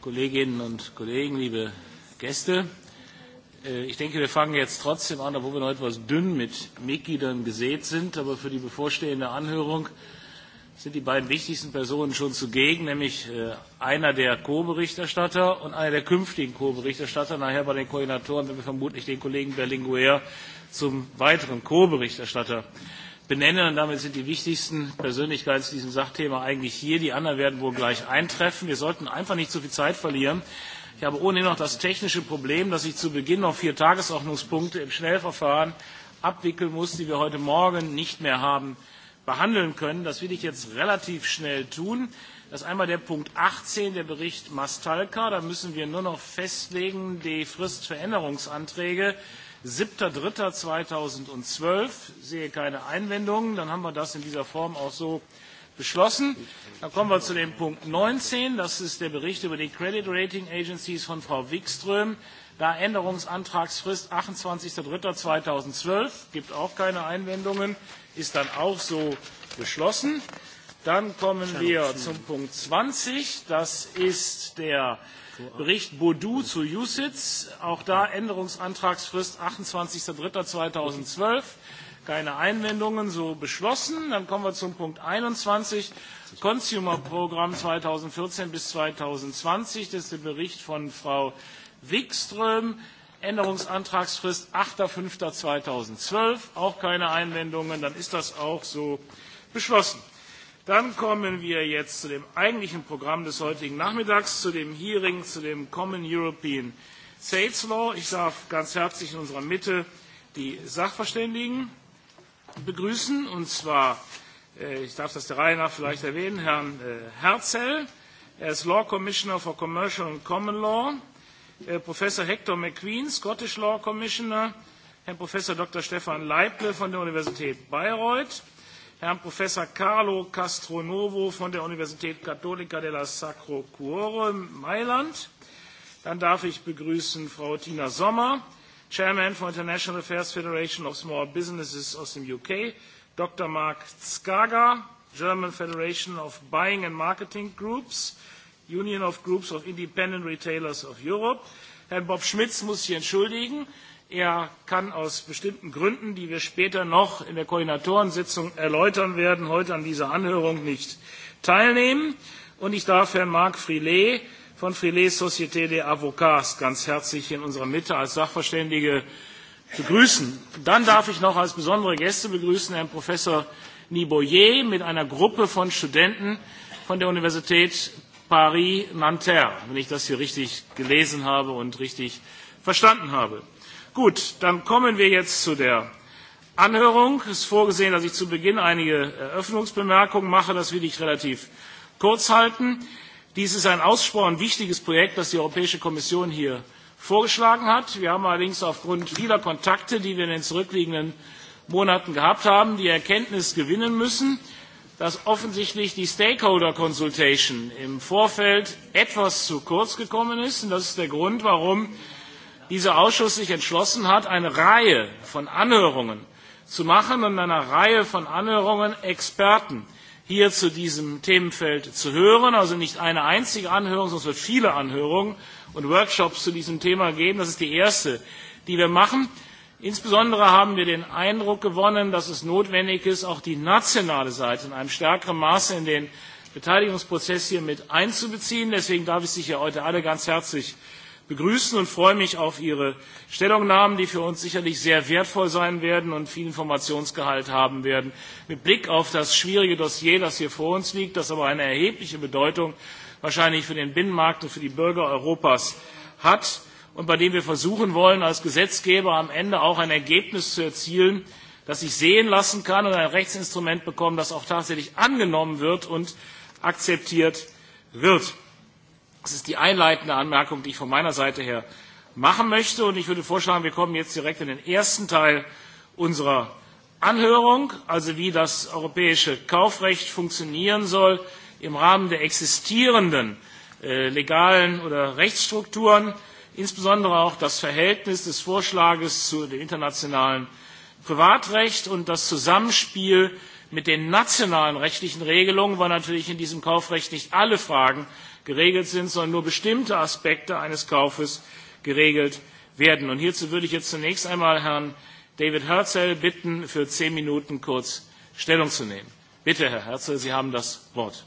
Kolleginnen und Kollegen, liebe Gäste. Ich denke, wir fangen jetzt trotzdem an, obwohl wir noch etwas dünn mit Mitgliedern gesät sind. Aber für die bevorstehende Anhörung sind die beiden wichtigsten Personen schon zugegen, nämlich einer der Co-Berichterstatter und einer der künftigen Co-Berichterstatter, nachher bei den Koordinatoren, werden wir vermutlich den Kollegen Berlinguer zum weiteren Co-Berichterstatter benennen. Und damit sind die wichtigsten Persönlichkeiten zu diesem Sachthema eigentlich hier. Die anderen werden wohl gleich eintreffen. Wir sollten einfach nicht zu viel Zeit verlieren. Ich habe ohnehin noch das technische Problem, dass ich zu Beginn noch vier Tagesordnungspunkte im Schnellverfahren abwickeln muss, die wir heute Morgen nicht mehr haben behandeln können. Das will ich jetzt relativ schnell tun. Das ist einmal der Punkt 18, der Bericht Mastalka. Da müssen wir nur noch festlegen, die Frist für Änderungsanträge 7.3.2012. Sehe keine Einwendungen. Dann haben wir das in dieser Form auch so beschlossen. Dann kommen wir zu dem Punkt 19. Das ist der Bericht über die Credit Rating Agencies von Frau Wikström. Da Änderungsantragsfrist 28.3.2012. Gibt auch keine Einwendungen. Ist dann auch so beschlossen. Dann kommen wir zum Punkt 20. Das ist der Bericht Baudou zu USITS, auch da Änderungsantragsfrist 28.03.2012. Keine Einwendungen, so beschlossen. Dann kommen wir zum Punkt 21, Consumer Programm 2014 bis 2020. Das ist der Bericht von Frau Wikström. Änderungsantragsfrist 8.05.2012. Auch keine Einwendungen. Dann ist das auch so beschlossen. Dann kommen wir jetzt zu dem eigentlichen Programm des heutigen Nachmittags, zu dem Hearing, zu dem Common European Sales Law. Ich darf ganz herzlich in unserer Mitte die Sachverständigen begrüßen, und zwar, ich darf das der Reihe nach vielleicht erwähnen, Herrn Herzell. Er ist Law Commissioner for Commercial and Common Law. Professor Hector McQueen, Scottish Law Commissioner. Herr Professor Dr. Stefan Leible von der Universität Bayreuth Herrn Professor Carlo Castronovo von der Universität Cattolica della Sacro Cuore Mailand. Dann darf ich begrüßen Frau Tina Sommer, Chairman von International Affairs Federation of Small Businesses aus dem UK, Dr. Mark Skaga, German Federation of Buying and Marketing Groups, Union of Groups of Independent Retailers of Europe. Herrn Bob Schmitz muss ich entschuldigen. Er kann aus bestimmten Gründen, die wir später noch in der Koordinatorensitzung erläutern werden, heute an dieser Anhörung nicht teilnehmen. Und ich darf Herrn Marc Frilet von Frilet Société des Avocats ganz herzlich in unserer Mitte als Sachverständige begrüßen. Dann darf ich noch als besondere Gäste begrüßen Herrn Professor Niboyer mit einer Gruppe von Studenten von der Universität Paris Nanterre, wenn ich das hier richtig gelesen habe und richtig verstanden habe. Gut, dann kommen wir jetzt zu der Anhörung. Es ist vorgesehen, dass ich zu Beginn einige Eröffnungsbemerkungen mache. Das will ich relativ kurz halten. Dies ist ein ausgesprochen wichtiges Projekt, das die Europäische Kommission hier vorgeschlagen hat. Wir haben allerdings aufgrund vieler Kontakte, die wir in den zurückliegenden Monaten gehabt haben, die Erkenntnis gewinnen müssen, dass offensichtlich die Stakeholder Consultation im Vorfeld etwas zu kurz gekommen ist. Und das ist der Grund, warum dieser Ausschuss sich entschlossen hat, eine Reihe von Anhörungen zu machen und einer Reihe von Anhörungen Experten hier zu diesem Themenfeld zu hören. Also nicht eine einzige Anhörung, sondern es wird viele Anhörungen und Workshops zu diesem Thema geben. Das ist die erste, die wir machen. Insbesondere haben wir den Eindruck gewonnen, dass es notwendig ist, auch die nationale Seite in einem stärkeren Maße in den Beteiligungsprozess hier mit einzubeziehen. Deswegen darf ich Sie hier heute alle ganz herzlich begrüßen und freue mich auf Ihre Stellungnahmen, die für uns sicherlich sehr wertvoll sein werden und viel Informationsgehalt haben werden. Mit Blick auf das schwierige Dossier, das hier vor uns liegt, das aber eine erhebliche Bedeutung wahrscheinlich für den Binnenmarkt und für die Bürger Europas hat und bei dem wir versuchen wollen, als Gesetzgeber am Ende auch ein Ergebnis zu erzielen, das sich sehen lassen kann und ein Rechtsinstrument bekommen, das auch tatsächlich angenommen wird und akzeptiert wird. Das ist die einleitende Anmerkung, die ich von meiner Seite her machen möchte. Und ich würde vorschlagen, wir kommen jetzt direkt in den ersten Teil unserer Anhörung, also wie das europäische Kaufrecht funktionieren soll im Rahmen der existierenden legalen oder Rechtsstrukturen, insbesondere auch das Verhältnis des Vorschlags zu dem internationalen Privatrecht und das Zusammenspiel mit den nationalen rechtlichen Regelungen, weil natürlich in diesem Kaufrecht nicht alle Fragen geregelt sind, sondern nur bestimmte Aspekte eines Kaufes geregelt werden. Und hierzu würde ich jetzt zunächst einmal Herrn David Herzl bitten, für zehn Minuten kurz Stellung zu nehmen. Bitte, Herr Herzl, Sie haben das Wort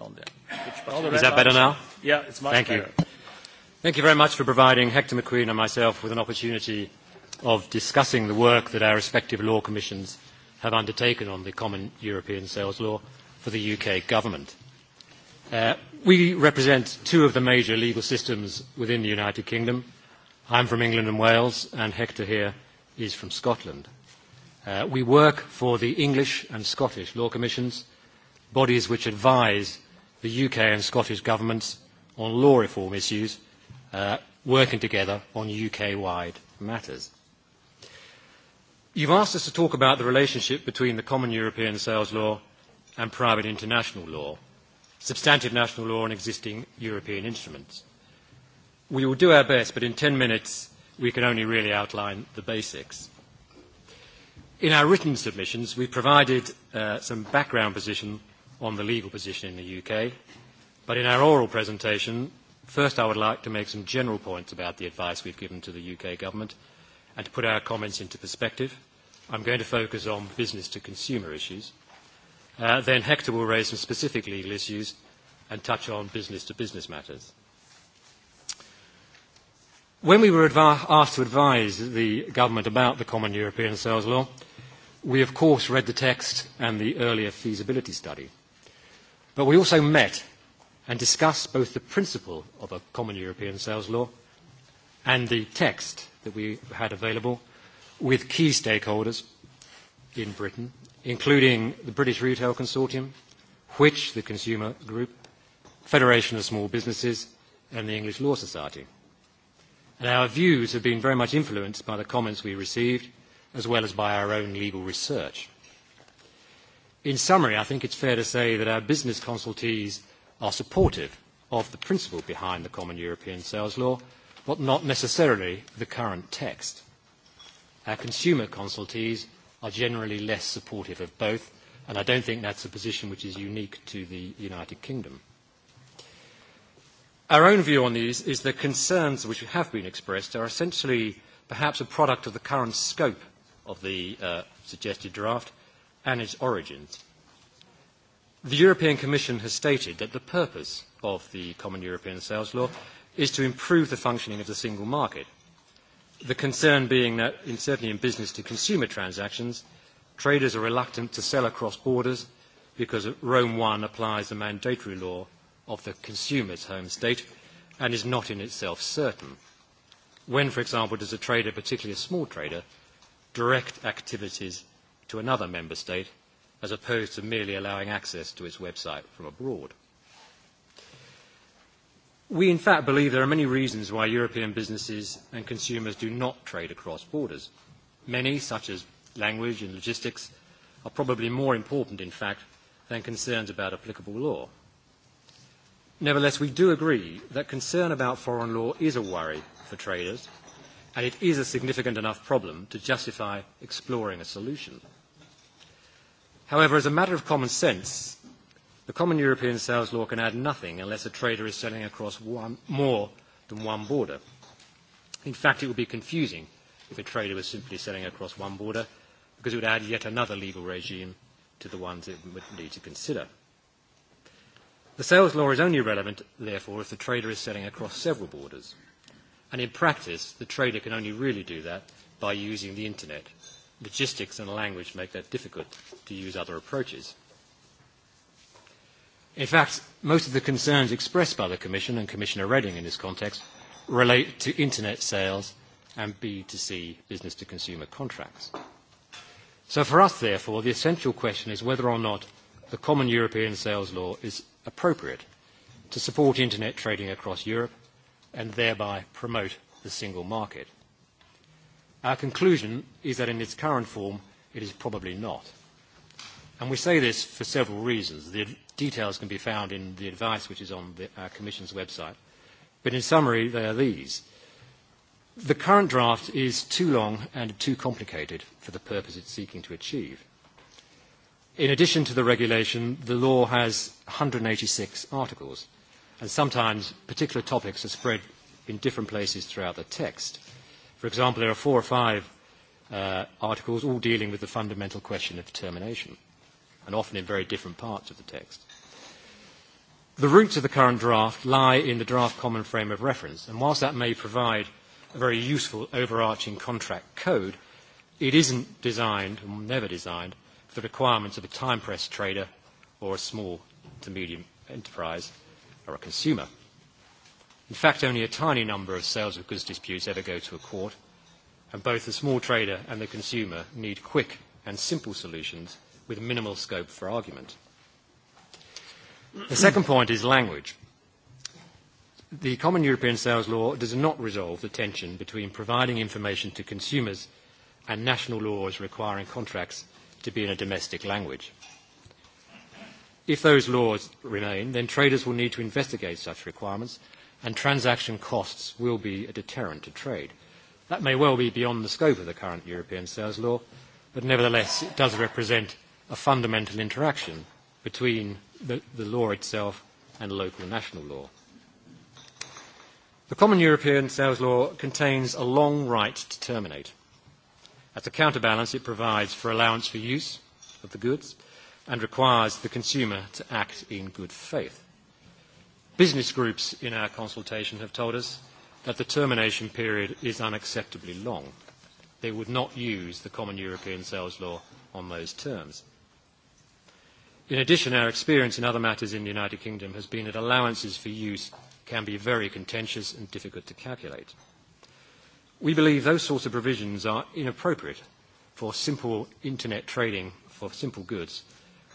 on that. Is that better now? Yeah, it's much better. Thank you. Thank you very much for providing Hector McQueen and myself with an opportunity of discussing the work that our respective law commissions have undertaken on the common European sales law for the UK government. We represent two of the major legal systems within the United Kingdom. I'm from England and Wales, and Hector here is from Scotland. We work for the English and Scottish law commissions, bodies which advise the UK and Scottish governments on law reform issues, working together on UK-wide matters. You've asked us to talk about the relationship between the common European sales law and private international law, substantive national law and existing European instruments. We will do our best, but in 10 minutes we can only really outline the basics. In our written submissions, we provided some background position on the legal position in the UK. But in our oral presentation, first I would like to make some general points about the advice we've given to the UK government and to put our comments into perspective. I'm going to focus on business-to-consumer issues. Then Hector will raise some specific legal issues and touch on business-to-business matters. When we were asked to advise the government about the Common European Sales Law, we of course read the text and the earlier feasibility study. But we also met and discussed both the principle of a common European sales law and the text that we had available with key stakeholders in Britain, including the British Retail Consortium, which the Consumer Group, Federation of Small Businesses and the English Law Society. And our views have been very much influenced by the comments we received, as well as by our own legal research. In summary, I think it's fair to say that our business consultees are supportive of the principle behind the Common European Sales Law, but not necessarily the current text. Our consumer consultees are generally less supportive of both, and I don't think that's a position which is unique to the United Kingdom. Our own view on these is that concerns which have been expressed are essentially perhaps a product of the current scope of the suggested draft and its origins. The European Commission has stated that the purpose of the Common European Sales Law is to improve the functioning of the single market, the concern being that, certainly in business-to-consumer transactions, traders are reluctant to sell across borders because Rome I applies the mandatory law of the consumer's home state and is not in itself certain. When, for example, does a trader, particularly a small trader, direct activities to another member state as opposed to merely allowing access to its website from abroad. We in fact believe there are many reasons why European businesses and consumers do not trade across borders. Many, such as language and logistics, are probably more important in fact than concerns about applicable law. Nevertheless, we do agree that concern about foreign law is a worry for traders, and it is a significant enough problem to justify exploring a solution. However, as a matter of common sense, the common European sales law can add nothing unless a trader is selling across more than one border. In fact, it would be confusing if a trader was simply selling across one border because it would add yet another legal regime to the ones it would need to consider. The sales law is only relevant, therefore, if the trader is selling across several borders. And in practice, the trader can only really do that by using the Internet logistics and language make that difficult to use other approaches. In fact, most of the concerns expressed by the Commission and Commissioner Reding in this context relate to Internet sales and B2C business-to-consumer contracts. So for us, therefore, the essential question is whether or not the common European sales law is appropriate to support Internet trading across Europe and thereby promote the single market. Our conclusion is that in its current form, it is probably not. And we say this for several reasons. The details can be found in the advice which is on our Commission's website. But in summary, they are these. The current draft is too long and too complicated for the purpose it's seeking to achieve. In addition to the regulation, the law has 186 articles, and sometimes particular topics are spread in different places throughout the text. For example, there are four or five articles all dealing with the fundamental question of determination and often in very different parts of the text. The roots of the current draft lie in the draft common frame of reference, and whilst that may provide a very useful overarching contract code, it isn't designed, and never designed, for the requirements of a time-pressed trader or a small to medium enterprise or a consumer. In fact, only a tiny number of sales of goods disputes ever go to a court, and both the small trader and the consumer need quick and simple solutions with minimal scope for argument. The second point is language. The Common European Sales Law does not resolve the tension between providing information to consumers and national laws requiring contracts to be in a domestic language. If those laws remain, then traders will need to investigate such requirements and transaction costs will be a deterrent to trade. That may well be beyond the scope of the current European sales law, but nevertheless it does represent a fundamental interaction between the law itself and local and national law. The common European sales law contains a long right to terminate. As a counterbalance, it provides for allowance for use of the goods and requires the consumer to act in good faith. Business groups in our consultation have told us that the termination period is unacceptably long. They would not use the Common European Sales Law on those terms. In addition, our experience in other matters in the United Kingdom has been that allowances for use can be very contentious and difficult to calculate. We believe those sorts of provisions are inappropriate for simple Internet trading for simple goods,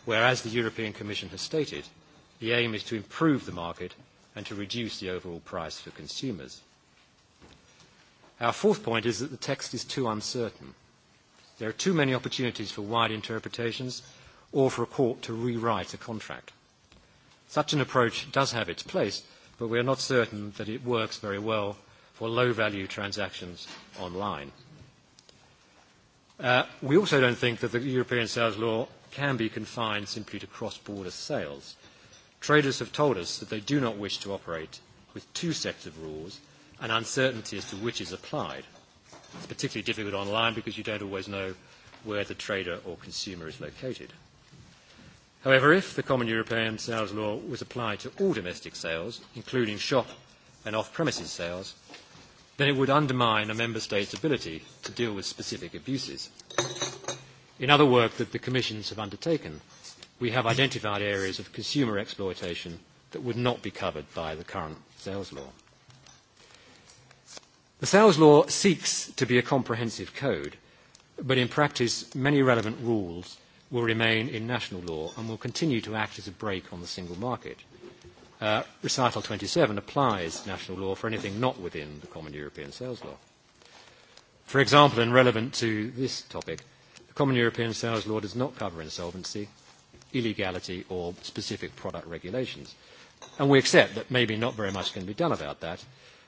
whereas the European Commission has stated The aim is to improve the market and to reduce the overall price for consumers. Our fourth point is that the text is too uncertain. There are too many opportunities for wide interpretations or for a court to rewrite a contract. Such an approach does have its place, but we are not certain that it works very well for low-value transactions online. We also don't think that the European sales law can be confined simply to cross-border sales. Traders have told us that they do not wish to operate with two sets of rules and uncertainty as to which is applied. It's particularly difficult online because you don't always know where the trader or consumer is located. However, if the common European sales law was applied to all domestic sales, including shop and off-premises sales, then it would undermine a member state's ability to deal with specific abuses. In other work that the commissions have undertaken, we have identified areas of consumer exploitation that would not be covered by the current sales law. The sales law seeks to be a comprehensive code, but in practice many relevant rules will remain in national law and will continue to act as a break on the single market. Recital 27 applies national law for anything not within the Common European Sales Law. For example, and relevant to this topic, the Common European Sales Law does not cover insolvency, illegality or specific product regulations. And we accept that maybe not very much can be done about that,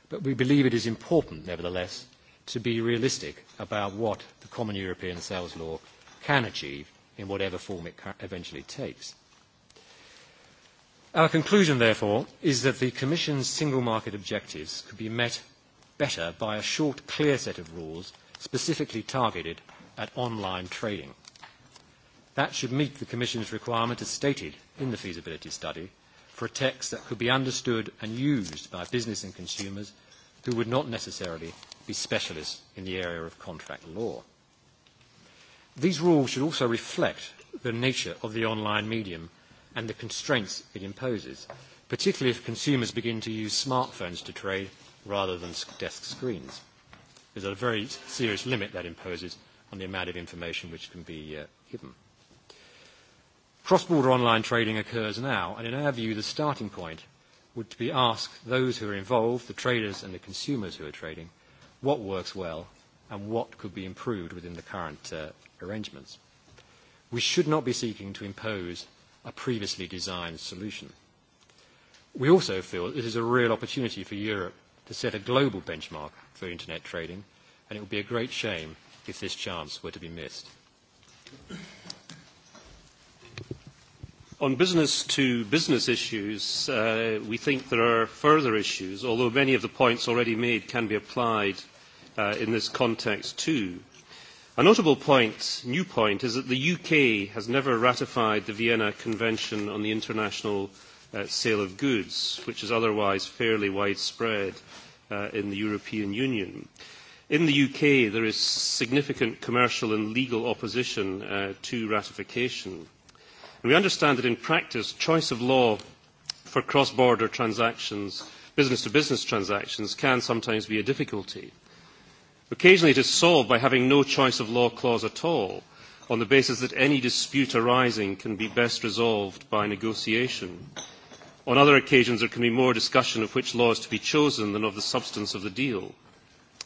but we believe it is important, nevertheless, to be realistic about what the common European sales law can achieve in whatever form it eventually takes. Our conclusion, therefore, is that the Commission's single market objectives could be met better by a short, clear set of rules specifically targeted at online trading. That should meet the Commission's requirement as stated in the feasibility study for a text that could be understood and used by business and consumers who would not necessarily be specialists in the area of contract law. These rules should also reflect the nature of the online medium and the constraints it imposes, particularly if consumers begin to use smartphones to trade rather than desk screens. There's a very serious limit that imposes on the amount of information which can be given. Cross-border online trading occurs now, and in our view, the starting point would be to ask those who are involved, the traders and the consumers who are trading, what works well and what could be improved within the current arrangements. We should not be seeking to impose a previously designed solution. We also feel that this is a real opportunity for Europe to set a global benchmark for Internet trading, and it would be a great shame if this chance were to be missed. On business-to-business issues, we think there are further issues, although many of the points already made can be applied in this context too. A notable point, new point, is that the UK has never ratified the Vienna Convention on the International Sale of Goods, which is otherwise fairly widespread in the European Union. In the UK, there is significant commercial and legal opposition to ratification. We understand that in practice, choice of law for cross-border transactions, business-to-business transactions, can sometimes be a difficulty. Occasionally it is solved by having no choice of law clause at all, on the basis that any dispute arising can be best resolved by negotiation. On other occasions there can be more discussion of which law is to be chosen than of the substance of the deal.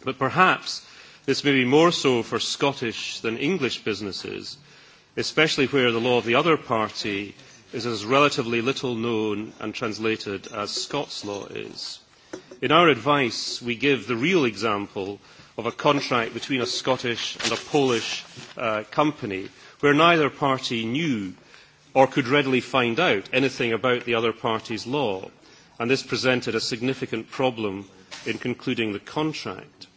But perhaps this may be more so for Scottish than English businesses, especially where the law of the other party is as relatively little known and translated as Scots law is. In our advice, we give the real example of a contract between a Scottish and a Polish company where neither party knew or could readily find out anything about the other party's law, and this presented a significant problem in concluding the contract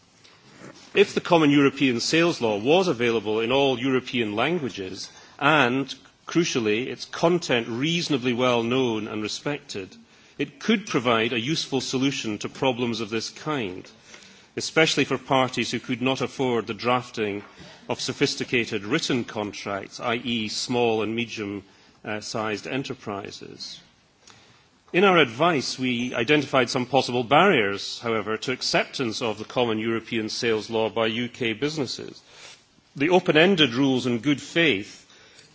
if the common european sales law was available in all european languages and crucially its content reasonably well known and respected it could provide a useful solution to problems of this kind especially for parties who could not afford the drafting of sophisticated written contracts i.e. small and medium sized enterprises In our advice, we identified some possible barriers, however, to acceptance of the common European sales law by UK businesses. The open-ended rules on good faith,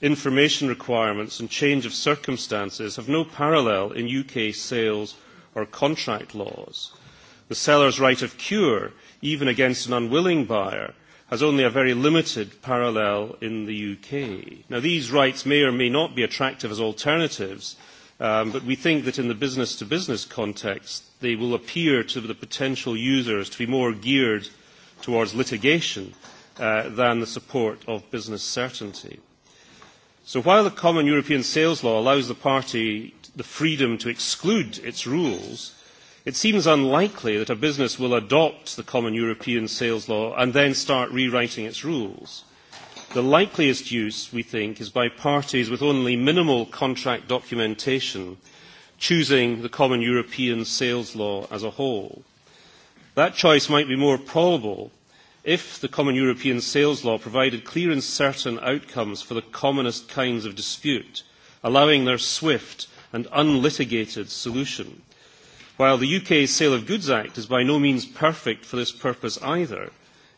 information requirements and change of circumstances have no parallel in UK sales or contract laws. The seller's right of cure, even against an unwilling buyer, has only a very limited parallel in the UK. Now, these rights may or may not be attractive as alternatives But we think that in the business-to-business context, they will appear to the potential users to be more geared towards litigation than the support of business certainty. So while the Common European Sales Law allows the party the freedom to exclude its rules, it seems unlikely that a business will adopt the Common European Sales Law and then start rewriting its rules. The likeliest use, we think, is by parties with only minimal contract documentation choosing the common European sales law as a whole. That choice might be more probable if the common European sales law provided clear and certain outcomes for the commonest kinds of dispute, allowing their swift and unlitigated solution. While the UK's Sale of Goods Act is by no means perfect for this purpose either,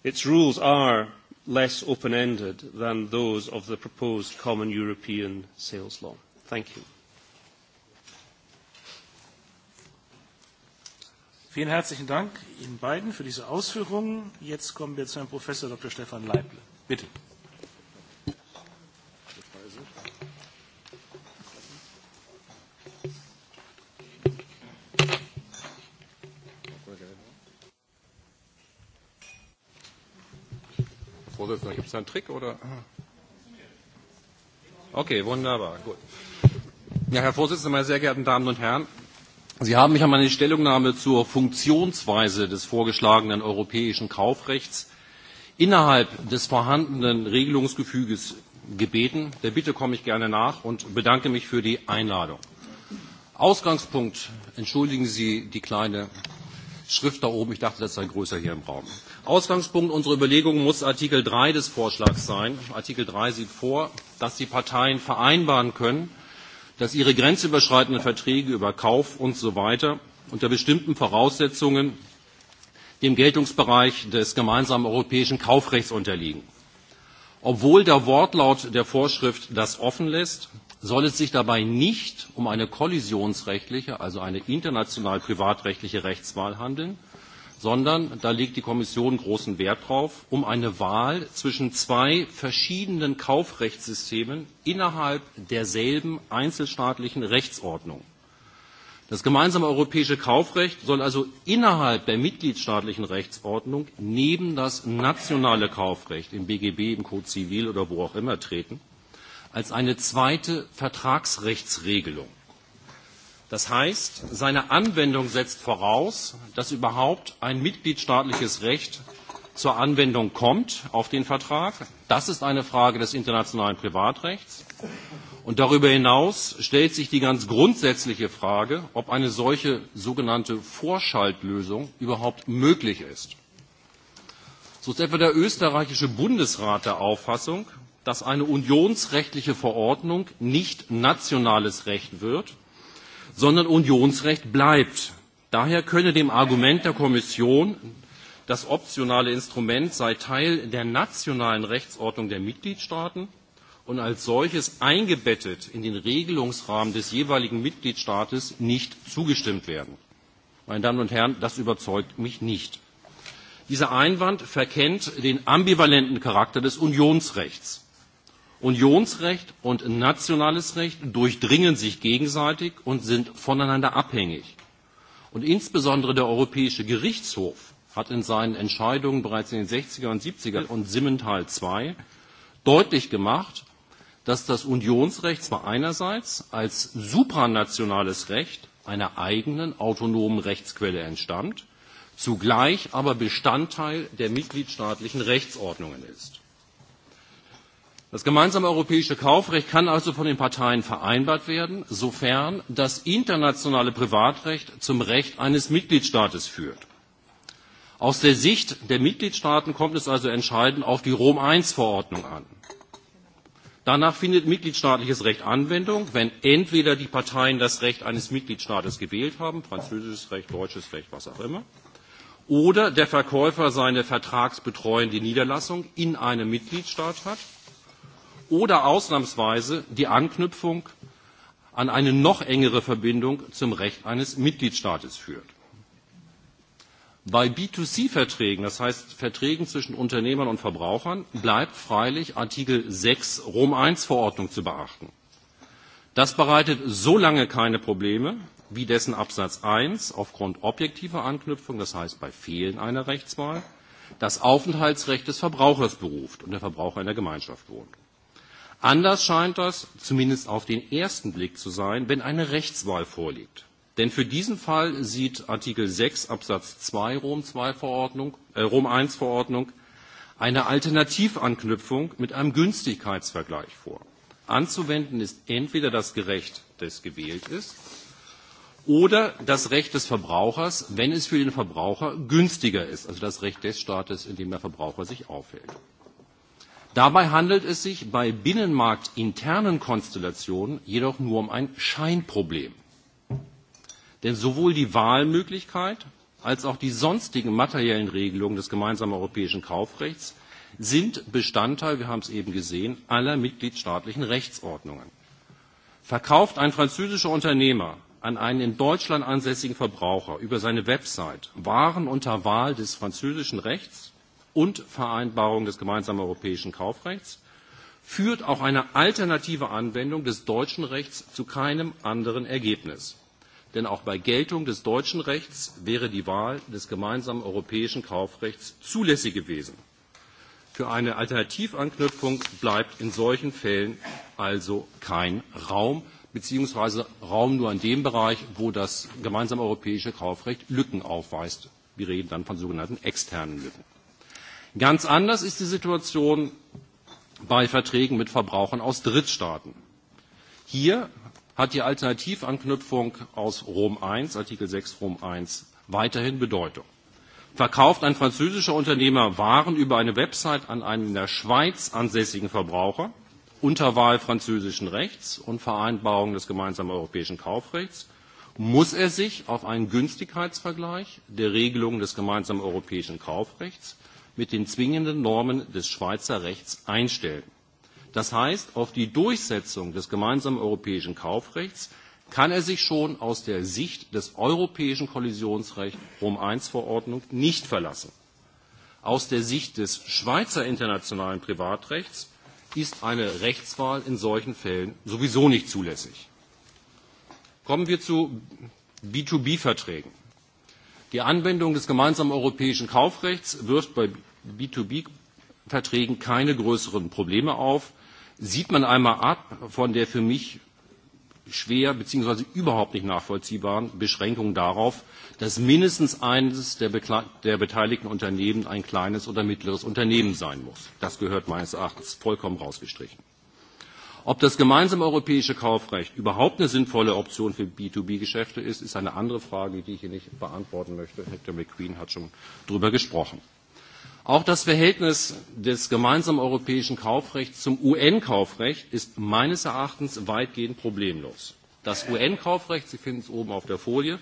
its rules are less open-ended than those of the proposed common European sales law. Thank you. Vielen herzlichen Dank Ihnen beiden für diese Ausführungen. Jetzt kommen wir zu Herrn Professor Dr. Stefan Leible. Bitte. Vorsitzender. Gibt es da einen Trick? Oder? Okay, wunderbar. Gut. Ja, Herr Vorsitzender, meine sehr geehrten Damen und Herren, Sie haben mich an meine Stellungnahme zur Funktionsweise des vorgeschlagenen europäischen Kaufrechts innerhalb des vorhandenen Regelungsgefüges gebeten. Der Bitte komme ich gerne nach und bedanke mich für die Einladung. Ausgangspunkt, entschuldigen Sie die kleine Schrift da oben. Ich dachte, das sei größer hier im Raum. Ausgangspunkt unserer Überlegungen muss Artikel 3 des Vorschlags sein. Artikel 3 sieht vor, dass die Parteien vereinbaren können, dass ihre grenzüberschreitenden Verträge über Kauf und so weiter unter bestimmten Voraussetzungen dem Geltungsbereich des gemeinsamen europäischen Kaufrechts unterliegen. Obwohl der Wortlaut der Vorschrift das offen lässt, soll es sich dabei nicht um eine kollisionsrechtliche, also eine international privatrechtliche Rechtswahl handeln, sondern da legt die Kommission großen Wert darauf, um eine Wahl zwischen zwei verschiedenen Kaufrechtssystemen innerhalb derselben einzelstaatlichen Rechtsordnung. Das gemeinsame europäische Kaufrecht soll also innerhalb der mitgliedstaatlichen Rechtsordnung neben das nationale Kaufrecht im BGB, im Code Zivil oder wo auch immer treten als eine zweite Vertragsrechtsregelung. Das heißt, seine Anwendung setzt voraus, dass überhaupt ein mitgliedstaatliches Recht zur Anwendung kommt auf den Vertrag. Das ist eine Frage des internationalen Privatrechts. Und darüber hinaus stellt sich die ganz grundsätzliche Frage, ob eine solche sogenannte Vorschaltlösung überhaupt möglich ist. So ist etwa der österreichische Bundesrat der Auffassung, dass eine unionsrechtliche Verordnung nicht nationales Recht wird, sondern Unionsrecht bleibt. Daher könne dem Argument der Kommission, das optionale Instrument sei Teil der nationalen Rechtsordnung der Mitgliedstaaten und als solches eingebettet in den Regelungsrahmen des jeweiligen Mitgliedstaates nicht zugestimmt werden. Meine Damen und Herren, das überzeugt mich nicht. Dieser Einwand verkennt den ambivalenten Charakter des Unionsrechts. Unionsrecht und nationales Recht durchdringen sich gegenseitig und sind voneinander abhängig. Und insbesondere der Europäische Gerichtshof hat in seinen Entscheidungen bereits in den 60er und 70er und Simmental II deutlich gemacht, dass das Unionsrecht zwar einerseits als supranationales Recht einer eigenen autonomen Rechtsquelle entstammt, zugleich aber Bestandteil der mitgliedstaatlichen Rechtsordnungen ist. Das gemeinsame europäische Kaufrecht kann also von den Parteien vereinbart werden, sofern das internationale Privatrecht zum Recht eines Mitgliedstaates führt. Aus der Sicht der Mitgliedstaaten kommt es also entscheidend auf die Rom I Verordnung an. Danach findet mitgliedstaatliches Recht Anwendung, wenn entweder die Parteien das Recht eines Mitgliedstaates gewählt haben französisches Recht, deutsches Recht, was auch immer, oder der Verkäufer seine vertragsbetreuende Niederlassung in einem Mitgliedstaat hat oder ausnahmsweise die Anknüpfung an eine noch engere Verbindung zum Recht eines Mitgliedstaates führt. Bei B2C-Verträgen, das heißt Verträgen zwischen Unternehmern und Verbrauchern, bleibt freilich Artikel 6 Rom I Verordnung zu beachten. Das bereitet so lange keine Probleme, wie dessen Absatz 1 aufgrund objektiver Anknüpfung, das heißt bei Fehlen einer Rechtswahl, das Aufenthaltsrecht des Verbrauchers beruft und der Verbraucher in der Gemeinschaft wohnt. Anders scheint das zumindest auf den ersten Blick zu sein, wenn eine Rechtswahl vorliegt. Denn für diesen Fall sieht Artikel 6 Absatz 2 Rom I Verordnung eine Alternativanknüpfung mit einem Günstigkeitsvergleich vor. Anzuwenden ist entweder das Gerecht, das gewählt ist, oder das Recht des Verbrauchers, wenn es für den Verbraucher günstiger ist, also das Recht des Staates, in dem der Verbraucher sich aufhält. Dabei handelt es sich bei binnenmarktinternen Konstellationen jedoch nur um ein Scheinproblem. Denn sowohl die Wahlmöglichkeit als auch die sonstigen materiellen Regelungen des gemeinsamen europäischen Kaufrechts sind Bestandteil, wir haben es eben gesehen, aller mitgliedstaatlichen Rechtsordnungen. Verkauft ein französischer Unternehmer an einen in Deutschland ansässigen Verbraucher über seine Website Waren unter Wahl des französischen Rechts, und Vereinbarung des gemeinsamen europäischen Kaufrechts, führt auch eine alternative Anwendung des deutschen Rechts zu keinem anderen Ergebnis. Denn auch bei Geltung des deutschen Rechts wäre die Wahl des gemeinsamen europäischen Kaufrechts zulässig gewesen. Für eine Alternativanknüpfung bleibt in solchen Fällen also kein Raum, beziehungsweise Raum nur in dem Bereich, wo das gemeinsame europäische Kaufrecht Lücken aufweist. Wir reden dann von sogenannten externen Lücken. Ganz anders ist die Situation bei Verträgen mit Verbrauchern aus Drittstaaten. Hier hat die Alternativanknüpfung aus Rom 1, Artikel 6 Rom 1, weiterhin Bedeutung. Verkauft ein französischer Unternehmer Waren über eine Website an einen in der Schweiz ansässigen Verbraucher unter Wahl französischen Rechts und Vereinbarung des gemeinsamen europäischen Kaufrechts, muss er sich auf einen Günstigkeitsvergleich der Regelungen des gemeinsamen europäischen Kaufrechts mit den zwingenden Normen des Schweizer Rechts einstellen. Das heißt, auf die Durchsetzung des gemeinsamen europäischen Kaufrechts kann er sich schon aus der Sicht des europäischen Kollisionsrechts Rom I Verordnung nicht verlassen. Aus der Sicht des Schweizer internationalen Privatrechts ist eine Rechtswahl in solchen Fällen sowieso nicht zulässig. Kommen wir zu B2B-Verträgen. Die Anwendung des gemeinsamen europäischen Kaufrechts wirft bei B2B-Verträgen keine größeren Probleme auf. Sieht man einmal ab von der für mich schwer bzw. überhaupt nicht nachvollziehbaren Beschränkung darauf, dass mindestens eines der beteiligten Unternehmen ein kleines oder mittleres Unternehmen sein muss. Das gehört meines Erachtens vollkommen rausgestrichen. Ob das gemeinsame europäische Kaufrecht überhaupt eine sinnvolle Option für B2B-Geschäfte ist, ist eine andere Frage, die ich hier nicht beantworten möchte. Hector McQueen hat schon darüber gesprochen. Auch das Verhältnis des gemeinsamen europäischen Kaufrechts zum UN-Kaufrecht ist meines Erachtens weitgehend problemlos. Das UN-Kaufrecht, Sie finden es oben auf der Folie,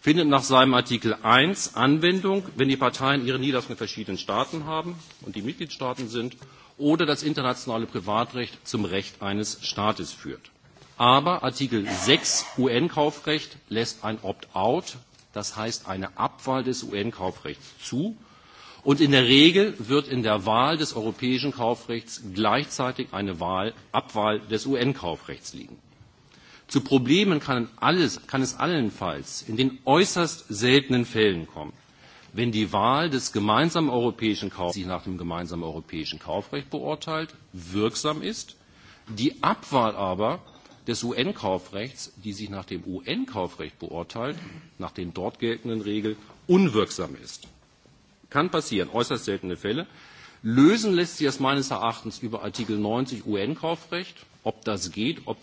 findet nach seinem Artikel 1 Anwendung, wenn die Parteien ihre Niederlassungen in verschiedenen Staaten haben und die Mitgliedstaaten sind oder das internationale Privatrecht zum Recht eines Staates führt. Aber Artikel 6 UN-Kaufrecht lässt ein Opt-out, das heißt eine Abwahl des UN-Kaufrechts zu. Und in der Regel wird in der Wahl des europäischen Kaufrechts gleichzeitig eine Abwahl des UN-Kaufrechts liegen. Zu Problemen alles kann es allenfalls in den äußerst seltenen Fällen kommen wenn die Wahl des gemeinsamen europäischen Kaufrechts, sich nach dem gemeinsamen europäischen Kaufrecht beurteilt, wirksam ist, die Abwahl aber des UN-Kaufrechts, die sich nach dem UN-Kaufrecht beurteilt, nach den dort geltenden Regeln, unwirksam ist. Kann passieren, äußerst seltene Fälle. Lösen lässt sich das meines Erachtens über Artikel 90 UN-Kaufrecht. Ob das geht, ob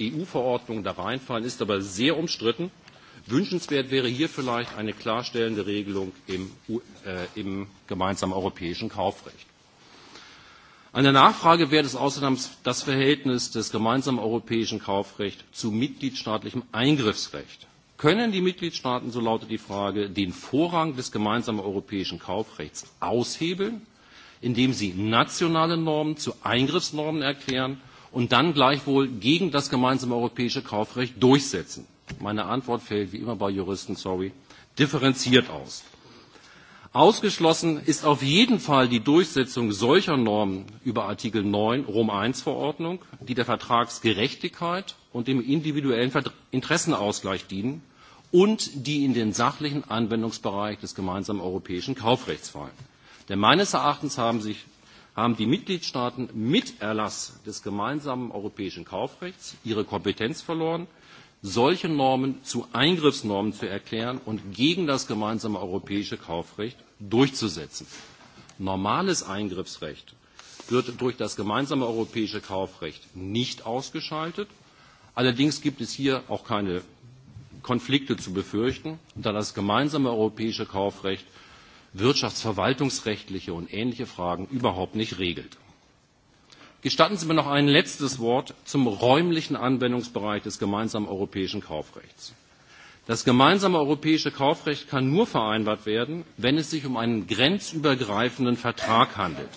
EU-Verordnungen da reinfallen, ist aber sehr umstritten. Wünschenswert wäre hier vielleicht eine klarstellende Regelung im gemeinsamen europäischen Kaufrecht. An der Nachfrage wäre es außerdem das Verhältnis des gemeinsamen europäischen Kaufrechts zu mitgliedstaatlichem Eingriffsrecht. Können die Mitgliedstaaten, so lautet die Frage, den Vorrang des gemeinsamen europäischen Kaufrechts aushebeln, indem sie nationale Normen zu Eingriffsnormen erklären und dann gleichwohl gegen das gemeinsame europäische Kaufrecht durchsetzen? Meine Antwort fällt wie immer bei Juristen, sorry, differenziert aus. Ausgeschlossen ist auf jeden Fall die Durchsetzung solcher Normen über Artikel 9 Rom I Verordnung, die der Vertragsgerechtigkeit und dem individuellen Interessenausgleich dienen und die in den sachlichen Anwendungsbereich des gemeinsamen europäischen Kaufrechts fallen. Denn meines Erachtens haben haben die Mitgliedstaaten mit Erlass des gemeinsamen europäischen Kaufrechts ihre Kompetenz verloren, solche Normen zu Eingriffsnormen zu erklären und gegen das gemeinsame europäische Kaufrecht durchzusetzen. Normales Eingriffsrecht wird durch das gemeinsame europäische Kaufrecht nicht ausgeschaltet. Allerdings gibt es hier auch keine Konflikte zu befürchten, da das gemeinsame europäische Kaufrecht wirtschaftsverwaltungsrechtliche und ähnliche Fragen überhaupt nicht regelt. Gestatten Sie mir noch ein letztes Wort zum räumlichen Anwendungsbereich des gemeinsamen europäischen Kaufrechts. Das gemeinsame europäische Kaufrecht kann nur vereinbart werden, wenn es sich um einen grenzübergreifenden Vertrag handelt.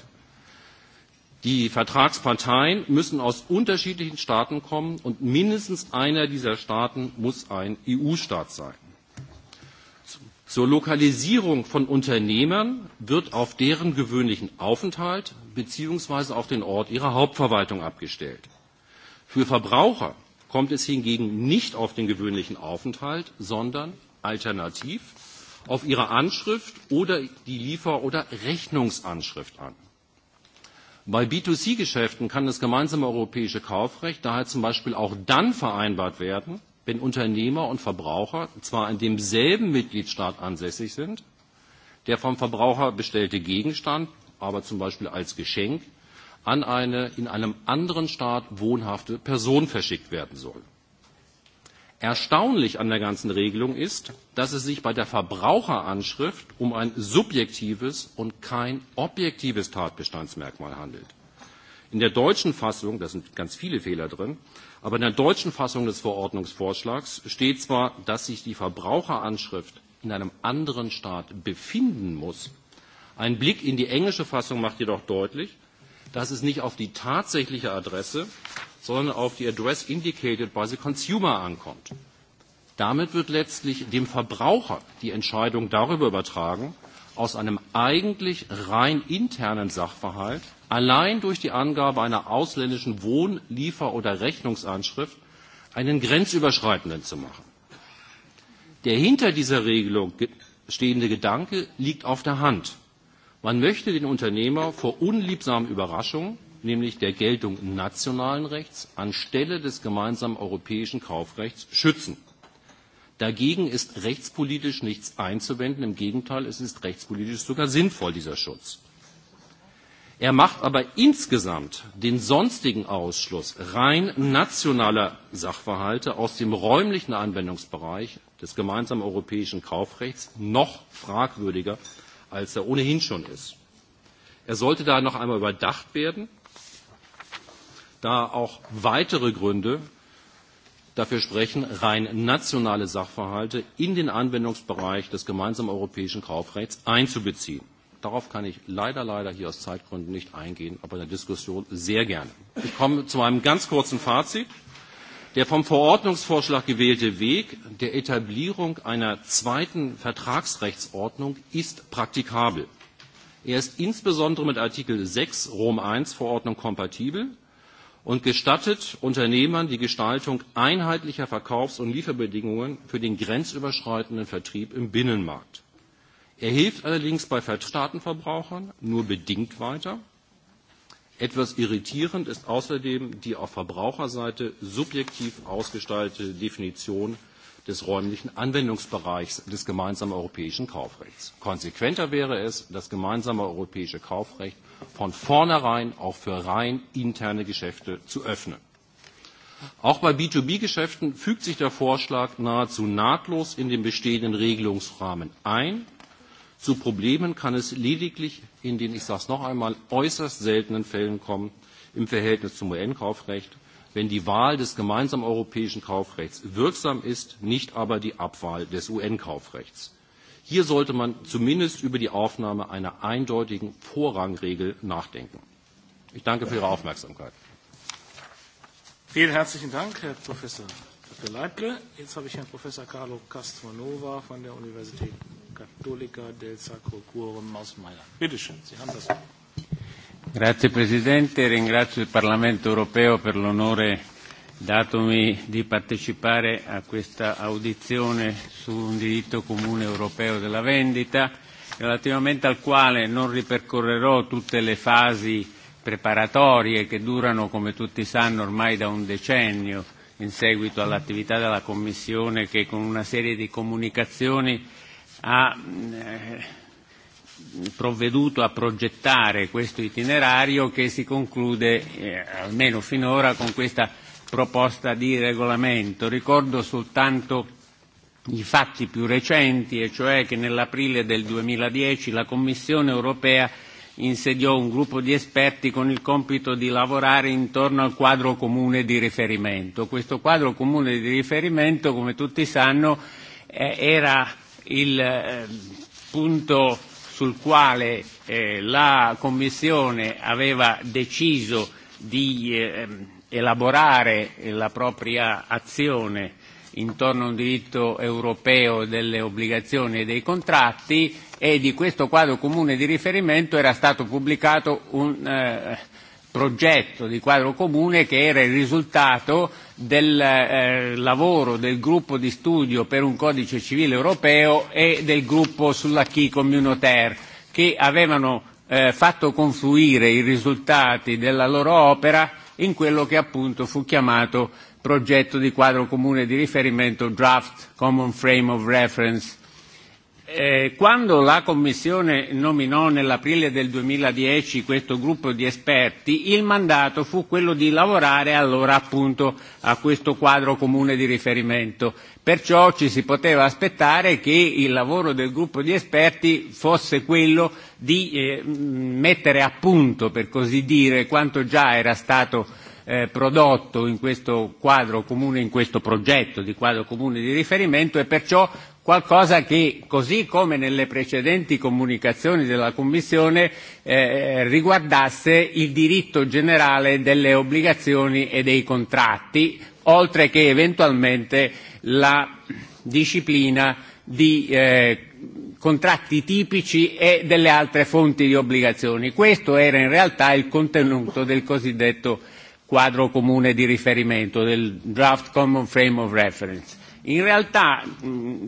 Die Vertragsparteien müssen aus unterschiedlichen Staaten kommen, und mindestens einer dieser Staaten muss ein EU Staat sein. Zur Lokalisierung von Unternehmern wird auf deren gewöhnlichen Aufenthalt bzw. auf den Ort ihrer Hauptverwaltung abgestellt. Für Verbraucher kommt es hingegen nicht auf den gewöhnlichen Aufenthalt, sondern alternativ auf ihre Anschrift oder die Liefer- oder Rechnungsanschrift an. Bei B2C-Geschäften kann das gemeinsame europäische Kaufrecht daher zum Beispiel auch dann vereinbart werden, wenn Unternehmer und Verbraucher zwar in demselben Mitgliedstaat ansässig sind, der vom Verbraucher bestellte Gegenstand, aber zum Beispiel als Geschenk, an eine in einem anderen Staat wohnhafte Person verschickt werden soll. Erstaunlich an der ganzen Regelung ist, dass es sich bei der Verbraucheranschrift um ein subjektives und kein objektives Tatbestandsmerkmal handelt. In der deutschen Fassung, da sind ganz viele Fehler drin, Aber in der deutschen Fassung des Verordnungsvorschlags steht zwar, dass sich die Verbraucheranschrift in einem anderen Staat befinden muss. Ein Blick in die englische Fassung macht jedoch deutlich, dass es nicht auf die tatsächliche Adresse, sondern auf die Address indicated by the consumer ankommt. Damit wird letztlich dem Verbraucher die Entscheidung darüber übertragen, aus einem eigentlich rein internen Sachverhalt allein durch die Angabe einer ausländischen Wohn-, Liefer- oder Rechnungsanschrift einen grenzüberschreitenden zu machen. Der hinter dieser Regelung stehende Gedanke liegt auf der Hand. Man möchte den Unternehmer vor unliebsamen Überraschungen, nämlich der Geltung nationalen Rechts, anstelle des gemeinsamen europäischen Kaufrechts schützen. Dagegen ist rechtspolitisch nichts einzuwenden. Im Gegenteil, es ist rechtspolitisch sogar sinnvoll, dieser Schutz. Er macht aber insgesamt den sonstigen Ausschluss rein nationaler Sachverhalte aus dem räumlichen Anwendungsbereich des gemeinsamen europäischen Kaufrechts noch fragwürdiger, als er ohnehin schon ist. Er sollte daher noch einmal überdacht werden, da auch weitere Gründe dafür sprechen, rein nationale Sachverhalte in den Anwendungsbereich des gemeinsamen europäischen Kaufrechts einzubeziehen. Darauf kann ich leider, leider hier aus Zeitgründen nicht eingehen, aber in der Diskussion sehr gerne. Ich komme zu einem ganz kurzen Fazit. Der vom Verordnungsvorschlag gewählte Weg der Etablierung einer zweiten Vertragsrechtsordnung ist praktikabel. Er ist insbesondere mit Artikel 6 Rom I Verordnung kompatibel und gestattet Unternehmern die Gestaltung einheitlicher Verkaufs- und Lieferbedingungen für den grenzüberschreitenden Vertrieb im Binnenmarkt. Er hilft allerdings bei Staatenverbrauchern nur bedingt weiter. Etwas irritierend ist außerdem die auf Verbraucherseite subjektiv ausgestaltete Definition des räumlichen Anwendungsbereichs des gemeinsamen europäischen Kaufrechts. Konsequenter wäre es, das gemeinsame europäische Kaufrecht von vornherein auch für rein interne Geschäfte zu öffnen. Auch bei B2B-Geschäften fügt sich der Vorschlag nahezu nahtlos in den bestehenden Regelungsrahmen ein Zu Problemen kann es lediglich in den, ich sage es noch einmal, äußerst seltenen Fällen kommen im Verhältnis zum UN-Kaufrecht, wenn die Wahl des gemeinsamen europäischen Kaufrechts wirksam ist, nicht aber die Abwahl des UN-Kaufrechts. Hier sollte man zumindest über die Aufnahme einer eindeutigen Vorrangregel nachdenken. Ich danke für Ihre Aufmerksamkeit. Vielen herzlichen Dank, Herr Professor Dr. Jetzt habe ich Herrn Professor Carlo Castronova von der Universität del Sacro Cuore Grazie Presidente, ringrazio il Parlamento europeo per l'onore datomi di partecipare a questa audizione su un diritto comune europeo della vendita, relativamente al quale non ripercorrerò tutte le fasi preparatorie che durano, come tutti sanno, ormai da un decennio in seguito all'attività della Commissione che con una serie di comunicazioni ha provveduto a progettare questo itinerario che si conclude, almeno finora, con questa proposta di regolamento. Ricordo soltanto i fatti più recenti, e cioè che nell'aprile del 2010 la Commissione europea insediò un gruppo di esperti con il compito di lavorare intorno al quadro comune di riferimento. Questo quadro comune di riferimento, come tutti sanno, era il punto sul quale la Commissione aveva deciso di elaborare la propria azione intorno a un diritto europeo delle obbligazioni e dei contratti e di questo quadro comune di riferimento era stato pubblicato un progetto di quadro comune che era il risultato del lavoro del gruppo di studio per un codice civile europeo e del gruppo sulla Key communautaire che avevano fatto confluire i risultati della loro opera in quello che appunto fu chiamato progetto di quadro comune di riferimento draft common frame of reference Quando la Commissione nominò nell'aprile del 2010 questo gruppo di esperti, il mandato fu quello di lavorare allora appunto a questo quadro comune di riferimento. Perciò ci si poteva aspettare che il lavoro del gruppo di esperti fosse quello di mettere a punto, per così dire, quanto già era stato prodotto in questo quadro comune, in questo progetto di quadro comune di riferimento e perciò qualcosa che, così come nelle precedenti comunicazioni della Commissione, riguardasse il diritto generale delle obbligazioni e dei contratti, oltre che eventualmente la disciplina di contratti tipici e delle altre fonti di obbligazioni. Questo era in realtà il contenuto del cosiddetto quadro comune di riferimento, del draft common frame of reference. In realtà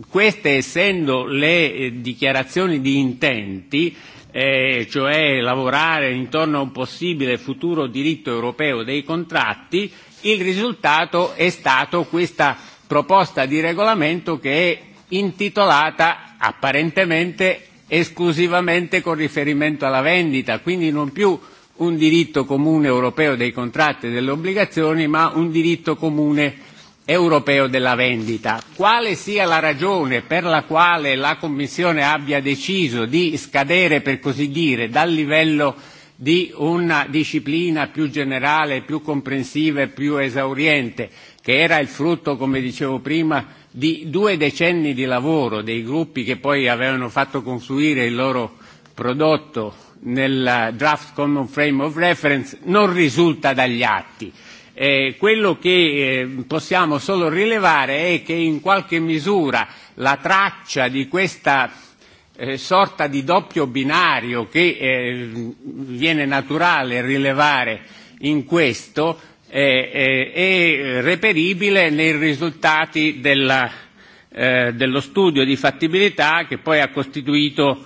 queste essendo le dichiarazioni di intenti, cioè lavorare intorno a un possibile futuro diritto europeo dei contratti, il risultato è stato questa proposta di regolamento che è intitolata apparentemente esclusivamente con riferimento alla vendita, quindi non più un diritto comune europeo dei contratti e delle obbligazioni, ma un diritto comune europeo della vendita. Quale sia la ragione per la quale la Commissione abbia deciso di scadere, per così dire, dal livello di una disciplina più generale, più comprensiva e più esauriente, che era il frutto, come dicevo prima, di due decenni di lavoro dei gruppi che poi avevano fatto confluire il loro prodotto nel Draft Common Frame of Reference, non risulta dagli atti. Eh, quello che possiamo solo rilevare è che in qualche misura la traccia di questa sorta di doppio binario che viene naturale rilevare in questo è reperibile nei risultati della, dello studio di fattibilità che poi ha costituito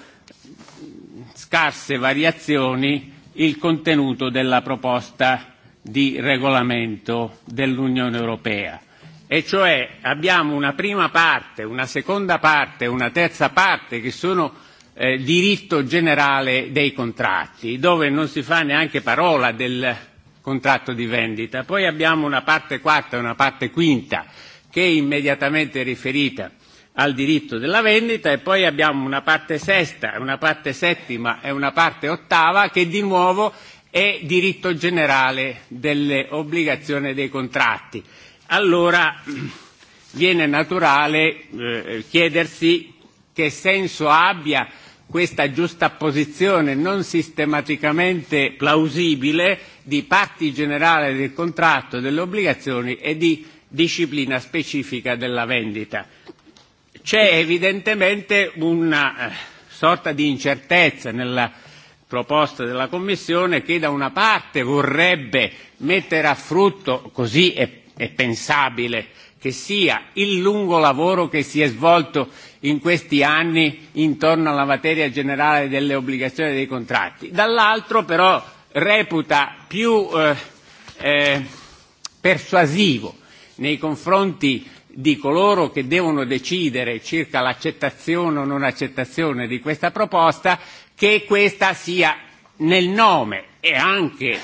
scarse variazioni il contenuto della proposta di regolamento dell'Unione Europea e cioè abbiamo una prima parte, una seconda parte e una terza parte che sono diritto generale dei contratti, dove non si fa neanche parola del contratto di vendita. Poi abbiamo una parte quarta e una parte quinta che è immediatamente riferita al diritto della vendita e poi abbiamo una parte sesta, una parte settima e una parte ottava che di nuovo è diritto generale delle obbligazioni dei contratti. Allora viene naturale chiedersi che senso abbia questa giusta posizione non sistematicamente plausibile di parti generali del contratto delle obbligazioni e di disciplina specifica della vendita. C'è evidentemente una sorta di incertezza nella proposta della Commissione che da una parte vorrebbe mettere a frutto, così è pensabile che sia, il lungo lavoro che si è svolto in questi anni intorno alla materia generale delle obbligazioni dei contratti, dall'altro però reputa più persuasivo nei confronti di coloro che devono decidere circa l'accettazione o non accettazione di questa proposta che questa sia nel nome e anche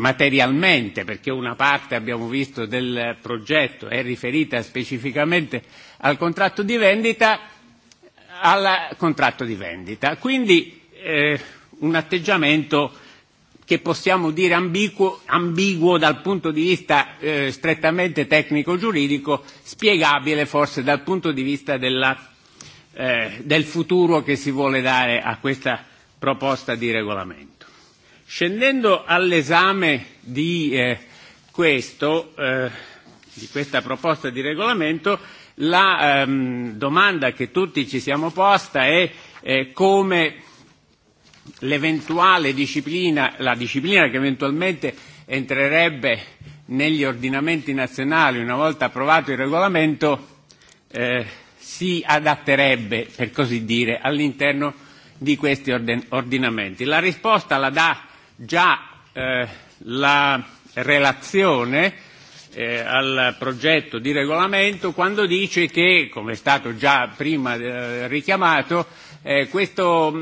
materialmente perché una parte abbiamo visto del progetto è riferita specificamente al contratto di vendita al contratto di vendita quindi un atteggiamento che possiamo dire ambiguo, ambiguo dal punto di vista strettamente tecnico-giuridico, spiegabile forse dal punto di vista della, del futuro che si vuole dare a questa proposta di regolamento. Scendendo all'esame di questo, di questa proposta di regolamento, la domanda che tutti ci siamo posta è come l'eventuale disciplina, la disciplina che eventualmente entrerebbe negli ordinamenti nazionali una volta approvato il regolamento si adatterebbe, per così dire, all'interno di questi ordinamenti. La risposta la dà già la relazione al progetto di regolamento quando dice che, come è stato già prima richiamato, questo,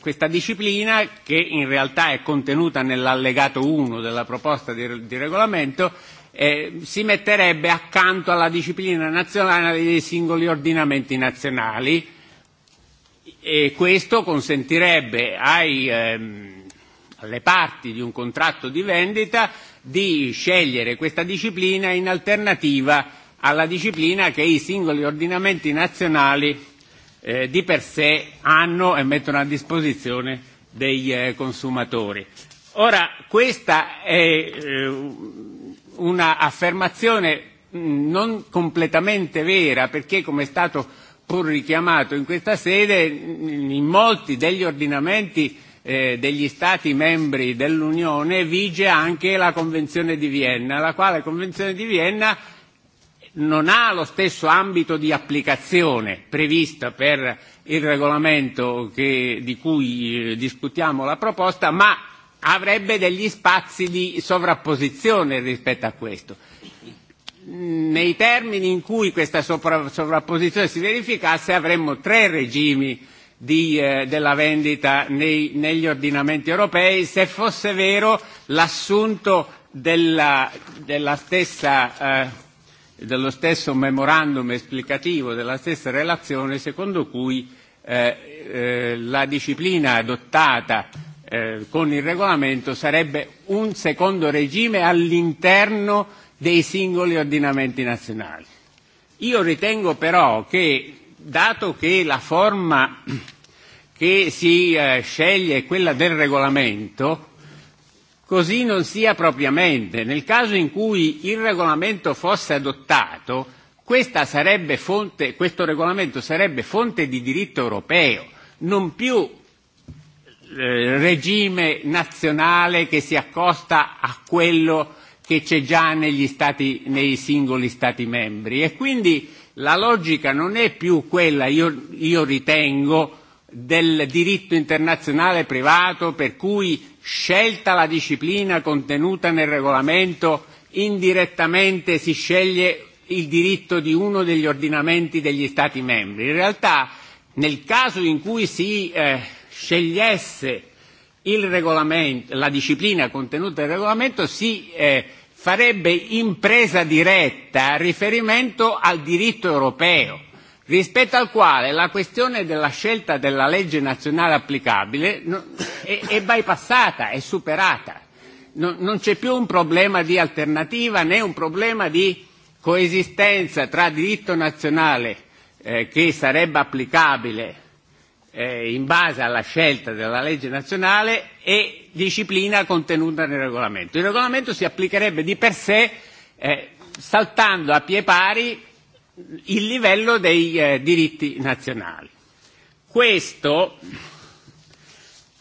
questa disciplina che in realtà è contenuta nell'allegato 1 della proposta di, di regolamento si metterebbe accanto alla disciplina nazionale dei singoli ordinamenti nazionali e questo consentirebbe ai alle parti di un contratto di vendita di scegliere questa disciplina in alternativa alla disciplina che i singoli ordinamenti nazionali di per sé hanno e mettono a disposizione dei consumatori. Ora, questa è un'affermazione non completamente vera perché, come è stato pur richiamato in questa sede, in molti degli ordinamenti degli Stati membri dell'Unione vige anche la Convenzione di Vienna, la quale Convenzione di Vienna non ha lo stesso ambito di applicazione previsto per il regolamento che, di cui discutiamo la proposta, ma avrebbe degli spazi di sovrapposizione rispetto a questo. Nei termini in cui questa sovrapposizione si verificasse avremmo tre regimi della vendita negli ordinamenti europei se fosse vero l'assunto della stessa dello stesso memorandum esplicativo della stessa relazione secondo cui la disciplina adottata con il regolamento sarebbe un secondo regime all'interno dei singoli ordinamenti nazionali. Io ritengo però che, dato che la forma che si sceglie è quella del regolamento, così non sia propriamente. Nel caso in cui il regolamento fosse adottato, sarebbe fonte, questo regolamento sarebbe fonte di diritto europeo, non più regime nazionale che si accosta a quello che c'è già negli stati nei singoli stati membri e quindi la logica non è più quella io io ritengo del diritto internazionale privato per cui scelta la disciplina contenuta nel regolamento, indirettamente si sceglie il diritto di uno degli ordinamenti degli Stati membri. In realtà, nel caso in cui si scegliesse il la disciplina contenuta nel regolamento, si farebbe impresa diretta a riferimento al diritto europeo rispetto al quale la questione della scelta della legge nazionale applicabile è bypassata, è superata. Non c'è più un problema di alternativa né un problema di coesistenza tra diritto nazionale che sarebbe applicabile in base alla scelta della legge nazionale e disciplina contenuta nel regolamento. Il regolamento si applicherebbe di per sé saltando a pie pari il livello dei diritti nazionali. Questo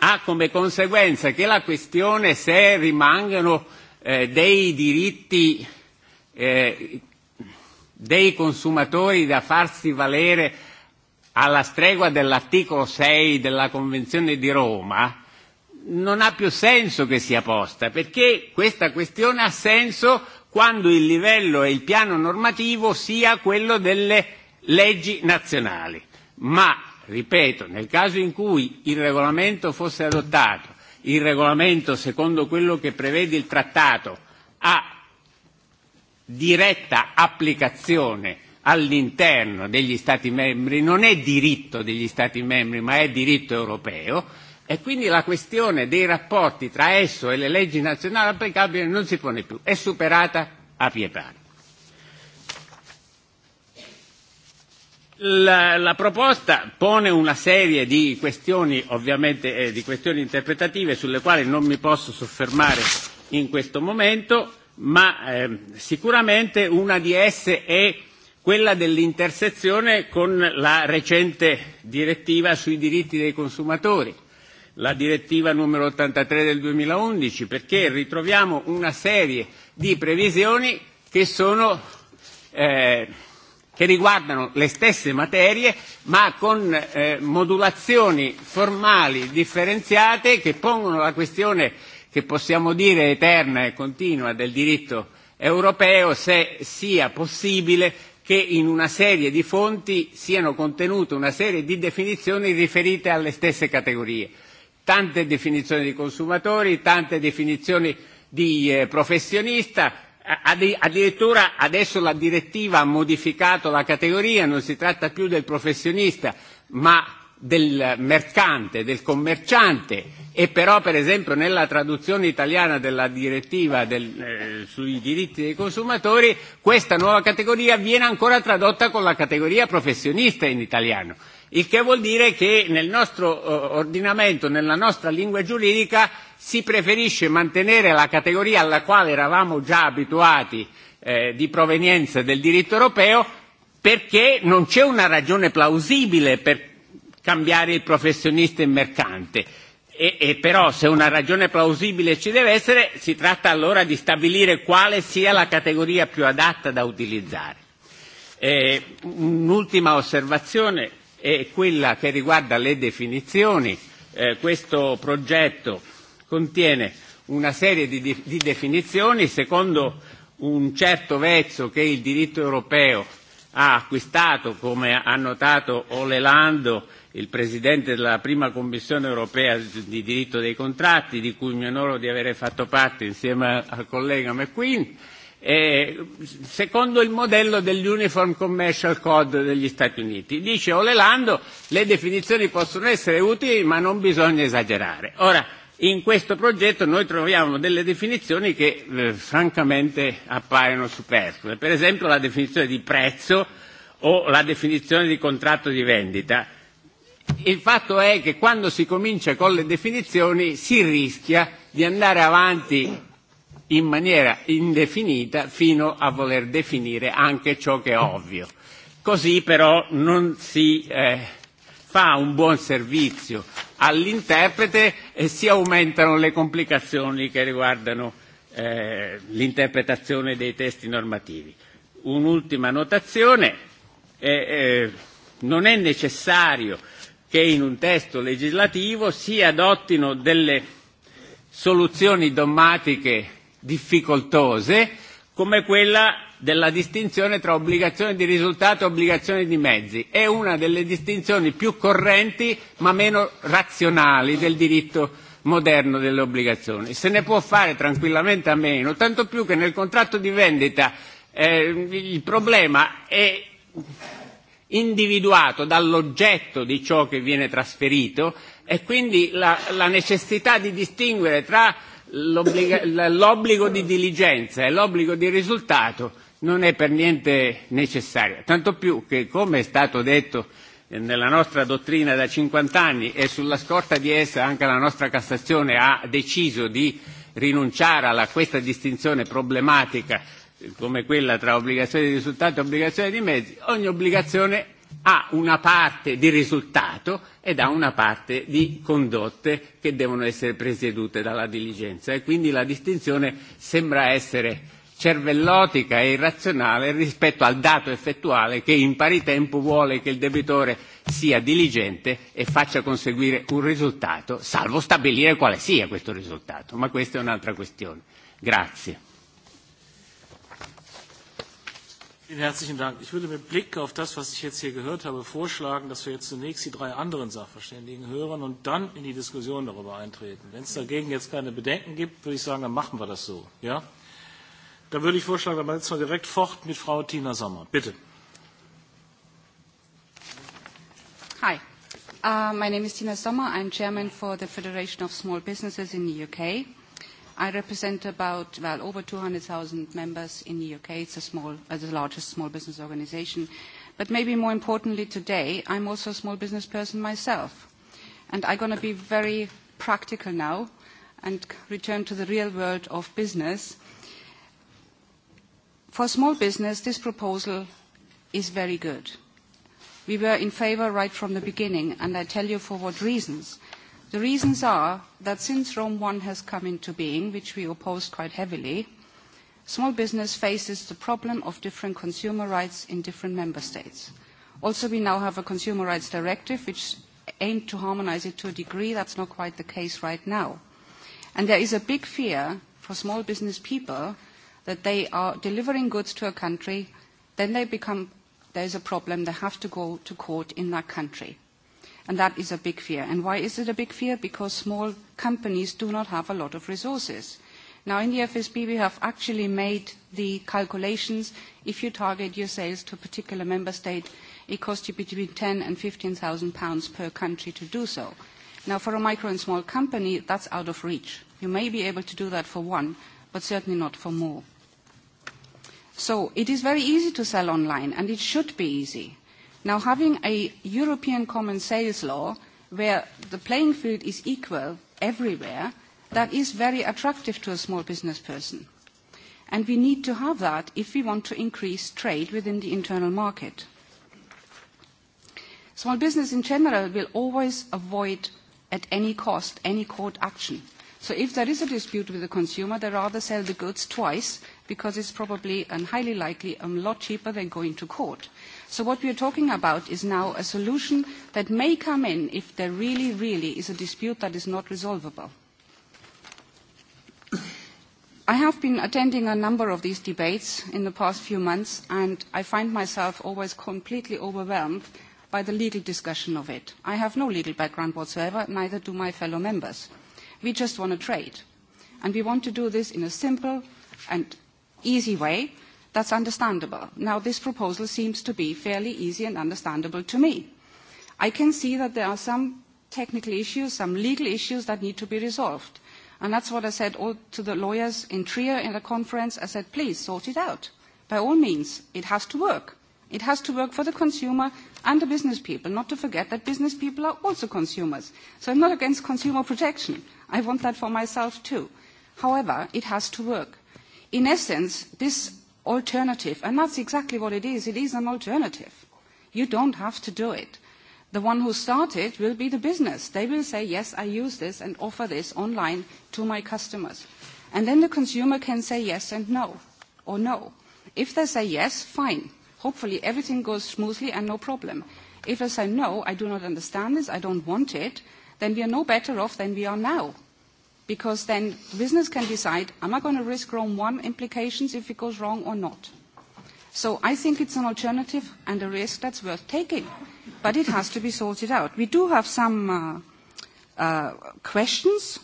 ha come conseguenza che la questione se rimangano dei diritti dei consumatori da farsi valere alla stregua dell'articolo 6 della Convenzione di Roma non ha più senso che sia posta perché questa questione ha senso quando il livello e il piano normativo sia quello delle leggi nazionali. Ma, ripeto, nel caso in cui il regolamento fosse adottato, il regolamento secondo quello che prevede il trattato ha diretta applicazione all'interno degli Stati membri, non è diritto degli Stati membri ma è diritto europeo, E quindi la questione dei rapporti tra esso e le leggi nazionali applicabili non si pone più, è superata a pietà. La, la proposta pone una serie di questioni, ovviamente di questioni interpretative sulle quali non mi posso soffermare in questo momento, ma sicuramente una di esse è quella dell'intersezione con la recente direttiva sui diritti dei consumatori la direttiva numero 83 del 2011 perché ritroviamo una serie di previsioni che sono che riguardano le stesse materie ma con modulazioni formali differenziate che pongono la questione che possiamo dire eterna e continua del diritto europeo se sia possibile che in una serie di fonti siano contenute una serie di definizioni riferite alle stesse categorie tante definizioni di consumatori, tante definizioni di professionista, addirittura adesso la direttiva ha modificato la categoria, non si tratta più del professionista ma del mercante, del commerciante e però per esempio nella traduzione italiana della direttiva sui diritti dei consumatori questa nuova categoria viene ancora tradotta con la categoria professionista in italiano il che vuol dire che nel nostro ordinamento, nella nostra lingua giuridica, si preferisce mantenere la categoria alla quale eravamo già abituati di provenienza del diritto europeo perché non c'è una ragione plausibile per cambiare il professionista in mercante. E però se una ragione plausibile ci deve essere, si tratta allora di stabilire quale sia la categoria più adatta da utilizzare. Un'ultima osservazione è quella che riguarda le definizioni. Questo progetto contiene una serie di definizioni secondo un certo vezzo che il diritto europeo ha acquistato, come ha notato Ole Lando, il Presidente della prima Commissione europea di diritto dei contratti, di cui mi onoro di avere fatto parte insieme al collega McQueen, secondo il modello dell'Uniform Commercial Code degli Stati Uniti. Dice Olelando le definizioni possono essere utili ma non bisogna esagerare. Ora, in questo progetto noi troviamo delle definizioni che francamente appaiono superflue. Per esempio la definizione di prezzo o la definizione di contratto di vendita. Il fatto è che quando si comincia con le definizioni si rischia di andare avanti in maniera indefinita fino a voler definire anche ciò che è ovvio. Così però non si fa un buon servizio all'interprete e si aumentano le complicazioni che riguardano l'interpretazione dei testi normativi. Un'ultima notazione, non è necessario che in un testo legislativo si adottino delle soluzioni dommatiche difficoltose come quella della distinzione tra obbligazione di risultato e obbligazione di mezzi. È una delle distinzioni più correnti ma meno razionali del diritto moderno delle obbligazioni. Se ne può fare tranquillamente a meno, tanto più che nel contratto di vendita il problema è individuato dall'oggetto di ciò che viene trasferito e quindi la necessità di distinguere tra l'obbligo di diligenza e l'obbligo di risultato non è per niente necessario, tanto più che, come è stato detto nella nostra dottrina da 50 anni e sulla scorta di essa anche la nostra Cassazione ha deciso di rinunciare a questa distinzione problematica come quella tra obbligazione di risultato e obbligazione di mezzi, ogni obbligazione ha una parte di risultato ed ha una parte di condotte che devono essere presiedute dalla diligenza e quindi la distinzione sembra essere cervellotica e irrazionale rispetto al dato effettuale che in pari tempo vuole che il debitore sia diligente e faccia conseguire un risultato, salvo stabilire quale sia questo risultato, ma questa è un'altra questione. Grazie. Herzlichen Dank. Ich würde mit Blick auf das, was ich jetzt hier gehört habe, vorschlagen, dass wir jetzt zunächst die drei anderen Sachverständigen hören und dann in die Diskussion darüber eintreten. Wenn es dagegen jetzt keine Bedenken gibt, würde ich sagen, dann machen wir das so. Ja? Dann würde ich vorschlagen, dann setzen wir direkt fort mit Frau Tina Sommer. Bitte. Hi. My name is Tina Sommer. I'm chairman for the Federation of Small Businesses in the UK I represent about, well, over 200,000 members in the UK. It's a the largest small business organization. But maybe more importantly today, I'm also a small business person myself. And I'm going to be very practical now and return to the real world of business. For small business, this proposal is very good. We were in favor right from the beginning, and I tell you for what reasons. The reasons are that since Rome I has come into being, which we oppose quite heavily, small business faces the problem of different consumer rights in different member states. Also, we now have a consumer rights directive which aims to harmonise it to a degree that's not quite the case right now. And there is a big fear for small business people that they are delivering goods to a country, then they become, there is a problem, they have to go to court in that country. And that is a big fear. And why is it a big fear? Because small companies do not have a lot of resources. Now, in the FSB, we have actually made the calculations. If you target your sales to a particular member state, it costs you between 10 and 15,000 pounds per country to do so. Now, for a micro and small company, that's out of reach. You may be able to do that for one, but certainly not for more. So it is very easy to sell online, and it should be easy. Now, having a European common sales law where the playing field is equal everywhere, that is very attractive to a small business person. And we need to have that if we want to increase trade within the internal market. Small business in general will always avoid at any cost any court action. So if there is a dispute with the consumer, they rather sell the goods twice because it's probably and highly likely a lot cheaper than going to court. So what we are talking about is now a solution that may come in if there really, really is a dispute that is not resolvable. I have been attending a number of these debates in the past few months, and I find myself always completely overwhelmed by the legal discussion of it. I have no legal background whatsoever, neither do my fellow members. We just want to trade. And we want to do this in a simple and easy way That's understandable. Now, this proposal seems to be fairly easy and understandable to me. I can see that there are some technical issues, some legal issues that need to be resolved. And that's what I said to the lawyers in Trier in the conference. I said, please, sort it out. By all means, it has to work. It has to work for the consumer and the business people, not to forget that business people are also consumers. So I'm not against consumer protection. I want that for myself too. However, it has to work. In essence, this alternative. And that's exactly what it is. It is an alternative. You don't have to do it. The one who started will be the business. They will say, yes, I use this and offer this online to my customers. And then the consumer can say yes and no, or no. If they say yes, fine. Hopefully everything goes smoothly and no problem. If they say no, I do not understand this, I don't want it, then we are no better off than we are now because then business can decide, am I going to risk Rome one implications if it goes wrong or not? So I think it's an alternative and a risk that's worth taking, but it has to be sorted out. We do have some questions.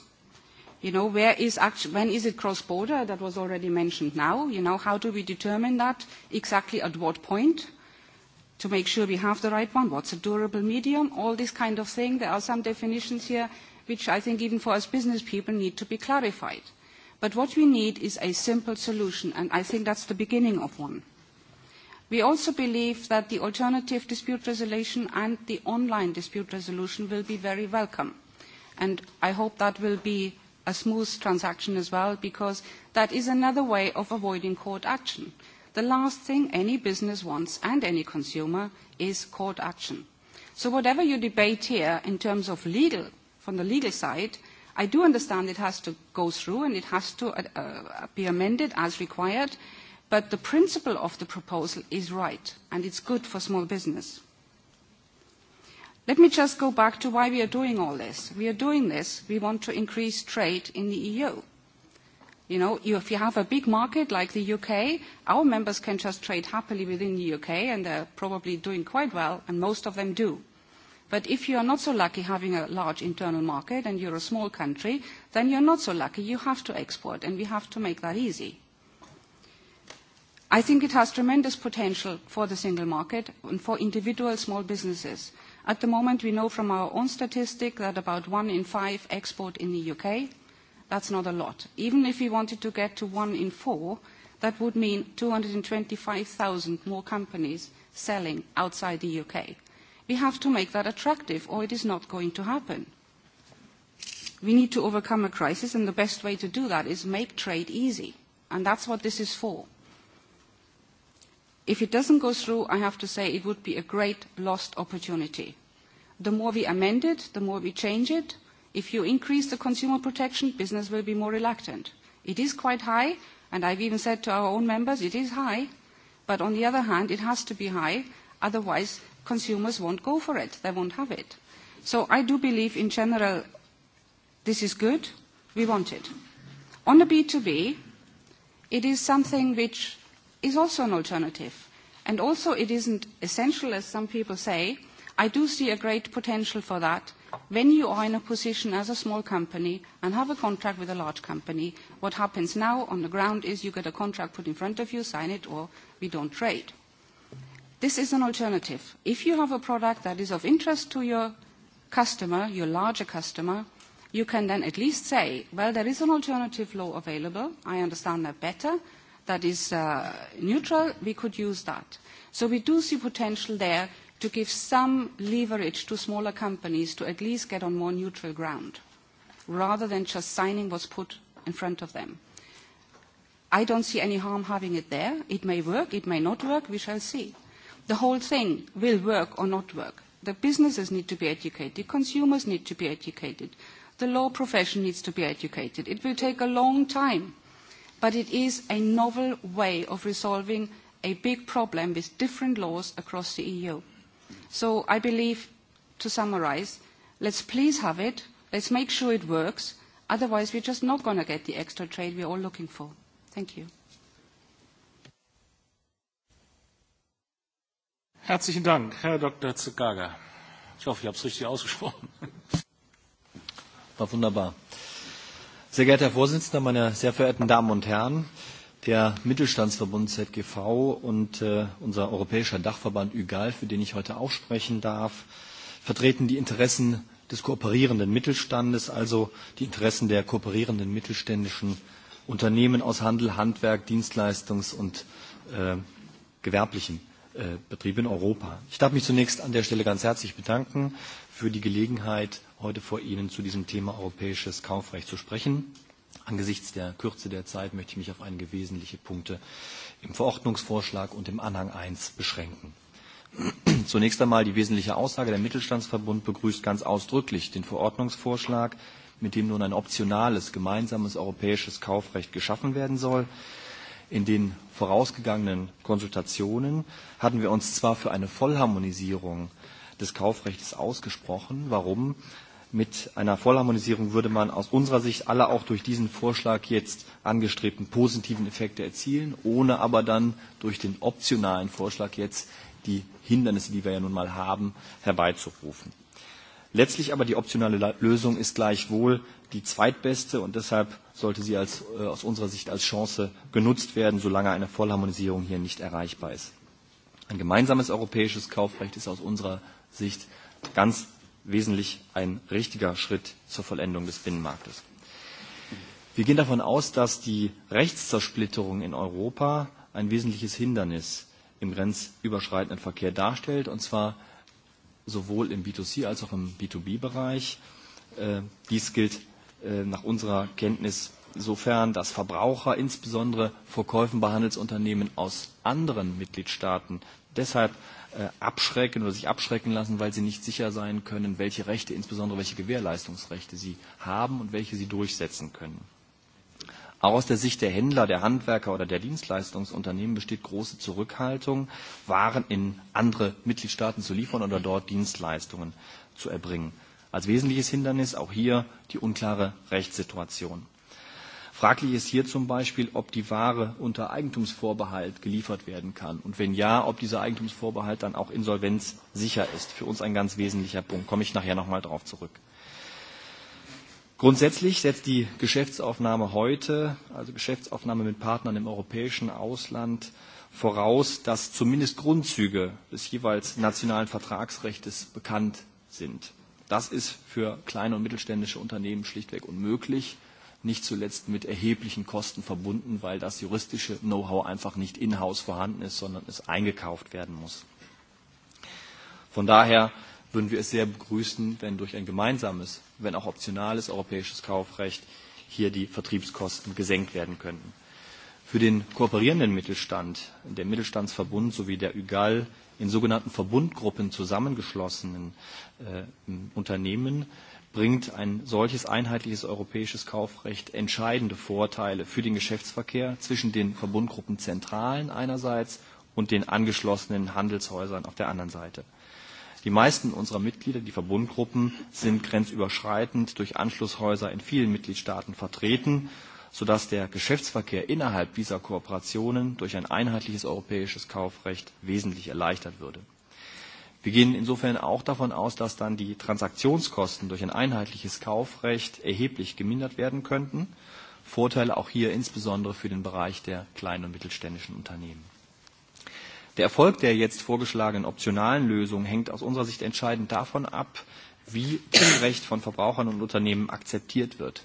You know, where is when is it cross-border? That was already mentioned now. You know, how do we determine that exactly at what point to make sure we have the right one? What's a durable medium? All this kind of thing. There are some definitions here which I think even for us business people need to be clarified. But what we need is a simple solution, and I think that's the beginning of one. We also believe that the alternative dispute resolution and the online dispute resolution will be very welcome. And I hope that will be a smooth transaction as well, because that is another way of avoiding court action. The last thing any business wants, and any consumer, is court action. So whatever you debate here in terms of legal from the legal side, I do understand it has to go through and it has to be amended as required, but the principle of the proposal is right and it's good for small business. Let me just go back to why we are doing all this. We are doing this. We want to increase trade in the EU. You know, if you have a big market like the UK, our members can just trade happily within the UK, and they're probably doing quite well, and most of them do. But if you are not so lucky having a large internal market and you're a small country, then you're not so lucky. You have to export, and we have to make that easy. I think it has tremendous potential for the single market and for individual small businesses. At the moment, we know from our own statistic that about one in five export in the UK. That's not a lot. Even if we wanted to get to one in four, that would mean 225,000 more companies selling outside the UK. We have to make that attractive or it is not going to happen. We need to overcome a crisis and the best way to do that is make trade easy. And that's what this is for. If it doesn't go through, I have to say it would be a great lost opportunity. The more we amend it, the more we change it. If you increase the consumer protection, business will be more reluctant. It is quite high, and I've even said to our own members, it is high. But on the other hand, it has to be high, otherwise consumers won't go for it. They won't have it. So I do believe in general this is good. We want it. On the B2B, it is something which is also an alternative. And also it isn't essential, as some people say. I do see a great potential for that when you are in a position as a small company and have a contract with a large company. What happens now on the ground is you get a contract put in front of you, sign it, or we don't trade. This is an alternative. If you have a product that is of interest to your customer, your larger customer, you can then at least say, well, there is an alternative law available. I understand that better. That is neutral. We could use that. So we do see potential there to give some leverage to smaller companies to at least get on more neutral ground, rather than just signing what's put in front of them. I don't see any harm having it there. It may work. It may not work. We shall see the whole thing will work or not work. The businesses need to be educated, consumers need to be educated, the law profession needs to be educated. It will take a long time, but it is a novel way of resolving a big problem with different laws across the EU. So I believe, to summarise, let's please have it, let's make sure it works, otherwise we're just not going to get the extra trade we're all looking for. Thank you. Herzlichen Dank, Herr Dr. Ich hoffe, ich habe es richtig ausgesprochen. War wunderbar. Sehr geehrter Herr Vorsitzender, meine sehr verehrten Damen und Herren, der Mittelstandsverbund ZGV und unser europäischer Dachverband ÜGAL, für den ich heute auch sprechen darf, vertreten die Interessen des kooperierenden Mittelstandes, also die Interessen der kooperierenden mittelständischen Unternehmen aus Handel, Handwerk, Dienstleistungs- und Gewerblichen. Betrieb in Europa. Ich darf mich zunächst an der Stelle ganz herzlich bedanken für die Gelegenheit, heute vor Ihnen zu diesem Thema europäisches Kaufrecht zu sprechen. Angesichts der Kürze der Zeit möchte ich mich auf einige wesentliche Punkte im Verordnungsvorschlag und im Anhang 1 beschränken. Zunächst einmal die wesentliche Aussage. Der Mittelstandsverbund begrüßt ganz ausdrücklich den Verordnungsvorschlag, mit dem nun ein optionales gemeinsames europäisches Kaufrecht geschaffen werden soll. In den vorausgegangenen Konsultationen hatten wir uns zwar für eine Vollharmonisierung des Kaufrechts ausgesprochen. Warum? Mit einer Vollharmonisierung würde man aus unserer Sicht alle auch durch diesen Vorschlag jetzt angestrebten positiven Effekte erzielen, ohne aber dann durch den optionalen Vorschlag jetzt die Hindernisse, die wir ja nun mal haben, herbeizurufen. Letztlich aber die optionale Lösung ist gleichwohl die zweitbeste und deshalb sollte sie als, aus unserer Sicht als Chance genutzt werden, solange eine Vollharmonisierung hier nicht erreichbar ist. Ein gemeinsames europäisches Kaufrecht ist aus unserer Sicht ganz wesentlich ein richtiger Schritt zur Vollendung des Binnenmarktes. Wir gehen davon aus, dass die Rechtszersplitterung in Europa ein wesentliches Hindernis im grenzüberschreitenden Verkehr darstellt, und zwar sowohl im B2C als auch im B2B-Bereich. Dies gilt nach unserer Kenntnis sofern, dass Verbraucher, insbesondere vor Käufen bei Handelsunternehmen aus anderen Mitgliedstaaten, deshalb abschrecken oder sich abschrecken lassen, weil sie nicht sicher sein können, welche Rechte, insbesondere welche Gewährleistungsrechte sie haben und welche sie durchsetzen können. Auch aus der Sicht der Händler, der Handwerker oder der Dienstleistungsunternehmen besteht große Zurückhaltung, Waren in andere Mitgliedstaaten zu liefern oder dort Dienstleistungen zu erbringen. Als wesentliches Hindernis auch hier die unklare Rechtssituation. Fraglich ist hier zum Beispiel, ob die Ware unter Eigentumsvorbehalt geliefert werden kann und wenn ja, ob dieser Eigentumsvorbehalt dann auch insolvenzsicher ist. Für uns ein ganz wesentlicher Punkt. Komme ich nachher nochmal darauf zurück. Grundsätzlich setzt die Geschäftsaufnahme heute, also Geschäftsaufnahme mit Partnern im europäischen Ausland, voraus, dass zumindest Grundzüge des jeweils nationalen Vertragsrechts bekannt sind. Das ist für kleine und mittelständische Unternehmen schlichtweg unmöglich, nicht zuletzt mit erheblichen Kosten verbunden, weil das juristische Know-how einfach nicht in-house vorhanden ist, sondern es eingekauft werden muss. Von daher würden wir es sehr begrüßen, wenn durch ein gemeinsames, wenn auch optionales europäisches Kaufrecht hier die Vertriebskosten gesenkt werden könnten. Für den kooperierenden Mittelstand, der Mittelstandsverbund sowie der ÜGAL in sogenannten Verbundgruppen zusammengeschlossenen Unternehmen bringt ein solches einheitliches europäisches Kaufrecht entscheidende Vorteile für den Geschäftsverkehr zwischen den Verbundgruppenzentralen einerseits und den angeschlossenen Handelshäusern auf der anderen Seite. Die meisten unserer Mitglieder, die Verbundgruppen, sind grenzüberschreitend durch Anschlusshäuser in vielen Mitgliedstaaten vertreten, sodass der Geschäftsverkehr innerhalb dieser Kooperationen durch ein einheitliches europäisches Kaufrecht wesentlich erleichtert würde. Wir gehen insofern auch davon aus, dass dann die Transaktionskosten durch ein einheitliches Kaufrecht erheblich gemindert werden könnten. Vorteile auch hier insbesondere für den Bereich der kleinen und mittelständischen Unternehmen. Der Erfolg der jetzt vorgeschlagenen optionalen Lösung hängt aus unserer Sicht entscheidend davon ab, wie Recht von Verbrauchern und Unternehmen akzeptiert wird.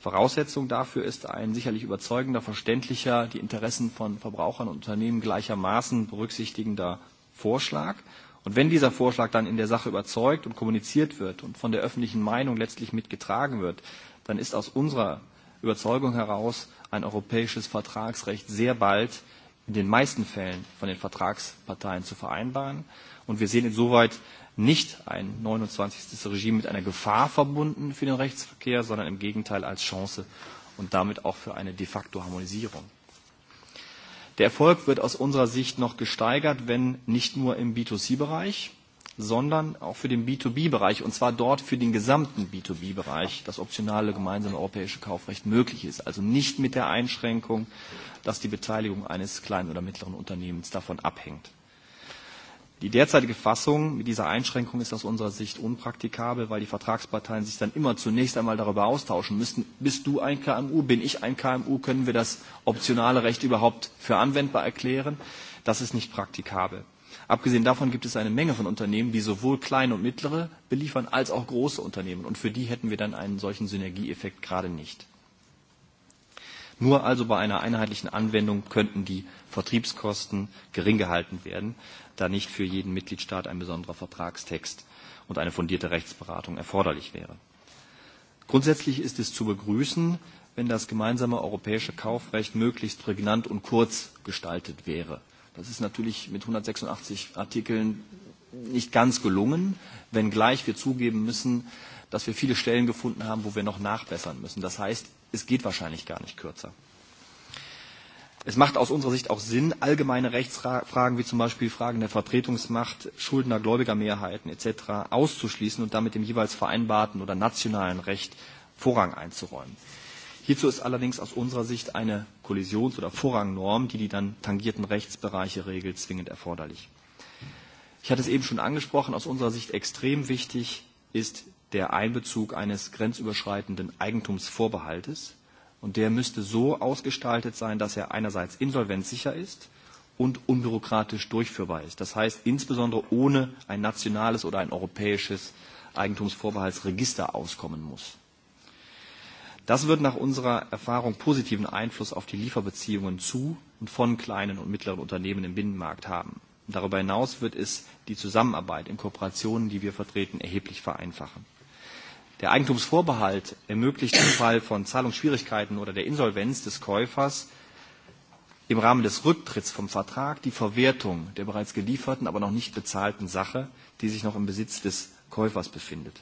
Voraussetzung dafür ist ein sicherlich überzeugender, verständlicher, die Interessen von Verbrauchern und Unternehmen gleichermaßen berücksichtigender Vorschlag. Und wenn dieser Vorschlag dann in der Sache überzeugt und kommuniziert wird und von der öffentlichen Meinung letztlich mitgetragen wird, dann ist aus unserer Überzeugung heraus ein europäisches Vertragsrecht sehr bald in den meisten Fällen von den Vertragsparteien zu vereinbaren. Und wir sehen insoweit nicht ein 29. Regime mit einer Gefahr verbunden für den Rechtsverkehr, sondern im Gegenteil als Chance und damit auch für eine de facto Harmonisierung. Der Erfolg wird aus unserer Sicht noch gesteigert, wenn nicht nur im B2C-Bereich, sondern auch für den B2B-Bereich, und zwar dort für den gesamten B2B-Bereich, das optionale gemeinsame europäische Kaufrecht möglich ist. Also nicht mit der Einschränkung, dass die Beteiligung eines kleinen oder mittleren Unternehmens davon abhängt. Die derzeitige Fassung mit dieser Einschränkung ist aus unserer Sicht unpraktikabel, weil die Vertragsparteien sich dann immer zunächst einmal darüber austauschen müssen, bist du ein KMU, bin ich ein KMU, können wir das optionale Recht überhaupt für anwendbar erklären. Das ist nicht praktikabel. Abgesehen davon gibt es eine Menge von Unternehmen, die sowohl kleine und mittlere beliefern als auch große Unternehmen. Und für die hätten wir dann einen solchen Synergieeffekt gerade nicht. Nur also bei einer einheitlichen Anwendung könnten die Vertriebskosten gering gehalten werden, da nicht für jeden Mitgliedstaat ein besonderer Vertragstext und eine fundierte Rechtsberatung erforderlich wäre. Grundsätzlich ist es zu begrüßen, wenn das gemeinsame europäische Kaufrecht möglichst prägnant und kurz gestaltet wäre. Das ist natürlich mit 186 Artikeln nicht ganz gelungen, wenngleich wir zugeben müssen, dass wir viele Stellen gefunden haben, wo wir noch nachbessern müssen. Das heißt, es geht wahrscheinlich gar nicht kürzer. Es macht aus unserer Sicht auch Sinn, allgemeine Rechtsfragen wie zum Beispiel Fragen der Vertretungsmacht, Schuldner, Gläubigermehrheiten etc. auszuschließen und damit dem jeweils vereinbarten oder nationalen Recht Vorrang einzuräumen. Hierzu ist allerdings aus unserer Sicht eine Kollisions- oder Vorrangnorm, die die dann tangierten Rechtsbereiche regelt, zwingend erforderlich. Ich hatte es eben schon angesprochen, aus unserer Sicht extrem wichtig ist der Einbezug eines grenzüberschreitenden Eigentumsvorbehaltes. Und der müsste so ausgestaltet sein, dass er einerseits insolvenzsicher ist und unbürokratisch durchführbar ist. Das heißt, insbesondere ohne ein nationales oder ein europäisches Eigentumsvorbehaltsregister auskommen muss. Das wird nach unserer Erfahrung positiven Einfluss auf die Lieferbeziehungen zu und von kleinen und mittleren Unternehmen im Binnenmarkt haben. Darüber hinaus wird es die Zusammenarbeit in Kooperationen, die wir vertreten, erheblich vereinfachen. Der Eigentumsvorbehalt ermöglicht im Fall von Zahlungsschwierigkeiten oder der Insolvenz des Käufers im Rahmen des Rücktritts vom Vertrag die Verwertung der bereits gelieferten, aber noch nicht bezahlten Sache, die sich noch im Besitz des Käufers befindet.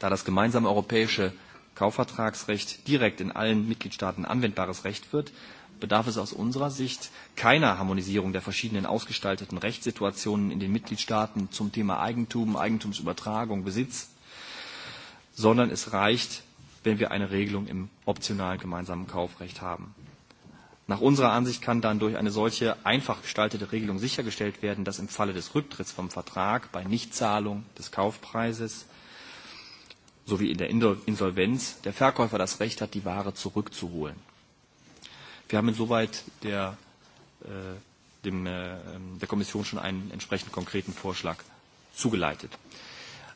Da das gemeinsame europäische Kaufvertragsrecht direkt in allen Mitgliedstaaten anwendbares Recht wird, bedarf es aus unserer Sicht keiner Harmonisierung der verschiedenen ausgestalteten Rechtssituationen in den Mitgliedstaaten zum Thema Eigentum, Eigentumsübertragung, Besitz, sondern es reicht, wenn wir eine Regelung im optionalen gemeinsamen Kaufrecht haben. Nach unserer Ansicht kann dann durch eine solche einfach gestaltete Regelung sichergestellt werden, dass im Falle des Rücktritts vom Vertrag bei Nichtzahlung des Kaufpreises sowie in der Insolvenz der Verkäufer das Recht hat, die Ware zurückzuholen. Wir haben insoweit der Kommission schon einen entsprechend konkreten Vorschlag zugeleitet.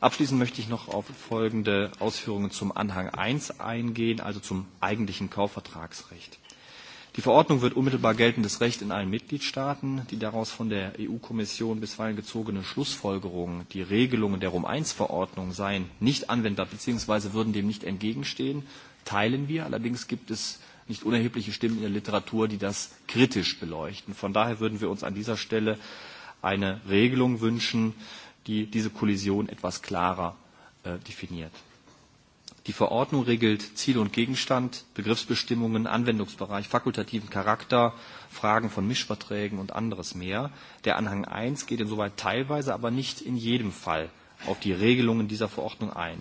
Abschließend möchte ich noch auf folgende Ausführungen zum Anhang 1 eingehen, also zum eigentlichen Kaufvertragsrecht. Die Verordnung wird unmittelbar geltendes Recht in allen Mitgliedstaaten. Die daraus von der EU-Kommission bisweilen gezogene Schlussfolgerungen, die Regelungen der Rom-1-Verordnung seien nicht anwendbar bzw. würden dem nicht entgegenstehen, teilen wir. Allerdings gibt es nicht unerhebliche Stimmen in der Literatur, die das kritisch beleuchten. Von daher würden wir uns an dieser Stelle eine Regelung wünschen, die diese Kollision etwas klarer definiert. Die Verordnung regelt Ziel und Gegenstand, Begriffsbestimmungen, Anwendungsbereich, fakultativen Charakter, Fragen von Mischverträgen und anderes mehr. Der Anhang 1 geht insoweit teilweise, aber nicht in jedem Fall auf die Regelungen dieser Verordnung ein.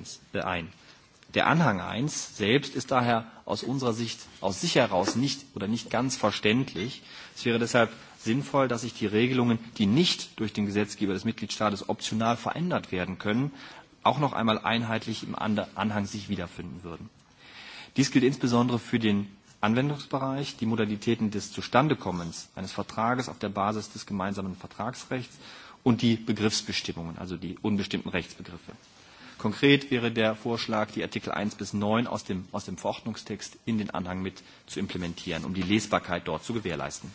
Der Anhang 1 selbst ist daher aus unserer Sicht aus sich heraus nicht oder nicht ganz verständlich. Es wäre deshalb sinnvoll, dass sich die Regelungen, die nicht durch den Gesetzgeber des Mitgliedstaates optional verändert werden können, auch noch einmal einheitlich im Anhang sich wiederfinden würden. Dies gilt insbesondere für den Anwendungsbereich, die Modalitäten des Zustandekommens eines Vertrages auf der Basis des gemeinsamen Vertragsrechts und die Begriffsbestimmungen, also die unbestimmten Rechtsbegriffe. Konkret wäre der Vorschlag, die Artikel 1 bis 9 aus dem, aus dem Verordnungstext in den Anhang mit zu implementieren, um die Lesbarkeit dort zu gewährleisten.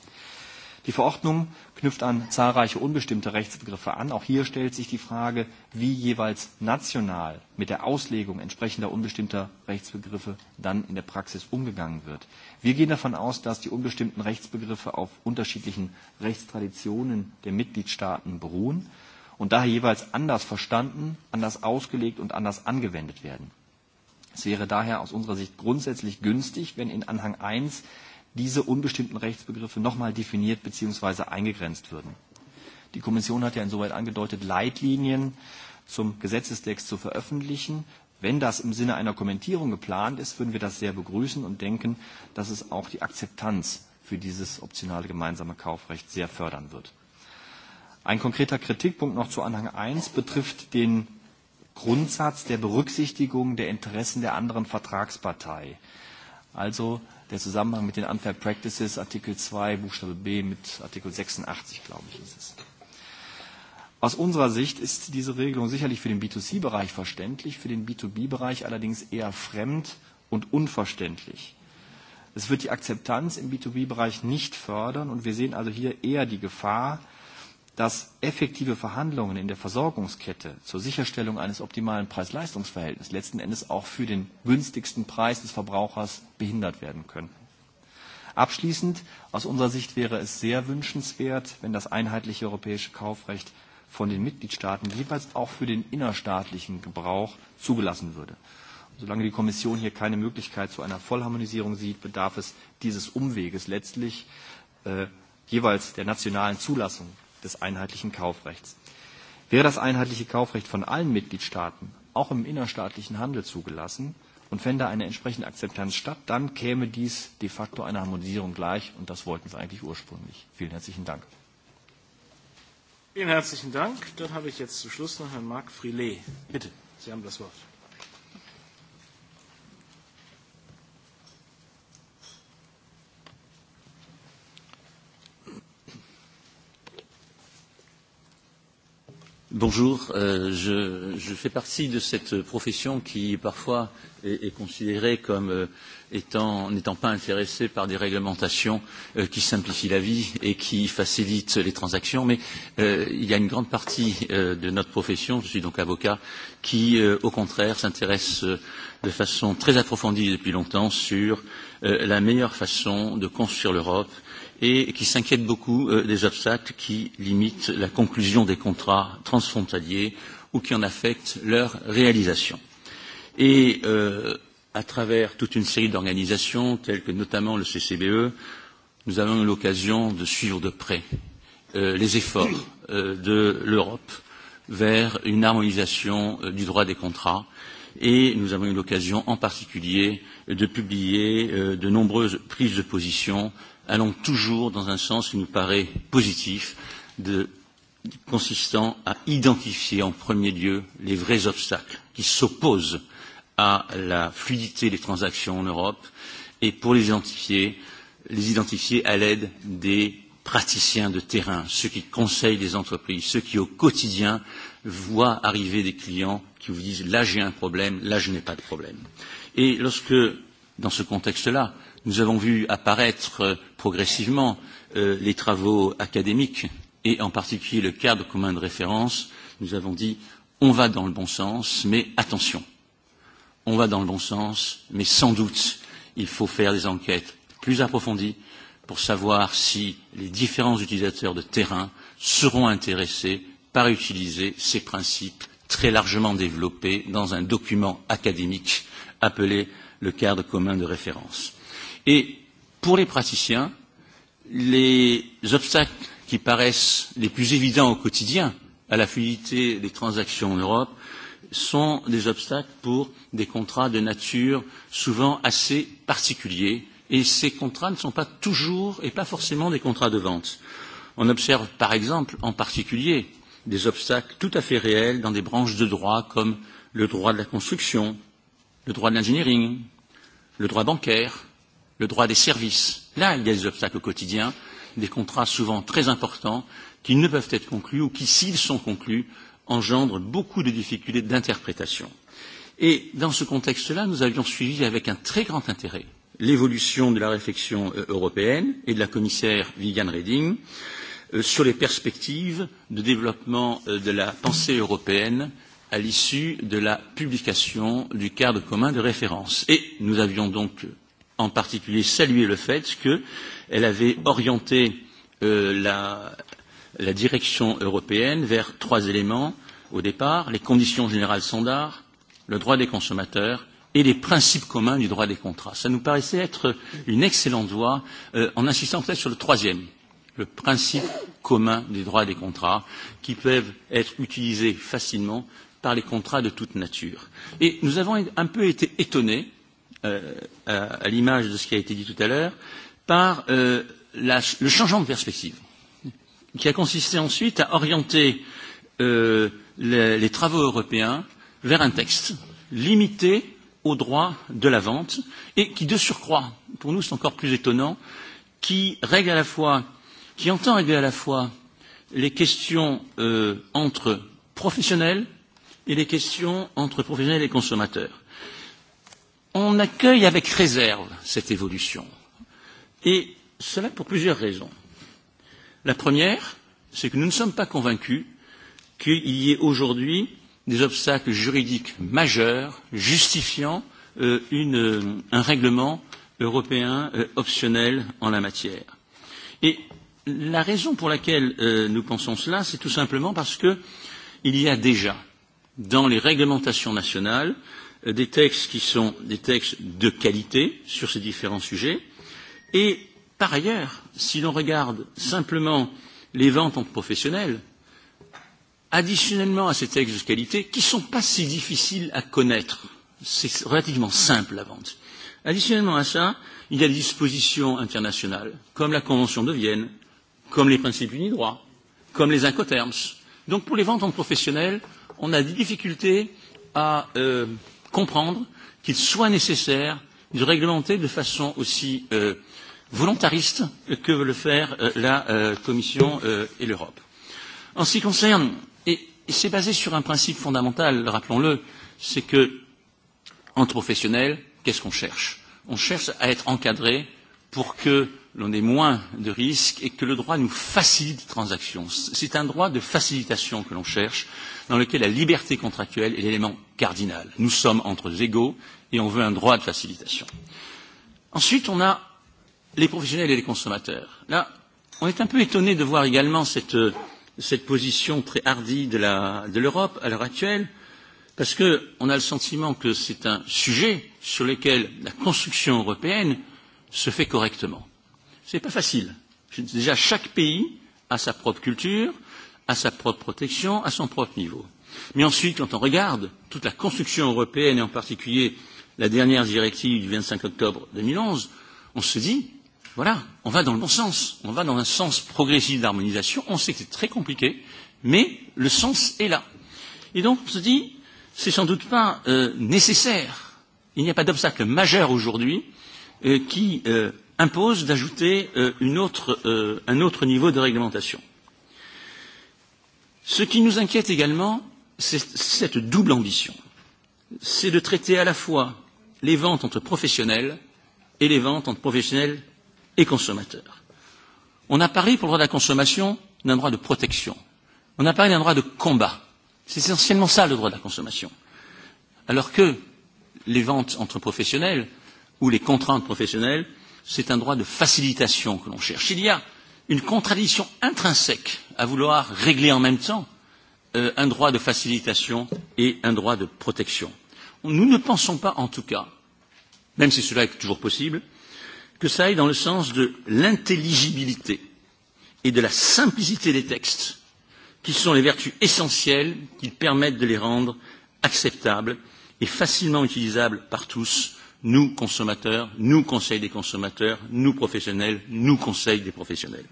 Die Verordnung knüpft an zahlreiche unbestimmte Rechtsbegriffe an. Auch hier stellt sich die Frage, wie jeweils national mit der Auslegung entsprechender unbestimmter Rechtsbegriffe dann in der Praxis umgegangen wird. Wir gehen davon aus, dass die unbestimmten Rechtsbegriffe auf unterschiedlichen Rechtstraditionen der Mitgliedstaaten beruhen und daher jeweils anders verstanden, anders ausgelegt und anders angewendet werden. Es wäre daher aus unserer Sicht grundsätzlich günstig, wenn in Anhang 1 diese unbestimmten Rechtsbegriffe nochmal definiert bzw. eingegrenzt würden. Die Kommission hat ja insoweit angedeutet, Leitlinien zum Gesetzestext zu veröffentlichen. Wenn das im Sinne einer Kommentierung geplant ist, würden wir das sehr begrüßen und denken, dass es auch die Akzeptanz für dieses optionale gemeinsame Kaufrecht sehr fördern wird. Ein konkreter Kritikpunkt noch zu Anhang 1 betrifft den Grundsatz der Berücksichtigung der Interessen der anderen Vertragspartei. Also der Zusammenhang mit den Unfair Practices, Artikel 2, Buchstabe B mit Artikel 86, glaube ich, ist es. Aus unserer Sicht ist diese Regelung sicherlich für den B2C-Bereich verständlich, für den B2B-Bereich allerdings eher fremd und unverständlich. Es wird die Akzeptanz im B2B-Bereich nicht fördern und wir sehen also hier eher die Gefahr, dass effektive Verhandlungen in der Versorgungskette zur Sicherstellung eines optimalen preis leistungs letzten Endes auch für den günstigsten Preis des Verbrauchers behindert werden können. Abschließend, aus unserer Sicht wäre es sehr wünschenswert, wenn das einheitliche europäische Kaufrecht von den Mitgliedstaaten jeweils auch für den innerstaatlichen Gebrauch zugelassen würde. Solange die Kommission hier keine Möglichkeit zu einer Vollharmonisierung sieht, bedarf es dieses Umweges letztlich jeweils der nationalen Zulassung des einheitlichen Kaufrechts. Wäre das einheitliche Kaufrecht von allen Mitgliedstaaten auch im innerstaatlichen Handel zugelassen und fände eine entsprechende Akzeptanz statt, dann käme dies de facto einer Harmonisierung gleich und das wollten wir eigentlich ursprünglich. Vielen herzlichen Dank. Vielen herzlichen Dank. Dann habe ich jetzt zum Schluss noch Herrn Marc Frilet. Bitte, Sie haben das Wort. Bonjour, je fais partie de cette profession qui parfois est considérée comme étant n'étant pas intéressée par des réglementations qui simplifient la vie et qui facilitent les transactions, mais il y a une grande partie de notre profession, je suis donc avocat, qui au contraire s'intéresse de façon très approfondie depuis longtemps sur la meilleure façon de construire l'Europe et qui s'inquiètent beaucoup des obstacles qui limitent la conclusion des contrats transfrontaliers ou qui en affectent leur réalisation. Et à travers toute une série d'organisations, telles que notamment le CCBE, nous avons eu l'occasion de suivre de près les efforts de l'Europe vers une harmonisation du droit des contrats et nous avons eu l'occasion en particulier de publier de nombreuses prises de position allons toujours dans un sens qui nous paraît positif, de consistant à identifier en premier lieu les vrais obstacles qui s'opposent à la fluidité des transactions en Europe et pour les identifier, les identifier à l'aide des praticiens de terrain, ceux qui conseillent les entreprises, ceux qui au quotidien voient arriver des clients qui vous disent là j'ai un problème, là je n'ai pas de problème. Et lorsque, dans ce contexte-là, nous avons vu apparaître progressivement les travaux académiques et en particulier le cadre commun de référence, nous avons dit on va dans le bon sens, mais attention, on va dans le bon sens, mais sans doute il faut faire des enquêtes plus approfondies pour savoir si les différents utilisateurs de terrain seront intéressés par utiliser ces principes très largement développés dans un document académique appelé le cadre commun de référence. Et pour les praticiens, les obstacles qui paraissent les plus évidents au quotidien à la fluidité des transactions en Europe sont des obstacles pour des contrats de nature souvent assez particuliers et ces contrats ne sont pas toujours et pas forcément des contrats de vente. On observe par exemple en particulier des obstacles tout à fait réels dans des branches de droit comme le droit de la construction, le droit de l'engineering, le droit bancaire, le droit des services. Là, il y a des obstacles quotidiens, des contrats souvent très importants qui ne peuvent être conclus ou qui, s'ils sont conclus, engendrent beaucoup de difficultés d'interprétation. Et dans ce contexte-là, nous avions suivi avec un très grand intérêt l'évolution de la réflexion européenne et de la commissaire Viviane Reding sur les perspectives de développement de la pensée européenne à l'issue de la publication du cadre commun de référence. Et nous avions donc en particulier saluer le fait qu'elle avait orienté la direction européenne vers trois éléments au départ, les conditions générales standards, le droit des consommateurs et les principes communs du droit des contrats. Ça nous paraissait être une excellente voie en insistant peut-être sur le troisième, le principe commun des droits des contrats qui peuvent être utilisés facilement par les contrats de toute nature. Et nous avons un peu été étonnés à l'image de ce qui a été dit tout à l'heure, par le changement de perspective, qui a consisté ensuite à orienter les travaux européens vers un texte limité au droit de la vente et qui, de surcroît, pour nous c'est encore plus étonnant, qui règle à la fois, qui entend régler à la fois les questions entre professionnels et les questions entre professionnels et consommateurs on accueille avec réserve cette évolution. Et cela pour plusieurs raisons. La première, c'est que nous ne sommes pas convaincus qu'il y ait aujourd'hui des obstacles juridiques majeurs justifiant une, un règlement européen optionnel en la matière. Et la raison pour laquelle nous pensons cela, c'est tout simplement parce qu'il y a déjà, dans les réglementations nationales, des textes qui sont des textes de qualité sur ces différents sujets. Et par ailleurs, si l'on regarde simplement les ventes entre professionnels, additionnellement à ces textes de qualité, qui ne sont pas si difficiles à connaître, c'est relativement simple la vente. Additionnellement à ça, il y a des dispositions internationales, comme la Convention de Vienne, comme les principes unis droit, comme les incoterms. Donc pour les ventes en professionnels, on a des difficultés à comprendre qu'il soit nécessaire de réglementer de façon aussi volontariste que veut le faire la Commission et l'Europe. En ce qui concerne, et c'est basé sur un principe fondamental, rappelons-le, c'est que, entre professionnels, qu'est-ce qu'on cherche On cherche à être encadré pour que l'on ait moins de risques et que le droit nous facilite les transactions. C'est un droit de facilitation que l'on cherche, dans lequel la liberté contractuelle est l'élément cardinal. Nous sommes entre égaux et on veut un droit de facilitation. Ensuite, on a les professionnels et les consommateurs. Là, on est un peu étonné de voir également cette, cette position très hardie de l'Europe à l'heure actuelle, parce qu'on a le sentiment que c'est un sujet sur lequel la construction européenne se fait correctement. Ce n'est pas facile. Déjà, chaque pays a sa propre culture, a sa propre protection, à son propre niveau. Mais ensuite, quand on regarde toute la construction européenne, et en particulier la dernière directive du 25 octobre 2011, on se dit, voilà, on va dans le bon sens, on va dans un sens progressif d'harmonisation, on sait que c'est très compliqué, mais le sens est là. Et donc, on se dit, c'est sans doute pas nécessaire, il n'y a pas d'obstacle majeur aujourd'hui qui impose d'ajouter un autre niveau de réglementation. Ce qui nous inquiète également, c'est cette double ambition. C'est de traiter à la fois les ventes entre professionnels et les ventes entre professionnels et consommateurs. On a parlé pour le droit de la consommation d'un droit de protection. On a parlé d'un droit de combat. C'est essentiellement ça le droit de la consommation. Alors que les ventes entre professionnels ou les contraintes professionnelles c'est un droit de facilitation que l'on cherche. Il y a une contradiction intrinsèque à vouloir régler en même temps un droit de facilitation et un droit de protection. Nous ne pensons pas, en tout cas, même si cela est toujours possible, que ça aille dans le sens de l'intelligibilité et de la simplicité des textes, qui sont les vertus essentielles qui permettent de les rendre acceptables et facilement utilisables par tous nous consommateurs, nous conseil des consommateurs, nous professionnels, nous conseil des professionnels.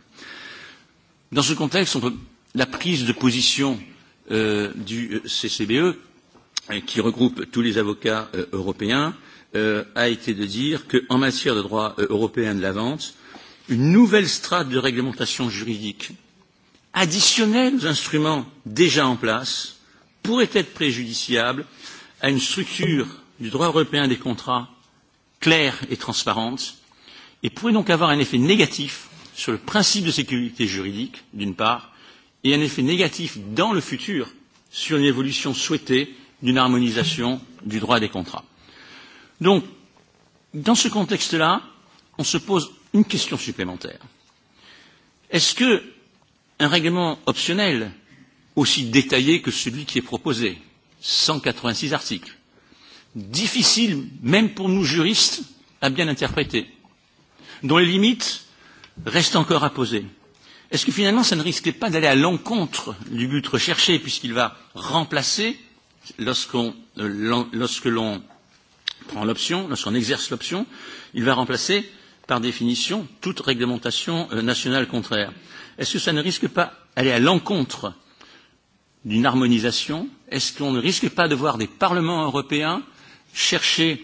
Dans ce contexte, la prise de position du CCBE, qui regroupe tous les avocats européens, a été de dire qu'en matière de droit européen de la vente, une nouvelle strate de réglementation juridique additionnelle aux instruments déjà en place pourrait être préjudiciable à une structure du droit européen des contrats claire et transparente et pourrait donc avoir un effet négatif sur le principe de sécurité juridique, d'une part, et un effet négatif dans le futur sur une évolution souhaitée d'une harmonisation du droit des contrats. Donc, dans ce contexte-là, on se pose une question supplémentaire. Est-ce que un règlement optionnel aussi détaillé que celui qui est proposé, 186 articles, difficile, même pour nous juristes, à bien interpréter, dont les limites restent encore à poser. Est-ce que finalement, ça ne risquait pas d'aller à l'encontre du but recherché, puisqu'il va remplacer, lorsque l'on prend l'option, lorsqu'on exerce l'option, il va remplacer, par définition, toute réglementation nationale contraire. Est-ce que ça ne risque pas d'aller à l'encontre d'une harmonisation Est-ce qu'on ne risque pas de voir des parlements européens chercher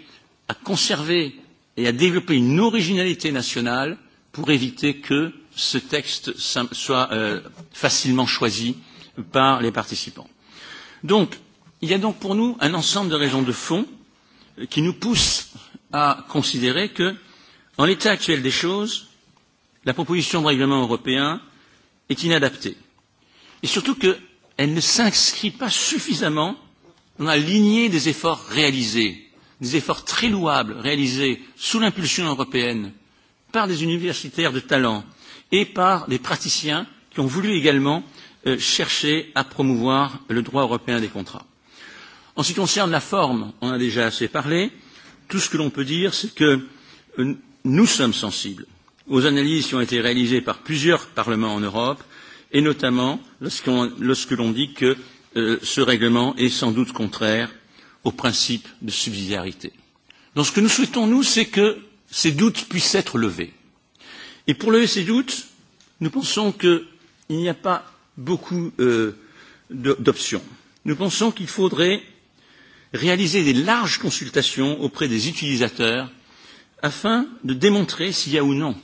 à conserver et à développer une originalité nationale pour éviter que ce texte soit facilement choisi par les participants. Donc, il y a donc pour nous un ensemble de raisons de fond qui nous poussent à considérer que, en l'état actuel des choses, la proposition de règlement européen est inadaptée. Et surtout qu'elle ne s'inscrit pas suffisamment dans la lignée des efforts réalisés des efforts très louables réalisés sous l'impulsion européenne par des universitaires de talent et par des praticiens qui ont voulu également chercher à promouvoir le droit européen des contrats. En ce qui concerne la forme, on a déjà assez parlé. Tout ce que l'on peut dire, c'est que nous sommes sensibles aux analyses qui ont été réalisées par plusieurs parlements en Europe, et notamment lorsque l'on dit que ce règlement est sans doute contraire au principe de subsidiarité. Donc ce que nous souhaitons, nous, c'est que ces doutes puissent être levés. Et pour lever ces doutes, nous pensons qu'il n'y a pas beaucoup d'options. Nous pensons qu'il faudrait réaliser des larges consultations auprès des utilisateurs afin de démontrer s'il y a ou non,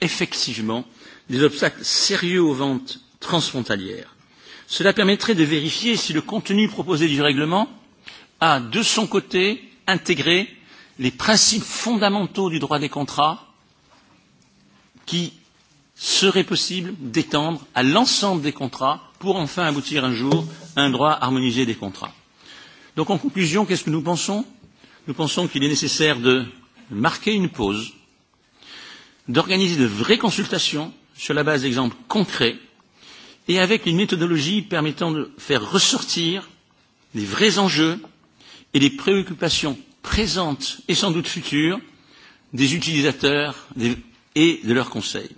effectivement, des obstacles sérieux aux ventes transfrontalières. Cela permettrait de vérifier si le contenu proposé du règlement a, de son côté, intégré les principes fondamentaux du droit des contrats qui serait possible d'étendre à l'ensemble des contrats pour enfin aboutir un jour à un droit harmonisé des contrats. Donc en conclusion, qu'est-ce que nous pensons Nous pensons qu'il est nécessaire de marquer une pause, d'organiser de vraies consultations sur la base d'exemples concrets et avec une méthodologie permettant de faire ressortir les vrais enjeux et les préoccupations présentes et sans doute futures des utilisateurs et de leurs conseils.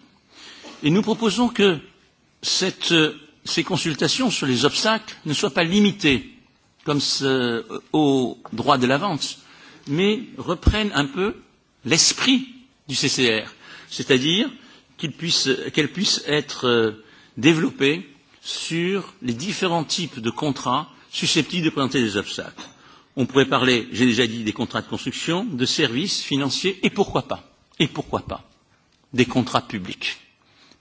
Et nous proposons que cette, ces consultations sur les obstacles ne soient pas limitées comme ce, au droit de la vente, mais reprennent un peu l'esprit du CCR, c'est-à-dire qu'elles puissent, qu puissent être développées sur les différents types de contrats susceptibles de présenter des obstacles. On pourrait parler, j'ai déjà dit, des contrats de construction, de services financiers et pourquoi pas, et pourquoi pas, des contrats publics,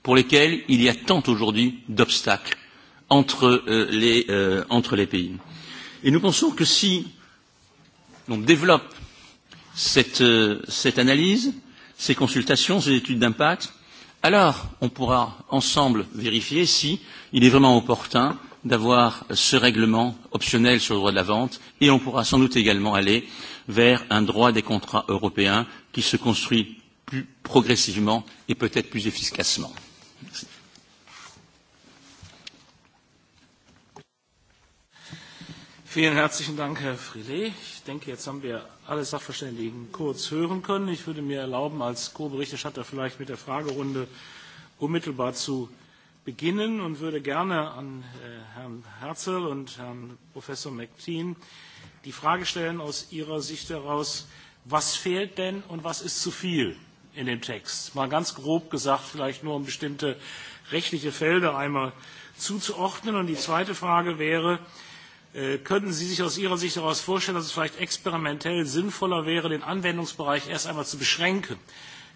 pour lesquels il y a tant aujourd'hui d'obstacles entre, les entre les pays. Et nous pensons que si on développe cette, cette analyse, ces consultations, ces études d'impact, alors on pourra ensemble vérifier si il est vraiment opportun d'avoir ce règlement optionnel sur le droit de la vente et on pourra sans doute également aller vers un droit des contrats européens qui se construit plus progressivement et peut-être plus efficacement. Vielen herzlichen Dank, Herr Frilé. Ich denke, jetzt haben wir alle Sachverständigen kurz hören können. Ich würde mir erlauben, als Co-Berichterstatter vielleicht mit der Fragerunde unmittelbar zu beginnen und würde gerne an Herrn Herzl und Herrn Professor McTeen die Frage stellen aus Ihrer Sicht heraus, was fehlt denn und was ist zu viel in dem Text? Mal ganz grob gesagt, vielleicht nur um bestimmte rechtliche Felder einmal zuzuordnen. Und die zweite Frage wäre, könnten Sie sich aus Ihrer Sicht heraus vorstellen, dass es vielleicht experimentell sinnvoller wäre, den Anwendungsbereich erst einmal zu beschränken?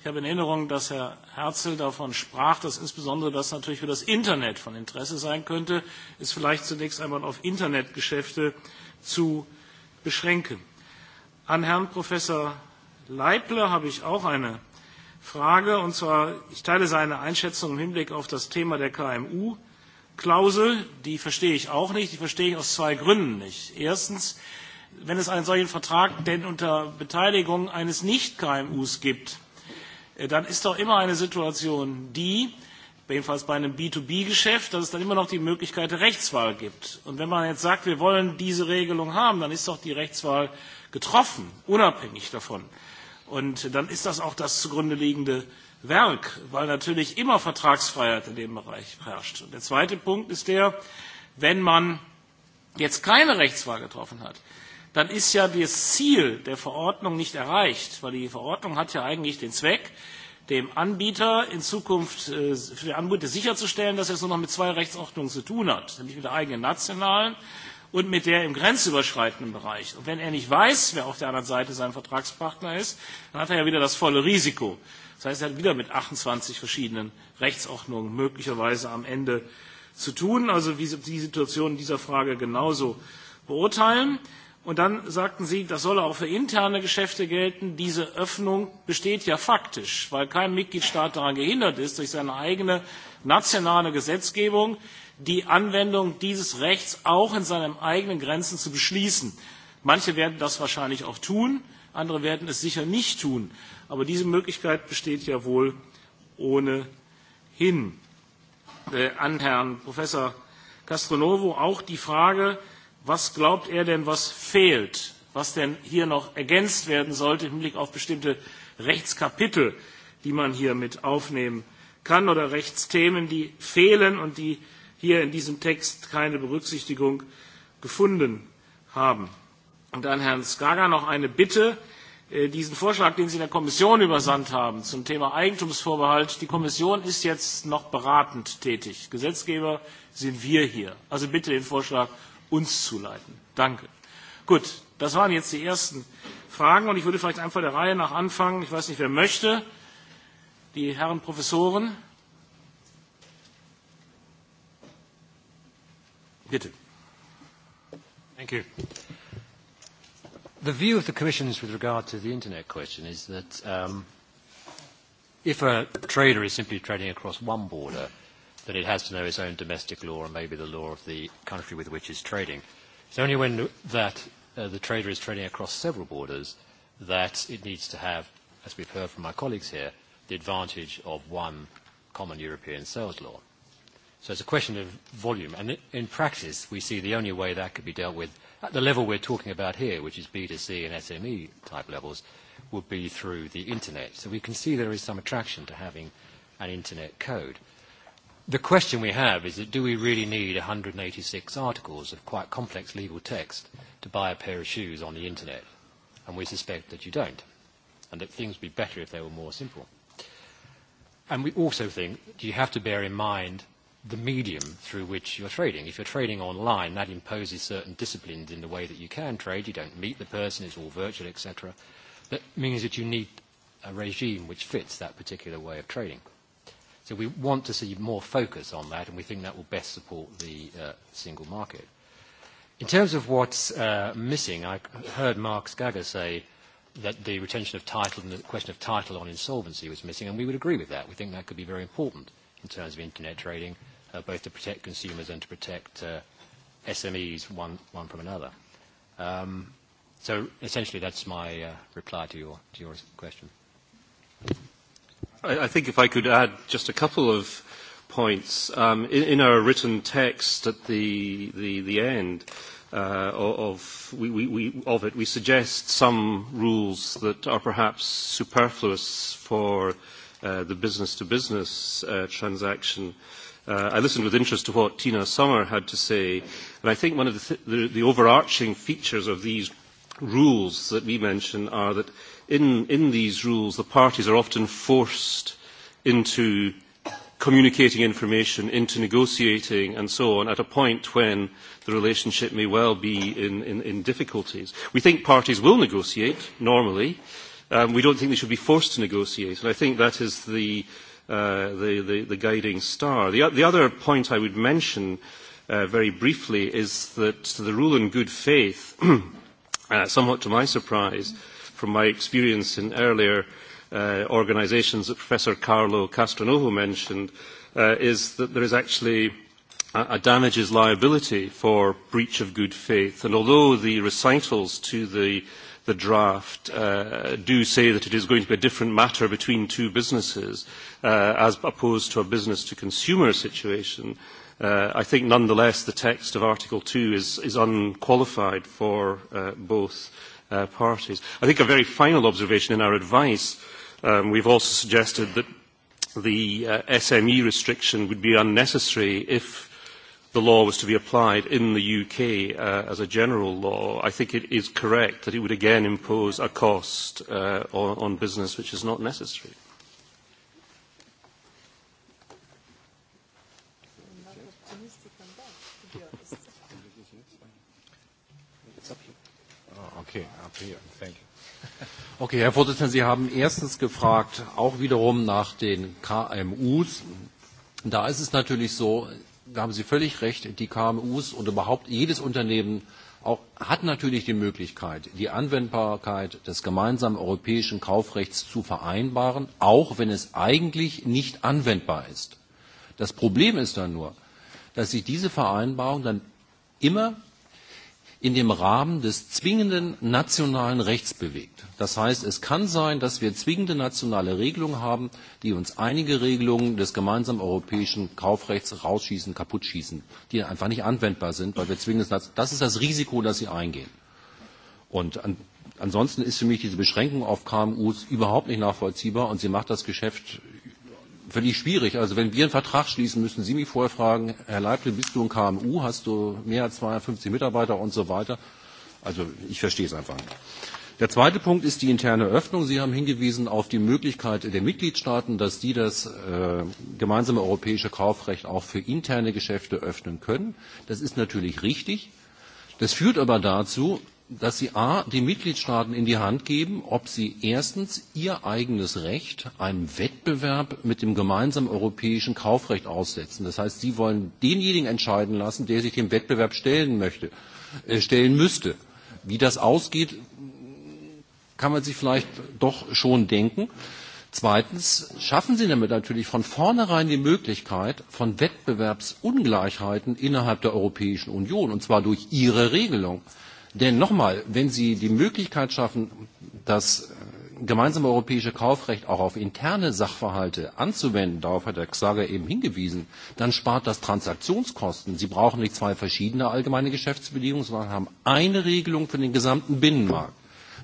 Ich habe in Erinnerung, dass Herr Herzl davon sprach, dass insbesondere das natürlich für das Internet von Interesse sein könnte, ist vielleicht zunächst einmal auf Internetgeschäfte zu beschränken. An Herrn Professor Leible habe ich auch eine Frage, und zwar, ich teile seine Einschätzung im Hinblick auf das Thema der KMU-Klausel. Die verstehe ich auch nicht, die verstehe ich aus zwei Gründen nicht. Erstens, wenn es einen solchen Vertrag denn unter Beteiligung eines Nicht-KMUs gibt, dann ist doch immer eine Situation die, jedenfalls bei einem B2B-Geschäft, dass es dann immer noch die Möglichkeit der Rechtswahl gibt. Und wenn man jetzt sagt, wir wollen diese Regelung haben, dann ist doch die Rechtswahl getroffen, unabhängig davon. Und dann ist das auch das zugrunde liegende Werk, weil natürlich immer Vertragsfreiheit in dem Bereich herrscht. Und der zweite Punkt ist der, wenn man jetzt keine Rechtswahl getroffen hat, dann ist ja das Ziel der Verordnung nicht erreicht, weil die Verordnung hat ja eigentlich den Zweck, dem Anbieter in Zukunft für den Anbieter sicherzustellen, dass er es nur noch mit zwei Rechtsordnungen zu tun hat, nämlich mit der eigenen nationalen und mit der im grenzüberschreitenden Bereich. Und wenn er nicht weiß, wer auf der anderen Seite sein Vertragspartner ist, dann hat er ja wieder das volle Risiko. Das heißt, er hat wieder mit 28 verschiedenen Rechtsordnungen möglicherweise am Ende zu tun. Also wie Sie die Situation in dieser Frage genauso beurteilen. Und dann sagten Sie, das solle auch für interne Geschäfte gelten. Diese Öffnung besteht ja faktisch, weil kein Mitgliedstaat daran gehindert ist, durch seine eigene nationale Gesetzgebung die Anwendung dieses Rechts auch in seinen eigenen Grenzen zu beschließen. Manche werden das wahrscheinlich auch tun, andere werden es sicher nicht tun. Aber diese Möglichkeit besteht ja wohl ohnehin. An Herrn Professor Castronovo auch die Frage, was glaubt er denn, was fehlt, was denn hier noch ergänzt werden sollte im Hinblick auf bestimmte Rechtskapitel, die man hier mit aufnehmen kann oder Rechtsthemen, die fehlen und die hier in diesem Text keine Berücksichtigung gefunden haben. Und an Herrn Skaga noch eine Bitte diesen Vorschlag, den Sie der Kommission übersandt haben zum Thema Eigentumsvorbehalt, die Kommission ist jetzt noch beratend tätig. Gesetzgeber sind wir hier. Also bitte den Vorschlag uns zuleiten. Danke. Gut, das waren jetzt die ersten Fragen und ich würde vielleicht einfach der Reihe nach anfangen. Ich weiß nicht, wer möchte. Die Herren Professoren. Bitte. Thank you. The view of the Commission with regard to the Internet question is that if a trader is simply trading across one border, That it has to know its own domestic law and maybe the law of the country with which it's trading. It's only when that the trader is trading across several borders that it needs to have, as we've heard from my colleagues here, the advantage of one common European sales law. So it's a question of volume. And in practice, we see the only way that could be dealt with at the level we're talking about here, which is B2C and SME type levels, would be through the Internet. So we can see there is some attraction to having an Internet code. The question we have is that do we really need 186 articles of quite complex legal text to buy a pair of shoes on the internet? And we suspect that you don't, and that things would be better if they were more simple. And we also think you have to bear in mind the medium through which you're trading. If you're trading online, that imposes certain disciplines in the way that you can trade. You don't meet the person, it's all virtual, etc. That means that you need a regime which fits that particular way of trading. So we want to see more focus on that, and we think that will best support the single market. In terms of what's missing, I heard Mark Skagger say that the retention of title and the question of title on insolvency was missing, and we would agree with that. We think that could be very important in terms of Internet trading, both to protect consumers and to protect SMEs one from another. So essentially, that's my reply to your question. I think if I could add just a couple of points. In our written text at the end of it, we suggest some rules that are perhaps superfluous for the business-to-business transaction. I listened with interest to what Tina Sommer had to say, and I think one of the overarching features of these rules that we mention are that in these rules, the parties are often forced into communicating information, into negotiating and so on, at a point when the relationship may well be in difficulties. We think parties will negotiate, normally. We don't think they should be forced to negotiate, and I think that is the guiding star. The other point I would mention very briefly is that the rule in good faith, somewhat to my surprise, from my experience in earlier organisations that Professor Carlo Castronovo mentioned, is that there is actually a damages liability for breach of good faith. And although the recitals to the the draft do say that it is going to be a different matter between two businesses as opposed to a business to consumer situation i think nonetheless the text of article 2 is unqualified for both parties. I think a very final observation in our advice, we've also suggested that the SME restriction would be unnecessary if the law was to be applied in the UK as a general law. I think it is correct that it would again impose a cost on business which is not necessary. Okay, Herr Vorsitzender, Sie haben erstens gefragt, auch wiederum nach den KMUs. Da ist es natürlich so, da haben Sie völlig recht, die KMUs und überhaupt jedes Unternehmen auch hat natürlich die Möglichkeit, die Anwendbarkeit des gemeinsamen europäischen Kaufrechts zu vereinbaren, auch wenn es eigentlich nicht anwendbar ist. Das Problem ist dann nur, dass sich diese Vereinbarung dann immer in dem Rahmen des zwingenden nationalen Rechts bewegt. Das heißt, es kann sein, dass wir zwingende nationale Regelungen haben, die uns einige Regelungen des gemeinsamen europäischen Kaufrechts rausschießen, kaputt schießen, die einfach nicht anwendbar sind, weil wir zwingendes Das ist das Risiko, das sie eingehen. Und ansonsten ist für mich diese Beschränkung auf KMUs überhaupt nicht nachvollziehbar und sie macht das Geschäft völlig schwierig. Also wenn wir einen Vertrag schließen, müssen Sie mich vorher fragen, Herr Leibniz, bist du ein KMU, hast du mehr als 250 Mitarbeiter und so weiter. Also ich verstehe es einfach nicht. Der zweite Punkt ist die interne Öffnung. Sie haben hingewiesen auf die Möglichkeit der Mitgliedstaaten, dass die das gemeinsame europäische Kaufrecht auch für interne Geschäfte öffnen können. Das ist natürlich richtig. Das führt aber dazu, dass sie a den Mitgliedstaaten in die Hand geben, ob sie erstens ihr eigenes Recht einem Wettbewerb mit dem gemeinsamen europäischen Kaufrecht aussetzen. Das heißt, sie wollen denjenigen entscheiden lassen, der sich dem Wettbewerb stellen möchte, stellen müsste. Wie das ausgeht, kann man sich vielleicht doch schon denken. Zweitens schaffen Sie damit natürlich von vornherein die Möglichkeit von Wettbewerbsungleichheiten innerhalb der Europäischen Union, und zwar durch Ihre Regelung. Denn nochmal, wenn Sie die Möglichkeit schaffen, das gemeinsame europäische Kaufrecht auch auf interne Sachverhalte anzuwenden, darauf hat der Xager eben hingewiesen, dann spart das Transaktionskosten. Sie brauchen nicht zwei verschiedene allgemeine Geschäftsbedingungen, sondern haben eine Regelung für den gesamten Binnenmarkt.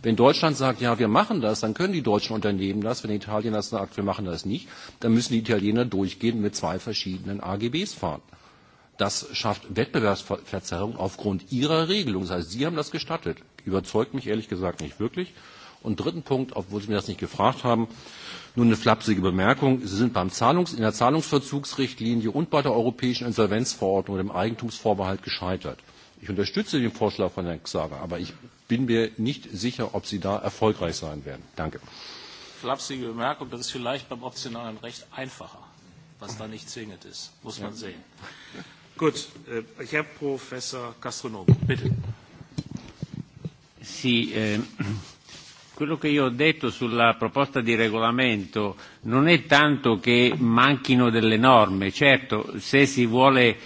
Wenn Deutschland sagt, ja, wir machen das, dann können die deutschen Unternehmen das. Wenn Italien das sagt, wir machen das nicht, dann müssen die Italiener durchgehend mit zwei verschiedenen AGBs fahren das schafft Wettbewerbsverzerrung aufgrund Ihrer Regelung. Das heißt, Sie haben das gestattet. Überzeugt mich ehrlich gesagt nicht wirklich. Und dritten Punkt, obwohl Sie mir das nicht gefragt haben, nur eine flapsige Bemerkung. Sie sind beim Zahlungs in der Zahlungsverzugsrichtlinie und bei der Europäischen Insolvenzverordnung und dem Eigentumsvorbehalt gescheitert. Ich unterstütze den Vorschlag von Herrn Xaver, aber ich bin mir nicht sicher, ob Sie da erfolgreich sein werden. Danke. Flapsige Bemerkung, das ist vielleicht beim optionalen Recht einfacher, was da nicht zwingend ist. Muss man sehen. Gut, Herr Professor quello che io ho detto sulla proposta di regolamento non è tanto che manchino delle norme, certo se si vuole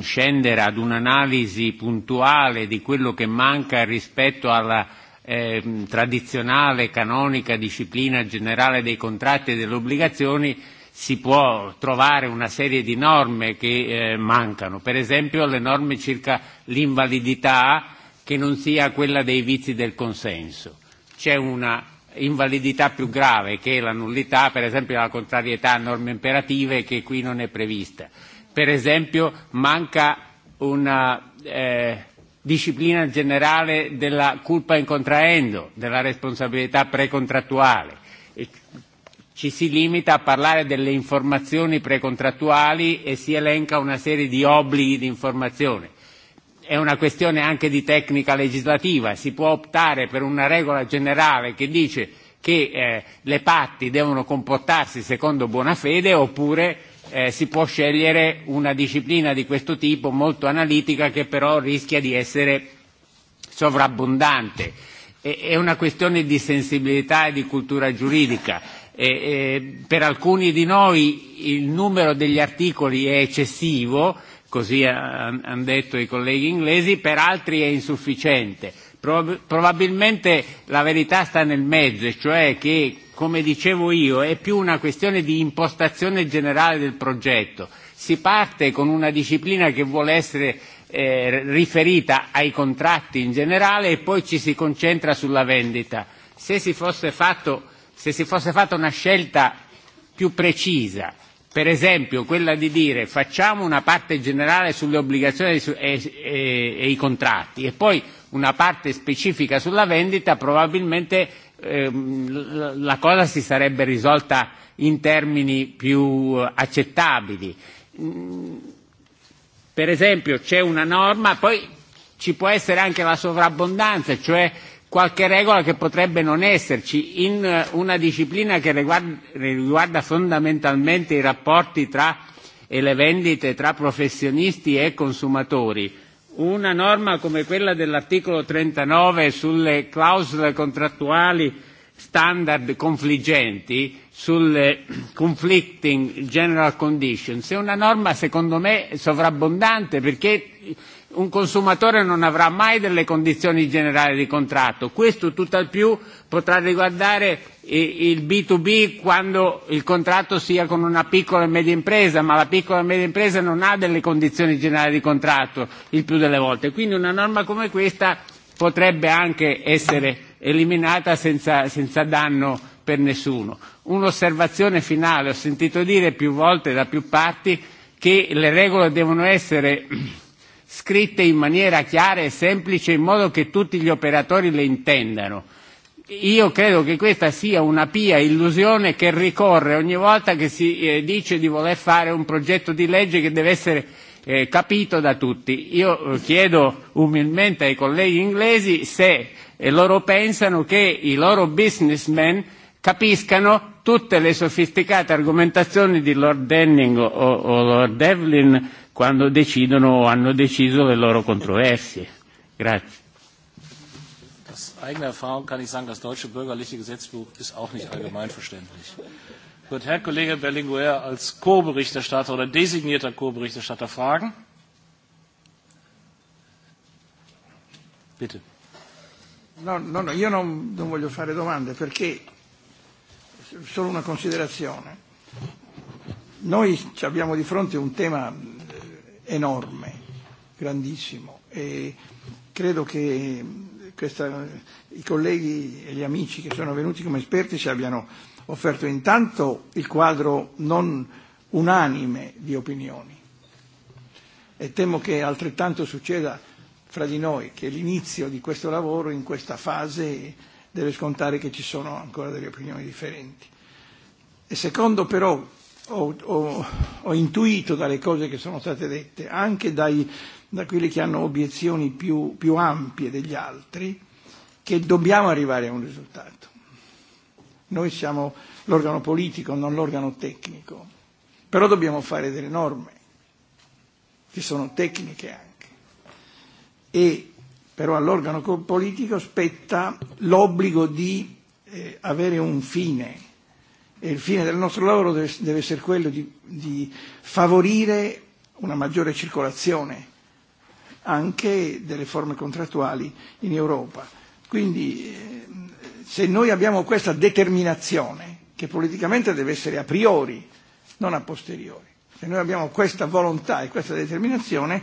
scendere ad un'analisi puntuale di quello che manca rispetto alla tradizionale canonica disciplina generale dei contratti e delle obbligazioni si può trovare una serie di norme che mancano, per esempio le norme circa l'invalidità che non sia quella dei vizi del consenso. C'è una invalidità più grave che è la nullità, per esempio la contrarietà a norme imperative che qui non è prevista. Per esempio manca una disciplina generale della culpa in contraendo, della responsabilità precontrattuale ci si limita a parlare delle informazioni precontrattuali e si elenca una serie di obblighi di informazione. È una questione anche di tecnica legislativa, si può optare per una regola generale che dice che le patti devono comportarsi secondo buona fede oppure si può scegliere una disciplina di questo tipo molto analitica che però rischia di essere sovrabbondante. È una questione di sensibilità e di cultura giuridica per alcuni di noi il numero degli articoli è eccessivo, così hanno detto i colleghi inglesi, per altri è insufficiente. Probabilmente la verità sta nel mezzo, cioè che, come dicevo io, è più una questione di impostazione generale del progetto. Si parte con una disciplina che vuole essere riferita ai contratti in generale e poi ci si concentra sulla vendita. Se si fosse fatto se si fosse fatta una scelta più precisa, per esempio quella di dire facciamo una parte generale sulle obbligazioni e i contratti e poi una parte specifica sulla vendita, probabilmente la cosa si sarebbe risolta in termini più accettabili. Per esempio c'è una norma, poi ci può essere anche la sovrabbondanza, cioè qualche regola che potrebbe non esserci in una disciplina che riguarda fondamentalmente i rapporti tra e le vendite tra professionisti e consumatori. Una norma come quella dell'articolo 39 sulle clausole contrattuali standard confliggenti, sulle conflicting general conditions, è una norma secondo me sovrabbondante perché un consumatore non avrà mai delle condizioni generali di contratto. Questo tutt'al più potrà riguardare il B2B quando il contratto sia con una piccola e media impresa, ma la piccola e media impresa non ha delle condizioni generali di contratto il più delle volte. Quindi una norma come questa potrebbe anche essere eliminata senza, senza danno per nessuno. Un'osservazione finale, ho sentito dire più volte da più parti che le regole devono essere scritte in maniera chiara e semplice in modo che tutti gli operatori le intendano. Io credo che questa sia una pia illusione che ricorre ogni volta che si dice di voler fare un progetto di legge che deve essere capito da tutti. Io chiedo umilmente ai colleghi inglesi se loro pensano che i loro businessmen capiscano tutte le sofisticate argomentazioni di Lord Denning o Lord Devlin quando decidono o hanno deciso le loro controversie. Grazie. Aus eigener Erfahrung kann ich sagen, das deutsche bürgerliche Gesetzbuch ist auch nicht allgemeinverständlich. Wird Herr Kollege Berlinguer als Co-Berichterstatter oder designierter Co-Berichterstatter fragen? Bitte. No, no, no, io non, non voglio fare domande perché solo una considerazione. Noi abbiamo di fronte un tema enorme, grandissimo e credo che questa, i colleghi e gli amici che sono venuti come esperti ci abbiano offerto intanto il quadro non unanime di opinioni e temo che altrettanto succeda fra di noi, che l'inizio di questo lavoro in questa fase deve scontare che ci sono ancora delle opinioni differenti. E secondo però ho intuito dalle cose che sono state dette, anche da quelli che hanno obiezioni più ampie degli altri, che dobbiamo arrivare a un risultato. Noi siamo l'organo politico, non l'organo tecnico, però dobbiamo fare delle norme, che sono tecniche anche. E però all'organo politico spetta l'obbligo di avere un fine il fine del nostro lavoro deve, essere quello di, di favorire una maggiore circolazione anche delle forme contrattuali in Europa. Quindi se noi abbiamo questa determinazione, che politicamente deve essere a priori, non a posteriori, se noi abbiamo questa volontà e questa determinazione,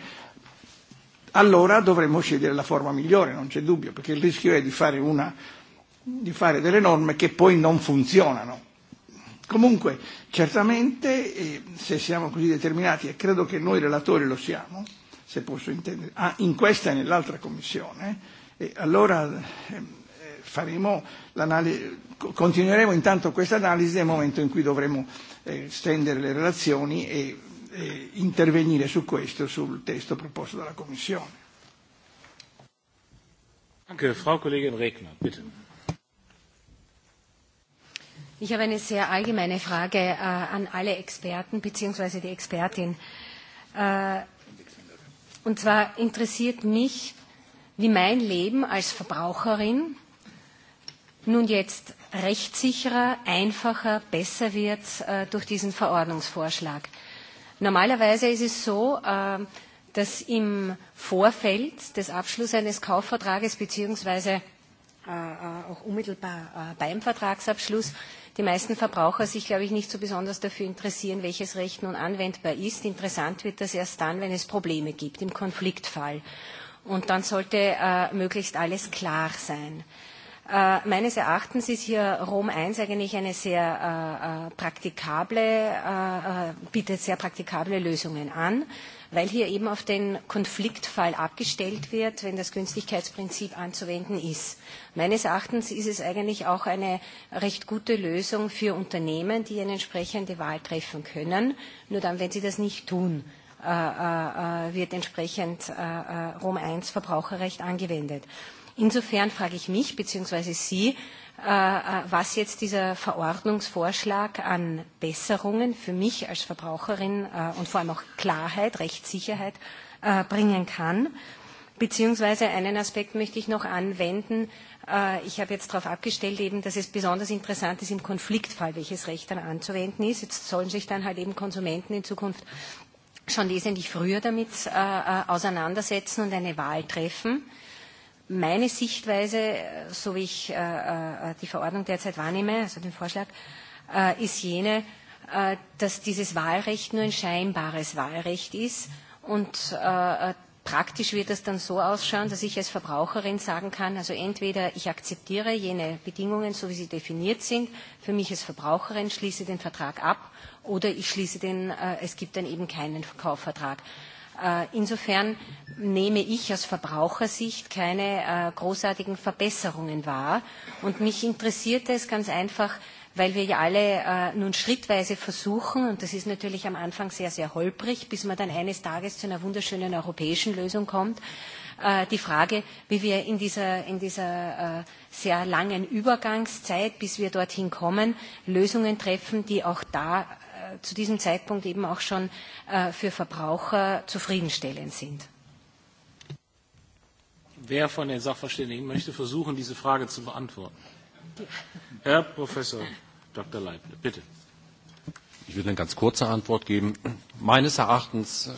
allora dovremmo scegliere la forma migliore, non c'è dubbio, perché il rischio è di fare, una, di fare delle norme che poi non funzionano Comunque, certamente, se siamo così determinati, e credo che noi relatori lo siamo, se posso intendere, in questa e nell'altra commissione, allora faremo continueremo intanto questa analisi nel momento in cui dovremo stendere le relazioni e intervenire su questo, sul testo proposto dalla Commissione. Frau Kollegin Regner, bitte. Ich habe eine sehr allgemeine Frage an alle Experten bzw. die Expertin. Und zwar interessiert mich, wie mein Leben als Verbraucherin nun jetzt rechtssicherer, einfacher, besser wird durch diesen Verordnungsvorschlag. Normalerweise ist es so, dass im Vorfeld des Abschlusses eines Kaufvertrages bzw auch unmittelbar beim Vertragsabschluss die meisten Verbraucher sich, glaube ich, nicht so besonders dafür interessieren, welches Recht nun anwendbar ist. Interessant wird das erst dann, wenn es Probleme gibt, im Konfliktfall. Und dann sollte möglichst alles klar sein. Meines Erachtens ist hier Rom I eigentlich eine sehr praktikable, bietet sehr praktikable Lösungen an weil hier eben auf den Konfliktfall abgestellt wird, wenn das Günstigkeitsprinzip anzuwenden ist. Meines Erachtens ist es eigentlich auch eine recht gute Lösung für Unternehmen, die eine entsprechende Wahl treffen können. Nur dann, wenn sie das nicht tun, wird entsprechend Rom I Verbraucherrecht angewendet. Insofern frage ich mich bzw. Sie, was jetzt dieser Verordnungsvorschlag an Besserungen für mich als Verbraucherin und vor allem auch Klarheit, Rechtssicherheit bringen kann. Beziehungsweise einen Aspekt möchte ich noch anwenden. Ich habe jetzt darauf abgestellt, eben, dass es besonders interessant ist im Konfliktfall, welches Recht dann anzuwenden ist. Jetzt sollen sich dann halt eben Konsumenten in Zukunft schon wesentlich früher damit auseinandersetzen und eine Wahl treffen meine Sichtweise, so wie ich die Verordnung derzeit wahrnehme, also den Vorschlag, ist jene, dass dieses Wahlrecht nur ein scheinbares Wahlrecht ist und praktisch wird das dann so ausschauen, dass ich als Verbraucherin sagen kann, also entweder ich akzeptiere jene Bedingungen, so wie sie definiert sind, für mich als Verbraucherin schließe den Vertrag ab oder ich schließe den, es gibt dann eben keinen Kaufvertrag. Insofern nehme ich aus Verbrauchersicht keine großartigen Verbesserungen wahr. Und mich interessiert es ganz einfach, weil wir ja alle nun schrittweise versuchen, und das ist natürlich am Anfang sehr, sehr holprig, bis man dann eines Tages zu einer wunderschönen europäischen Lösung kommt, die Frage, wie wir in dieser, in dieser sehr langen Übergangszeit, bis wir dorthin kommen, Lösungen treffen, die auch da zu diesem Zeitpunkt eben auch schon für Verbraucher zufriedenstellend sind. Wer von den Sachverständigen möchte versuchen, diese Frage zu beantworten? Herr Professor Dr. Leibniz, bitte. Ich will eine ganz kurze Antwort geben. Meines Erachtens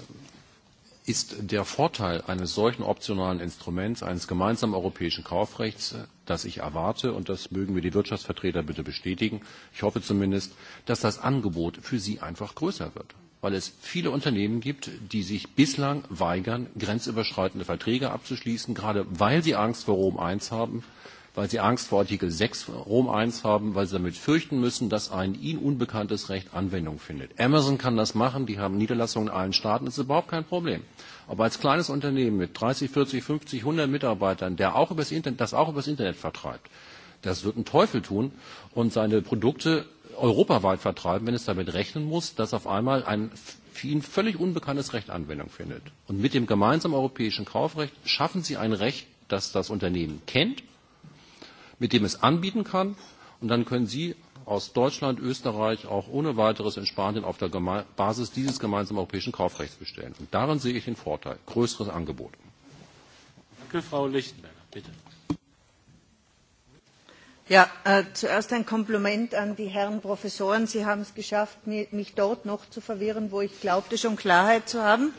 ist der Vorteil eines solchen optionalen Instruments, eines gemeinsamen europäischen Kaufrechts, das ich erwarte, und das mögen wir die Wirtschaftsvertreter bitte bestätigen, ich hoffe zumindest, dass das Angebot für sie einfach größer wird, weil es viele Unternehmen gibt, die sich bislang weigern, grenzüberschreitende Verträge abzuschließen, gerade weil sie Angst vor Rom I haben, weil sie Angst vor Artikel 6 Rom 1 haben, weil sie damit fürchten müssen, dass ein ihnen unbekanntes Recht Anwendung findet. Amazon kann das machen, die haben Niederlassungen in allen Staaten, das ist überhaupt kein Problem. Aber als kleines Unternehmen mit 30, 40, 50, 100 Mitarbeitern, der auch übers Internet, das auch übers Internet vertreibt, das wird ein Teufel tun und seine Produkte europaweit vertreiben, wenn es damit rechnen muss, dass auf einmal ein für völlig unbekanntes Recht Anwendung findet. Und mit dem gemeinsamen europäischen Kaufrecht schaffen sie ein Recht, das das Unternehmen kennt mit dem es anbieten kann. Und dann können Sie aus Deutschland, Österreich auch ohne weiteres in Spanien auf der Basis dieses gemeinsamen europäischen Kaufrechts bestellen. Und darin sehe ich den Vorteil. Größeres Angebot. Danke, Frau Lichtenberger. Bitte. Ja, zuerst ein Kompliment an die Herren Professoren. Sie haben es geschafft, mich dort noch zu verwirren, wo ich glaubte, schon Klarheit zu haben.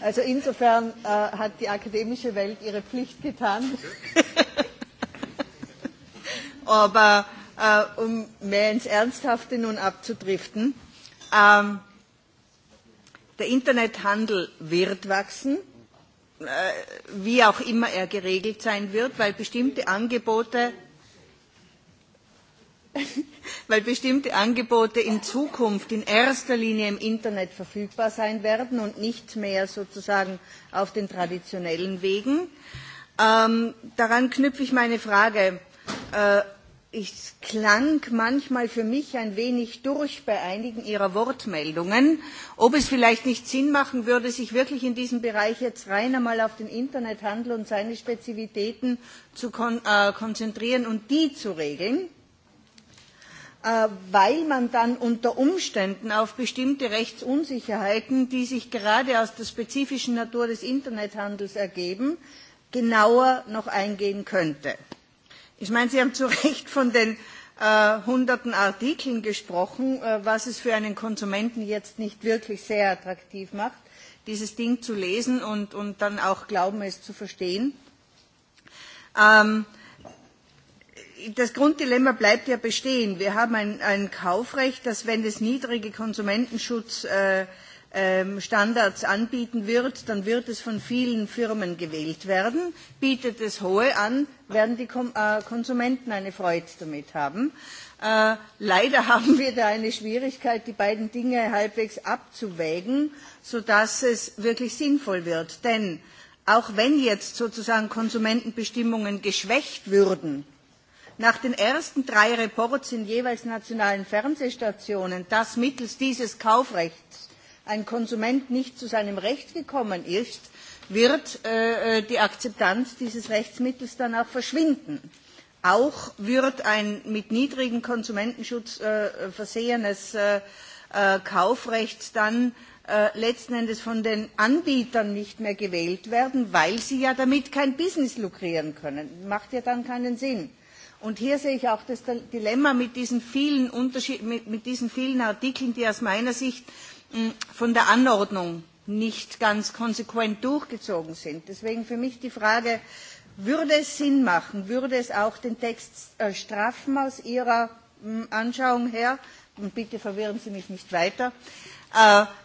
Also insofern hat die akademische Welt ihre Pflicht getan. Aber um mehr ins Ernsthafte nun abzudriften. Der Internethandel wird wachsen, wie auch immer er geregelt sein wird, weil bestimmte Angebote weil bestimmte Angebote in Zukunft in erster Linie im Internet verfügbar sein werden und nicht mehr sozusagen auf den traditionellen Wegen. Daran knüpfe ich meine Frage. Es klang manchmal für mich ein wenig durch bei einigen Ihrer Wortmeldungen, ob es vielleicht nicht Sinn machen würde, sich wirklich in diesem Bereich jetzt rein einmal auf den Internethandel und seine Spezifitäten zu konzentrieren und die zu regeln weil man dann unter Umständen auf bestimmte Rechtsunsicherheiten, die sich gerade aus der spezifischen Natur des Internethandels ergeben, genauer noch eingehen könnte. Ich meine, Sie haben zu Recht von den hunderten Artikeln gesprochen, was es für einen Konsumenten jetzt nicht wirklich sehr attraktiv macht, dieses Ding zu lesen und dann auch glauben, es zu verstehen das Grunddilemma bleibt ja bestehen. Wir haben ein Kaufrecht, das, wenn es niedrige Konsumentenschutzstandards anbieten wird, dann wird es von vielen Firmen gewählt werden. Bietet es hohe an, werden die Konsumenten eine Freude damit haben. Leider haben wir da eine Schwierigkeit, die beiden Dinge halbwegs abzuwägen, sodass es wirklich sinnvoll wird. Denn auch wenn jetzt sozusagen Konsumentenbestimmungen geschwächt würden, nach den ersten drei Reports in jeweils nationalen Fernsehstationen, dass mittels dieses Kaufrechts ein Konsument nicht zu seinem Recht gekommen ist, wird die Akzeptanz dieses Rechtsmittels dann auch verschwinden. Auch wird ein mit niedrigem Konsumentenschutz versehenes Kaufrecht dann letzten Endes von den Anbietern nicht mehr gewählt werden, weil sie ja damit kein Business lukrieren können. macht ja dann keinen Sinn. Und hier sehe ich auch das Dilemma mit diesen vielen Artikeln, die aus meiner Sicht von der Anordnung nicht ganz konsequent durchgezogen sind. Deswegen für mich die Frage, würde es Sinn machen, würde es auch den Text straffen aus Ihrer Anschauung her, und bitte verwirren Sie mich nicht weiter,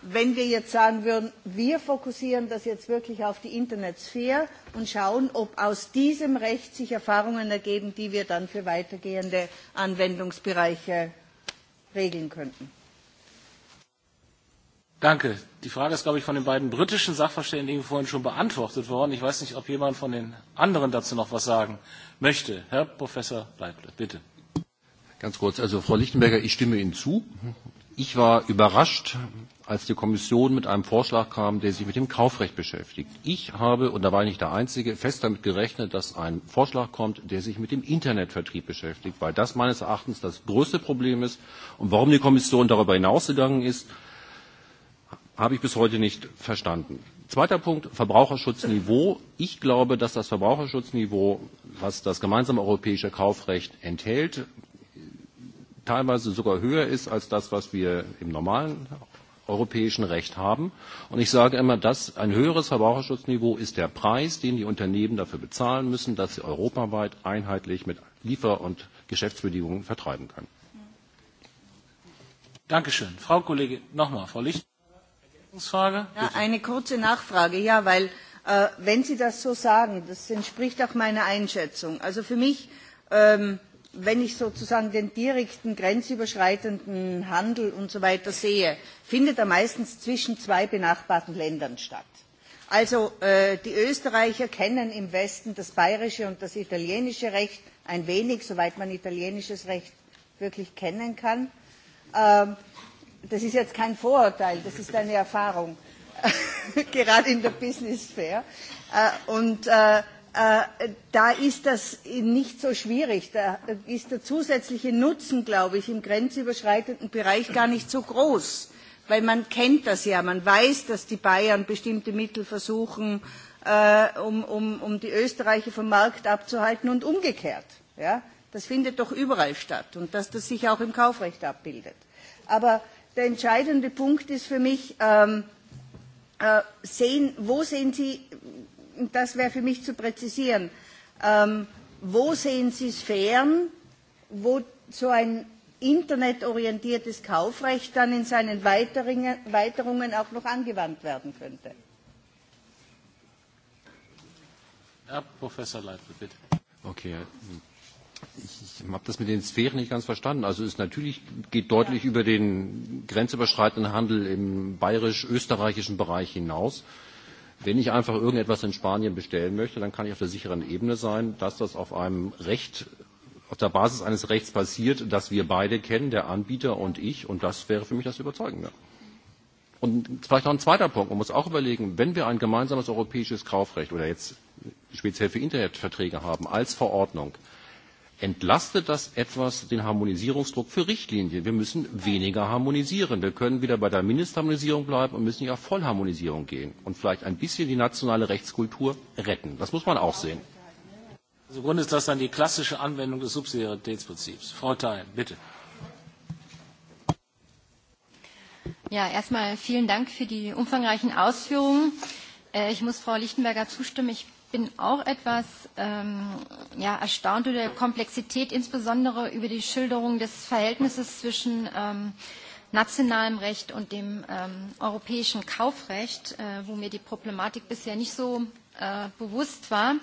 Wenn wir jetzt sagen würden, wir fokussieren das jetzt wirklich auf die Internetsphäre und schauen, ob aus diesem Recht sich Erfahrungen ergeben, die wir dann für weitergehende Anwendungsbereiche regeln könnten. Danke. Die Frage ist, glaube ich, von den beiden britischen Sachverständigen vorhin schon beantwortet worden. Ich weiß nicht, ob jemand von den anderen dazu noch was sagen möchte. Herr Professor Leible, bitte. Ganz kurz. Also, Frau Lichtenberger, ich stimme Ihnen zu. Ich war überrascht, als die Kommission mit einem Vorschlag kam, der sich mit dem Kaufrecht beschäftigt. Ich habe, und da war ich nicht der Einzige, fest damit gerechnet, dass ein Vorschlag kommt, der sich mit dem Internetvertrieb beschäftigt, weil das meines Erachtens das größte Problem ist. Und warum die Kommission darüber hinausgegangen ist, habe ich bis heute nicht verstanden. Zweiter Punkt, Verbraucherschutzniveau. Ich glaube, dass das Verbraucherschutzniveau, was das gemeinsame europäische Kaufrecht enthält, teilweise sogar höher ist als das, was wir im normalen europäischen Recht haben. Und ich sage immer, dass ein höheres Verbraucherschutzniveau ist der Preis, den die Unternehmen dafür bezahlen müssen, dass sie europaweit einheitlich mit Liefer- und Geschäftsbedingungen vertreiben können. Dankeschön. Frau Kollege, nochmal, Frau Licht. Ja, eine kurze Nachfrage, ja, weil wenn Sie das so sagen, das entspricht auch meiner Einschätzung. Also für mich wenn ich sozusagen den direkten grenzüberschreitenden Handel und so weiter sehe, findet er meistens zwischen zwei benachbarten Ländern statt. Also die Österreicher kennen im Westen das bayerische und das italienische Recht ein wenig, soweit man italienisches Recht wirklich kennen kann. Das ist jetzt kein Vorurteil, das ist eine Erfahrung, gerade in der Business Fair da ist das nicht so schwierig. Da ist der zusätzliche Nutzen, glaube ich, im grenzüberschreitenden Bereich gar nicht so groß, weil man kennt das ja. Man weiß, dass die Bayern bestimmte Mittel versuchen, um die Österreicher vom Markt abzuhalten und umgekehrt. Das findet doch überall statt und dass das sich auch im Kaufrecht abbildet. Aber der entscheidende Punkt ist für mich, wo sehen Sie das wäre für mich zu präzisieren, wo sehen Sie Sphären, wo so ein internetorientiertes Kaufrecht dann in seinen Weiterungen auch noch angewandt werden könnte? Herr Professor Leitner, bitte. Okay, ich habe das mit den Sphären nicht ganz verstanden. Also es natürlich geht deutlich über den grenzüberschreitenden Handel im bayerisch-österreichischen Bereich hinaus. Wenn ich einfach irgendetwas in Spanien bestellen möchte, dann kann ich auf der sicheren Ebene sein, dass das auf einem Recht, auf der Basis eines Rechts passiert, das wir beide kennen, der Anbieter und ich, und das wäre für mich das Überzeugende. Und vielleicht noch ein zweiter Punkt. Man muss auch überlegen, wenn wir ein gemeinsames europäisches Kaufrecht oder jetzt speziell für Internetverträge haben als Verordnung, entlastet das etwas den Harmonisierungsdruck für Richtlinien. Wir müssen weniger harmonisieren. Wir können wieder bei der Mindestharmonisierung bleiben und müssen nicht auf Vollharmonisierung gehen und vielleicht ein bisschen die nationale Rechtskultur retten. Das muss man auch sehen. Im Grunde ist das dann die klassische Anwendung des Subsidiaritätsprinzips. Frau Thein, bitte. Ja, erstmal vielen Dank für die umfangreichen Ausführungen. Ich muss Frau Lichtenberger zustimmen. Ich bin auch etwas erstaunt über die Komplexität, insbesondere über die Schilderung des Verhältnisses zwischen nationalem Recht und dem europäischen Kaufrecht, wo mir die Problematik bisher nicht so bewusst war.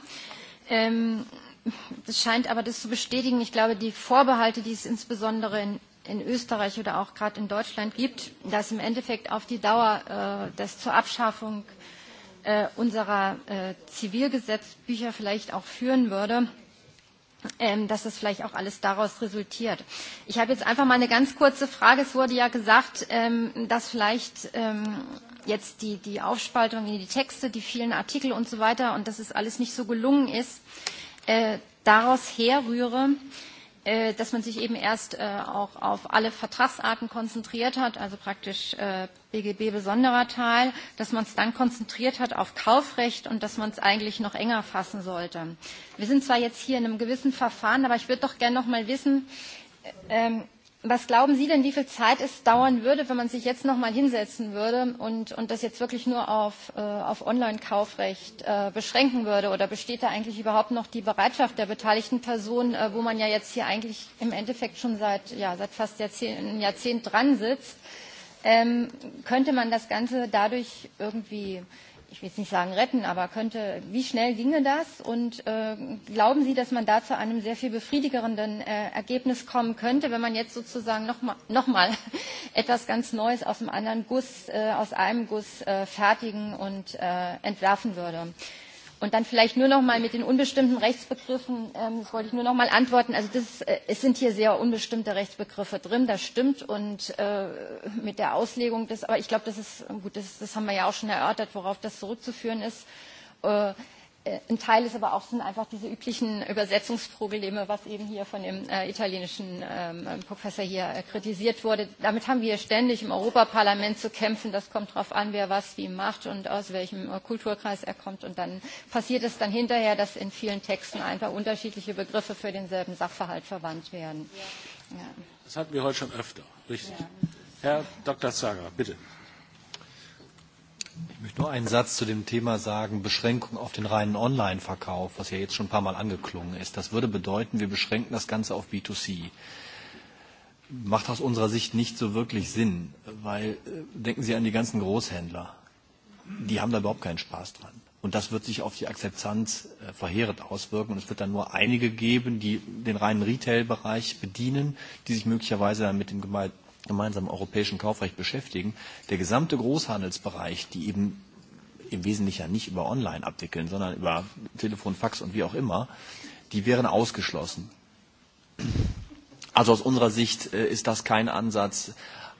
Es scheint aber das zu bestätigen. Ich glaube, die Vorbehalte, die es insbesondere in Österreich oder auch gerade in Deutschland gibt, dass im Endeffekt auf die Dauer das zur Abschaffung unserer Zivilgesetzbücher vielleicht auch führen würde, dass das vielleicht auch alles daraus resultiert. Ich habe jetzt einfach mal eine ganz kurze Frage. Es wurde ja gesagt, dass vielleicht jetzt die, die Aufspaltung in die Texte, die vielen Artikel und so weiter und dass es alles nicht so gelungen ist, daraus herrühre, dass man sich eben erst auch auf alle Vertragsarten konzentriert hat, also praktisch BGB besonderer Teil, dass man es dann konzentriert hat auf Kaufrecht und dass man es eigentlich noch enger fassen sollte. Wir sind zwar jetzt hier in einem gewissen Verfahren, aber ich würde doch gerne noch mal wissen, Was glauben Sie denn, wie viel Zeit es dauern würde, wenn man sich jetzt noch mal hinsetzen würde und das jetzt wirklich nur auf Online-Kaufrecht beschränken würde? Oder besteht da eigentlich überhaupt noch die Bereitschaft der beteiligten Personen, wo man ja jetzt hier eigentlich im Endeffekt schon seit fast einem Jahrzehnt dran sitzt? Könnte man das Ganze dadurch irgendwie ich will es nicht sagen retten, aber könnte, wie schnell ginge das? Und glauben Sie, dass man da zu einem sehr viel befriedigerenden Ergebnis kommen könnte, wenn man jetzt sozusagen noch mal etwas ganz Neues aus einem anderen Guss, aus einem Guss fertigen und entwerfen würde? Und dann vielleicht nur noch mal mit den unbestimmten Rechtsbegriffen, das wollte ich nur noch mal antworten. Also das, es sind hier sehr unbestimmte Rechtsbegriffe drin, das stimmt. Und mit der Auslegung des, aber ich glaube, das ist, gut, das haben wir ja auch schon erörtert, worauf das zurückzuführen ist. Ein Teil ist aber auch sind einfach diese üblichen Übersetzungsprobleme, was eben hier von dem italienischen Professor hier kritisiert wurde. Damit haben wir ständig im Europaparlament zu kämpfen. Das kommt darauf an, wer was wie macht und aus welchem Kulturkreis er kommt. Und dann passiert es dann hinterher, dass in vielen Texten einfach unterschiedliche Begriffe für denselben Sachverhalt verwandt werden. Das hatten wir heute schon öfter. Richtig. Herr Dr. Zager, bitte. Ich möchte nur einen Satz zu dem Thema sagen, Beschränkung auf den reinen Online-Verkauf, was ja jetzt schon ein paar Mal angeklungen ist. Das würde bedeuten, wir beschränken das Ganze auf B2C. Macht aus unserer Sicht nicht so wirklich Sinn, weil denken Sie an die ganzen Großhändler. Die haben da überhaupt keinen Spaß dran. Und das wird sich auf die Akzeptanz verheerend auswirken. Und es wird dann nur einige geben, die den reinen Retail-Bereich bedienen, die sich möglicherweise dann mit dem gemeinsamen europäischen Kaufrecht beschäftigen. Der gesamte Großhandelsbereich, die eben im Wesentlichen ja nicht über Online abwickeln, sondern über Telefon, Fax und wie auch immer, die wären ausgeschlossen. Also aus unserer Sicht ist das kein Ansatz,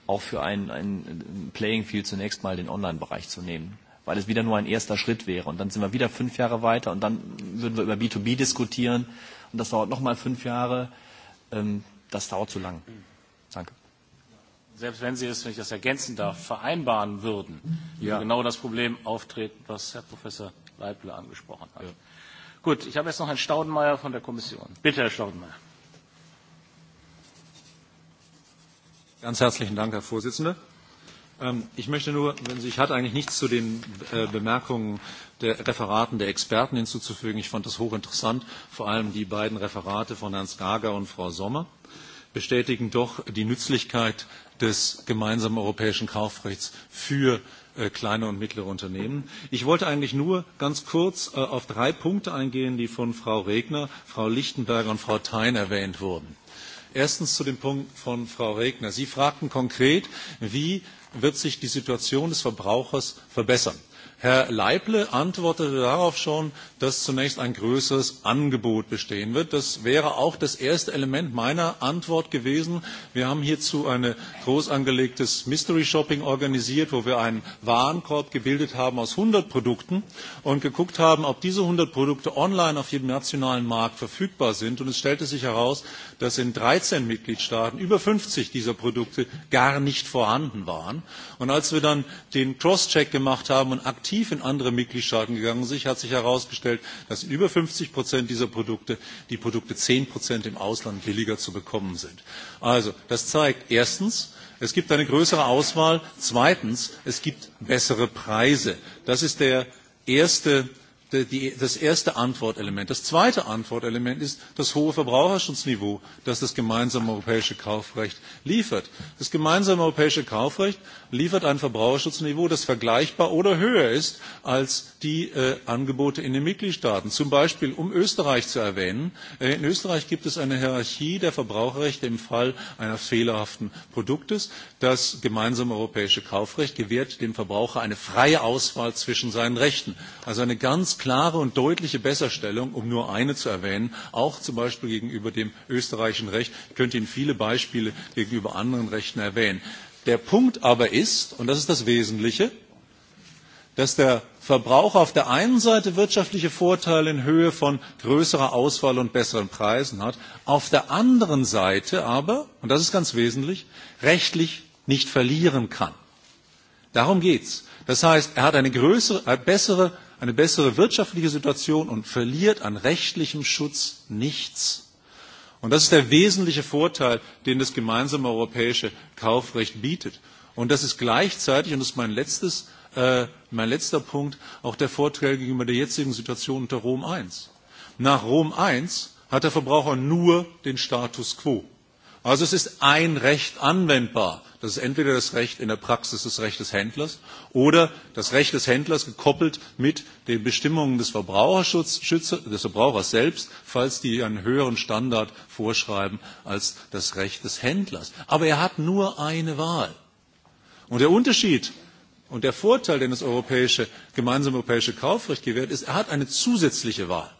auch für ein Playing Field zunächst mal den Online-Bereich zu nehmen, weil es wieder nur ein erster Schritt wäre. Und dann sind wir wieder fünf Jahre weiter und dann würden wir über B2B diskutieren und das dauert nochmal fünf Jahre. Das dauert zu lang. Danke selbst wenn Sie es, wenn ich das ergänzen darf, vereinbaren würden, würde genau das Problem auftreten, was Herr Professor Leible angesprochen hat. Gut, ich habe jetzt noch Herrn Staudenmeier von der Kommission. Bitte, Herr Staudenmeier. Ganz herzlichen Dank, Herr Vorsitzender. Ich möchte nur, ich hatte eigentlich nichts zu den Bemerkungen der Referaten der Experten hinzuzufügen. Ich fand das hochinteressant, vor allem die beiden Referate von Herrn Skager und Frau Sommer bestätigen doch die Nützlichkeit des gemeinsamen europäischen Kaufrechts für kleine und mittlere Unternehmen. Ich wollte eigentlich nur ganz kurz auf drei Punkte eingehen, die von Frau Regner, Frau Lichtenberger und Frau Thein erwähnt wurden. Erstens zu dem Punkt von Frau Regner. Sie fragten konkret, wie wird sich die Situation des Verbrauchers verbessern. Herr Leible antwortete darauf schon, dass zunächst ein größeres Angebot bestehen wird. Das wäre auch das erste Element meiner Antwort gewesen. Wir haben hierzu ein groß angelegtes Mystery Shopping organisiert, wo wir einen Warenkorb gebildet haben aus 100 Produkten und geguckt haben, ob diese 100 Produkte online auf jedem nationalen Markt verfügbar sind. Und es stellte sich heraus, dass in 13 Mitgliedstaaten über 50 dieser Produkte gar nicht vorhanden waren. Und als wir dann den Cross-Check gemacht haben und aktiv in andere Mitgliedstaaten gegangen sind, hat sich herausgestellt, dass über 50 dieser Produkte die Produkte 10 im Ausland billiger zu bekommen sind. Also, das zeigt erstens, es gibt eine größere Auswahl. Zweitens, es gibt bessere Preise. Das ist der erste das erste Antwortelement. Das zweite Antwortelement ist das hohe Verbraucherschutzniveau, das das gemeinsame europäische Kaufrecht liefert. Das gemeinsame europäische Kaufrecht liefert ein Verbraucherschutzniveau, das vergleichbar oder höher ist als die Angebote in den Mitgliedstaaten. Zum Beispiel, um Österreich zu erwähnen, in Österreich gibt es eine Hierarchie der Verbraucherrechte im Fall eines fehlerhaften Produktes. Das gemeinsame europäische Kaufrecht gewährt dem Verbraucher eine freie Auswahl zwischen seinen Rechten. Also eine ganz klare und deutliche Besserstellung, um nur eine zu erwähnen, auch zum Beispiel gegenüber dem österreichischen Recht. Ich könnte Ihnen viele Beispiele gegenüber anderen Rechten erwähnen. Der Punkt aber ist, und das ist das Wesentliche, dass der Verbraucher auf der einen Seite wirtschaftliche Vorteile in Höhe von größerer Auswahl und besseren Preisen hat, auf der anderen Seite aber, und das ist ganz wesentlich, rechtlich nicht verlieren kann. Darum geht es. Das heißt, er hat eine, größere, bessere, eine bessere wirtschaftliche Situation und verliert an rechtlichem Schutz nichts. Und das ist der wesentliche Vorteil, den das gemeinsame europäische Kaufrecht bietet. Und das ist gleichzeitig, und das ist mein letztes mein letzter Punkt, auch der Vorteil gegenüber der jetzigen Situation unter Rom I. Nach Rom I hat der Verbraucher nur den Status quo. Also es ist ein Recht anwendbar. Das ist entweder das Recht in der Praxis das Recht des Händlers oder das Recht des Händlers gekoppelt mit den Bestimmungen des Verbraucherschutzes, des Verbrauchers selbst, falls die einen höheren Standard vorschreiben als das Recht des Händlers. Aber er hat nur eine Wahl. Und der Unterschied und der Vorteil, den das gemeinsame europäische Kaufrecht gewährt, ist, er hat eine zusätzliche Wahl,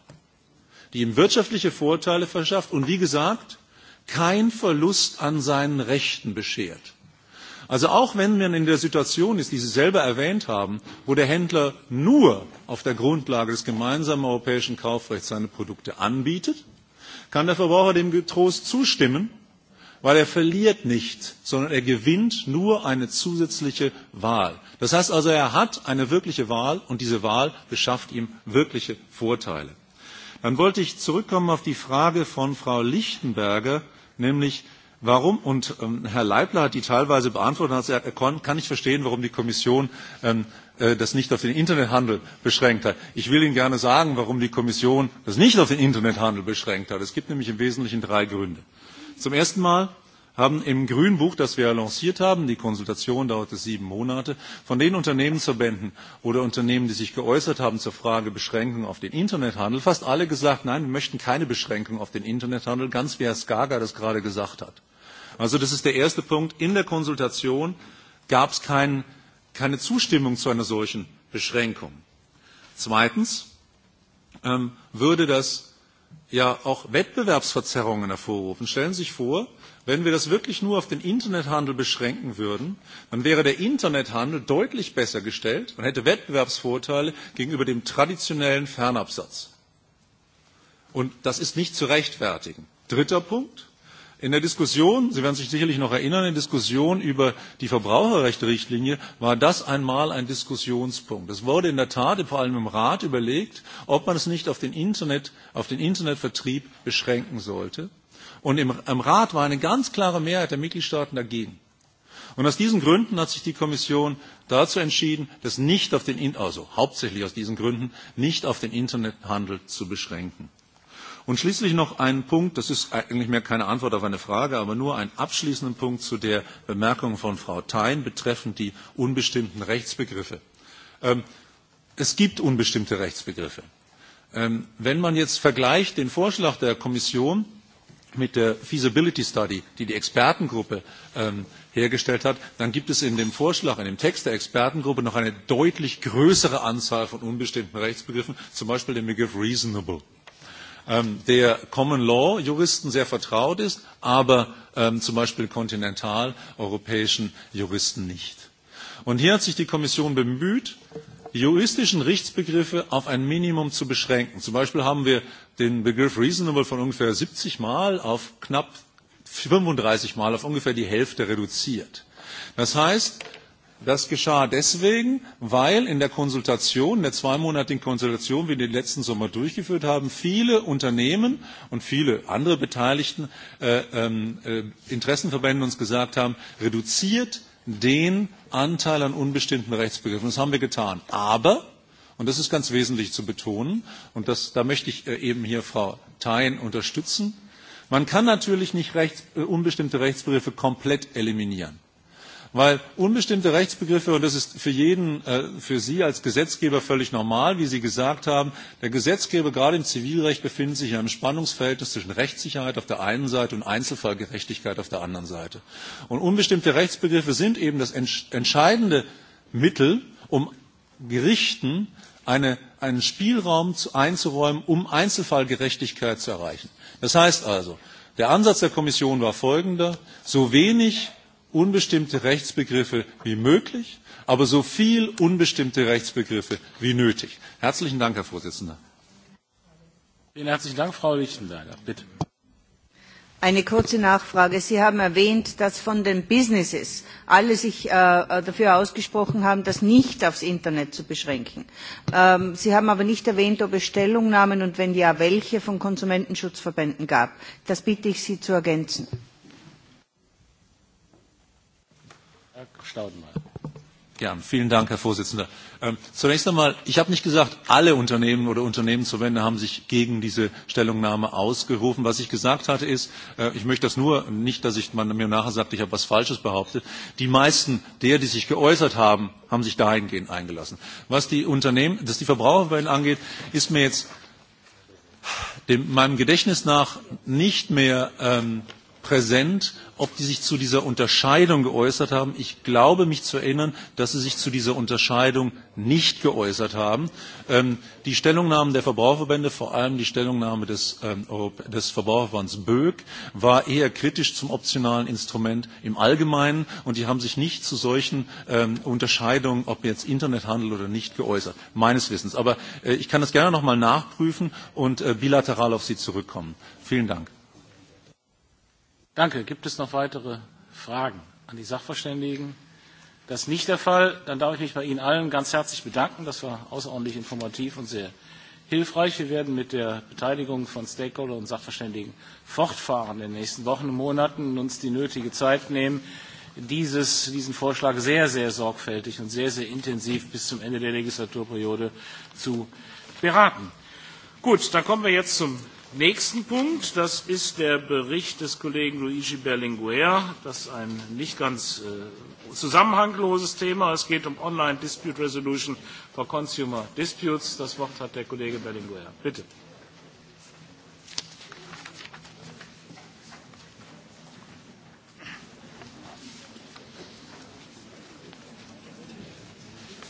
die ihm wirtschaftliche Vorteile verschafft und wie gesagt, kein Verlust an seinen Rechten beschert. Also auch wenn man in der Situation ist, die Sie selber erwähnt haben, wo der Händler nur auf der Grundlage des gemeinsamen europäischen Kaufrechts seine Produkte anbietet, kann der Verbraucher dem Getrost zustimmen, weil er verliert nicht, sondern er gewinnt nur eine zusätzliche Wahl. Das heißt also, er hat eine wirkliche Wahl und diese Wahl beschafft ihm wirkliche Vorteile. Dann wollte ich zurückkommen auf die Frage von Frau Lichtenberger, nämlich warum, und Herr Leibler hat die teilweise beantwortet, hat gesagt, er kann nicht verstehen, warum die Kommission das nicht auf den Internethandel beschränkt hat. Ich will Ihnen gerne sagen, warum die Kommission das nicht auf den Internethandel beschränkt hat. Es gibt nämlich im Wesentlichen drei Gründe. Zum ersten Mal haben im Grünbuch, das wir lanciert haben, die Konsultation dauerte sieben Monate, von den Unternehmensverbänden oder Unternehmen, die sich geäußert haben zur Frage Beschränkung auf den Internethandel, fast alle gesagt, nein, wir möchten keine Beschränkung auf den Internethandel, ganz wie Herr Skaga das gerade gesagt hat. Also das ist der erste Punkt. In der Konsultation gab es keine Zustimmung zu einer solchen Beschränkung. Zweitens würde das ja auch Wettbewerbsverzerrungen hervorrufen. Stellen Sie sich vor, Wenn wir das wirklich nur auf den Internethandel beschränken würden, dann wäre der Internethandel deutlich besser gestellt und hätte Wettbewerbsvorteile gegenüber dem traditionellen Fernabsatz. Und das ist nicht zu rechtfertigen. Dritter Punkt. In der Diskussion, Sie werden sich sicherlich noch erinnern, in der Diskussion über die verbraucherrechte war das einmal ein Diskussionspunkt. Es wurde in der Tat, vor allem im Rat, überlegt, ob man es nicht auf den Internetvertrieb beschränken sollte. Und im Rat war eine ganz klare Mehrheit der Mitgliedstaaten dagegen. Und aus diesen Gründen hat sich die Kommission dazu entschieden, das nicht auf den, also hauptsächlich aus diesen Gründen, nicht auf den Internethandel zu beschränken. Und schließlich noch ein Punkt, das ist eigentlich mehr keine Antwort auf eine Frage, aber nur ein abschließenden Punkt zu der Bemerkung von Frau Thein betreffend die unbestimmten Rechtsbegriffe. Es gibt unbestimmte Rechtsbegriffe. Wenn man jetzt vergleicht den Vorschlag der Kommission mit der Feasibility Study, die die Expertengruppe hergestellt hat, dann gibt es in dem Vorschlag, in dem Text der Expertengruppe noch eine deutlich größere Anzahl von unbestimmten Rechtsbegriffen, zum Beispiel den Begriff reasonable, der Common Law Juristen sehr vertraut ist, aber zum Beispiel kontinentaleuropäischen Juristen nicht. Und hier hat sich die Kommission bemüht, die juristischen Rechtsbegriffe auf ein Minimum zu beschränken. Zum Beispiel haben wir den Begriff reasonable von ungefähr 70 Mal auf knapp 35 Mal auf ungefähr die Hälfte reduziert. Das heißt, das geschah deswegen, weil in der Konsultation, in der zweimonatigen Konsultation, wie wir den letzten Sommer durchgeführt haben, viele Unternehmen und viele andere Beteiligten, Interessenverbände uns gesagt haben, reduziert den Anteil an unbestimmten Rechtsbegriffen. Das haben wir getan. Aber, und das ist ganz wesentlich zu betonen, und das, da möchte ich eben hier Frau Thein unterstützen, man kann natürlich nicht unbestimmte Rechtsbegriffe komplett eliminieren. Weil unbestimmte Rechtsbegriffe, und das ist für jeden, für Sie als Gesetzgeber völlig normal, wie Sie gesagt haben, der Gesetzgeber gerade im Zivilrecht befindet sich in einem Spannungsverhältnis zwischen Rechtssicherheit auf der einen Seite und Einzelfallgerechtigkeit auf der anderen Seite. Und unbestimmte Rechtsbegriffe sind eben das entscheidende Mittel, um Gerichten einen Spielraum einzuräumen, um Einzelfallgerechtigkeit zu erreichen. Das heißt also, der Ansatz der Kommission war folgender, so wenig unbestimmte Rechtsbegriffe wie möglich, aber so viel unbestimmte Rechtsbegriffe wie nötig. Herzlichen Dank, Herr Vorsitzender. Vielen herzlichen Dank, Frau Lichtenberger. Bitte. Eine kurze Nachfrage. Sie haben erwähnt, dass von den Businesses alle sich dafür ausgesprochen haben, das nicht aufs Internet zu beschränken. Sie haben aber nicht erwähnt, ob es Stellungnahmen und wenn ja, welche von Konsumentenschutzverbänden gab. Das bitte ich Sie zu ergänzen. Herr Staudenmayer. vielen Dank, Herr Vorsitzender. Zunächst einmal, ich habe nicht gesagt, alle Unternehmen oder Unternehmen Unternehmensverbände haben sich gegen diese Stellungnahme ausgerufen. Was ich gesagt hatte ist, ich möchte das nur, nicht, dass man mir nachher sagt, ich habe was Falsches behauptet. Die meisten der, die sich geäußert haben, haben sich dahingehend eingelassen. Was die Unternehmen, das die Verbraucherverbände angeht, ist mir jetzt meinem Gedächtnis nach nicht mehr präsent ob die sich zu dieser Unterscheidung geäußert haben. Ich glaube, mich zu erinnern, dass sie sich zu dieser Unterscheidung nicht geäußert haben. Die Stellungnahmen der Verbraucherverbände, vor allem die Stellungnahme des Verbraucherverbands BÖG, war eher kritisch zum optionalen Instrument im Allgemeinen und die haben sich nicht zu solchen Unterscheidungen, ob jetzt Internethandel oder nicht, geäußert, meines Wissens. Aber ich kann das gerne noch mal nachprüfen und bilateral auf Sie zurückkommen. Vielen Dank. Danke. Gibt es noch weitere Fragen an die Sachverständigen? Das ist nicht der Fall. Dann darf ich mich bei Ihnen allen ganz herzlich bedanken. Das war außerordentlich informativ und sehr hilfreich. Wir werden mit der Beteiligung von Stakeholder und Sachverständigen fortfahren in den nächsten Wochen und Monaten und uns die nötige Zeit nehmen, diesen Vorschlag sehr, sehr sorgfältig und sehr, sehr intensiv bis zum Ende der Legislaturperiode zu beraten. Gut, dann kommen wir jetzt zum nächsten Punkt, das ist der Bericht des Kollegen Luigi Berlinguer. Das ist ein nicht ganz zusammenhangloses Thema. Es geht um Online Dispute Resolution for Consumer Disputes. Das Wort hat der Kollege Berlinguer. Bitte.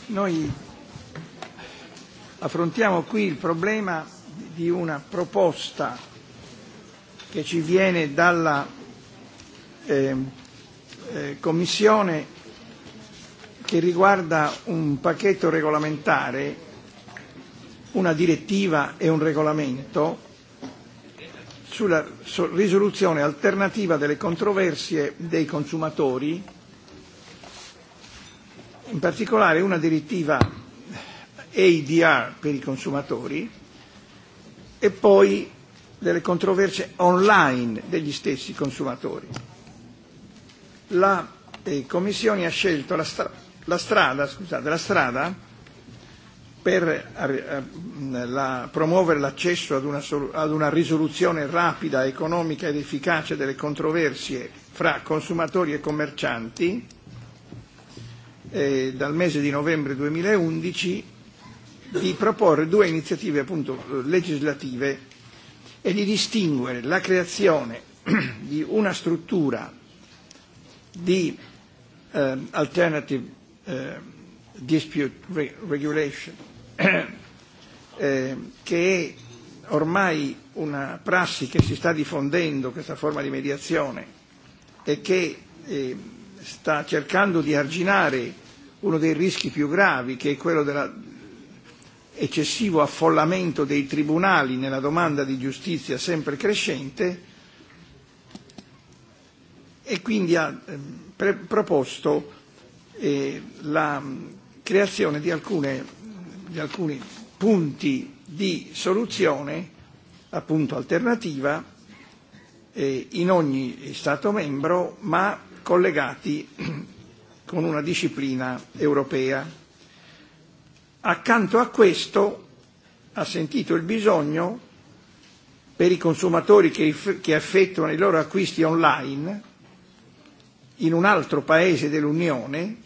Noi affrontiamo qui il problema di una proposta che ci viene dalla Commissione che riguarda un pacchetto regolamentare, una direttiva e un regolamento sulla risoluzione alternativa delle controversie dei consumatori, in particolare una direttiva ADR per i consumatori e poi delle controversie online degli stessi consumatori. La Commissione ha scelto la strada, scusate, la strada per promuovere l'accesso ad una risoluzione rapida, economica ed efficace delle controversie fra consumatori e commercianti dal mese di novembre 2011 di proporre due iniziative appunto legislative e di distinguere la creazione di una struttura di alternative dispute regulation che è ormai una prassi che si sta diffondendo questa forma di mediazione e che sta cercando di arginare uno dei rischi più gravi che è quello della eccessivo affollamento dei tribunali nella domanda di giustizia sempre crescente e quindi ha proposto la creazione di alcune di alcuni punti di soluzione appunto alternativa in ogni stato membro ma collegati con una disciplina europea Accanto a questo ha sentito il bisogno per i consumatori che effettuano i loro acquisti online in un altro paese dell'Unione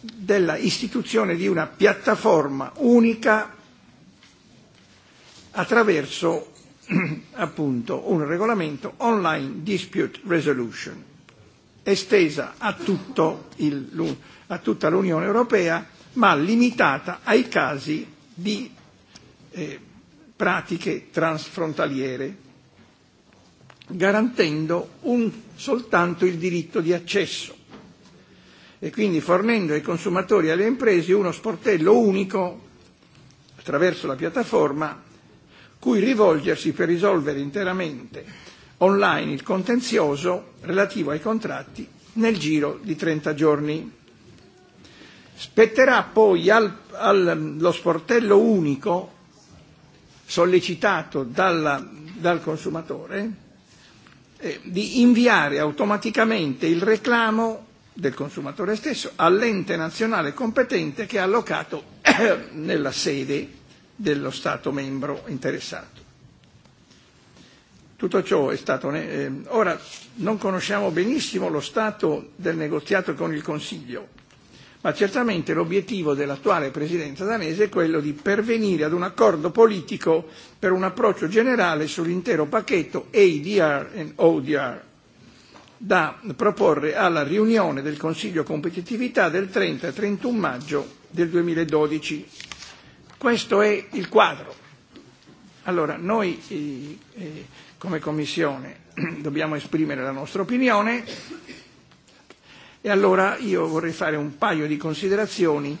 della istituzione di una piattaforma unica attraverso appunto un regolamento online dispute resolution estesa a tutto il a tutta l'Unione Europea ma limitata ai casi di pratiche transfrontaliere, garantendo un soltanto il diritto di accesso e quindi fornendo ai consumatori e alle imprese uno sportello unico attraverso la piattaforma cui rivolgersi per risolvere interamente online il contenzioso relativo ai contratti nel giro di 30 giorni. Spetterà poi allo sportello unico sollecitato dal consumatore di inviare automaticamente il reclamo del consumatore stesso all'ente nazionale competente che è allocato nella sede dello Stato membro interessato. Tutto ciò è stato. Ora non conosciamo benissimo lo stato del negoziato con il Consiglio ma certamente l'obiettivo dell'attuale presidenza danese è quello di pervenire ad un accordo politico per un approccio generale sull'intero pacchetto ADR e ODR da proporre alla riunione del Consiglio competitività del 30 e 31 maggio del 2012. Questo è il quadro. Allora, noi come Commissione dobbiamo esprimere la nostra opinione E allora io vorrei fare un paio di considerazioni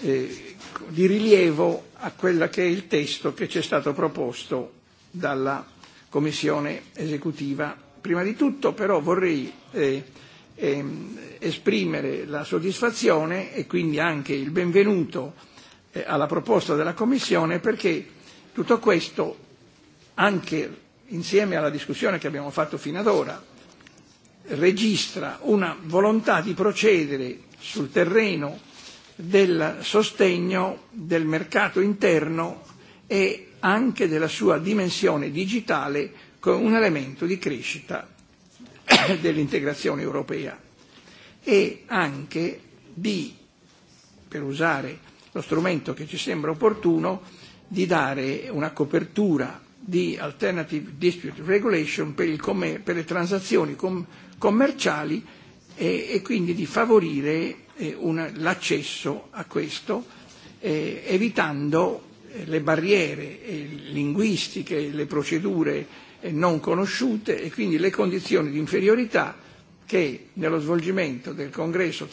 di rilievo a quello che è il testo che ci è stato proposto dalla Commissione esecutiva. Prima di tutto però vorrei esprimere la soddisfazione e quindi anche il benvenuto alla proposta della Commissione perché tutto questo, anche insieme alla discussione che abbiamo fatto fino ad ora, registra una volontà di procedere sul terreno del sostegno del mercato interno e anche della sua dimensione digitale con un elemento di crescita dell'integrazione europea e anche di, per usare lo strumento che ci sembra opportuno, di dare una copertura di Alternative Dispute Regulation per le transazioni commerciali e quindi di favorire l'accesso a questo evitando le barriere linguistiche, le procedure non conosciute e quindi le condizioni di inferiorità che nello svolgimento del congresso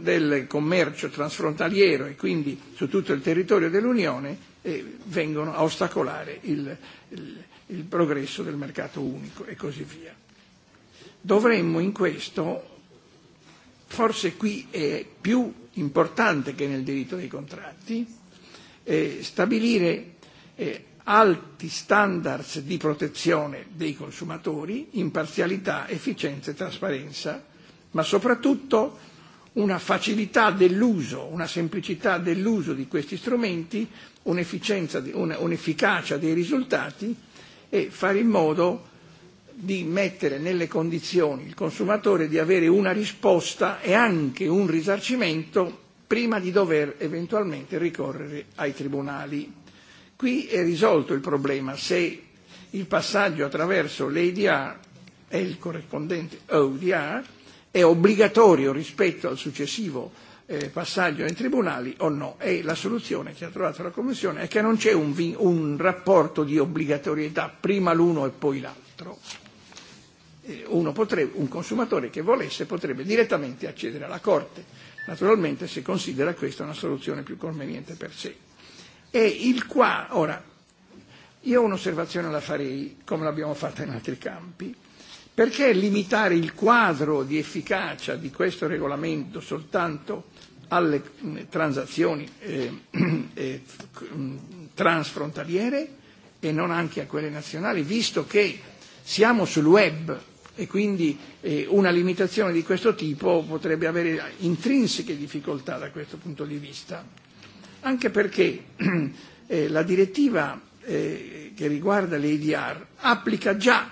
del commercio transfrontaliero e quindi su tutto il territorio dell'Unione vengono a ostacolare il progresso del mercato unico e così via dovremmo in questo, forse qui è più importante che nel diritto dei contratti, stabilire alti standards di protezione dei consumatori, imparzialità, efficienza e trasparenza, ma soprattutto una facilità dell'uso, una semplicità dell'uso di questi strumenti, un'efficienza, un'efficacia dei risultati e fare in modo di mettere nelle condizioni il consumatore di avere una risposta e anche un risarcimento prima di dover eventualmente ricorrere ai tribunali. Qui è risolto il problema se il passaggio attraverso l'EdA e il corrispondente ODR è obbligatorio rispetto al successivo passaggio ai tribunali o no. E la soluzione che ha trovato la Commissione è che non c'è un rapporto di obbligatorietà prima l'uno e poi l'altro uno potrebbe, un consumatore che volesse potrebbe direttamente accedere alla Corte, naturalmente se considera questa una soluzione più conveniente per sé. E il qua, ora, io un'osservazione la farei, come l'abbiamo fatta in altri campi, perché limitare il quadro di efficacia di questo regolamento soltanto alle transazioni transfrontaliere e non anche a quelle nazionali, visto che siamo sul web e quindi una limitazione di questo tipo potrebbe avere intrinseche difficoltà da questo punto di vista, anche perché la direttiva che riguarda le IDR applica già,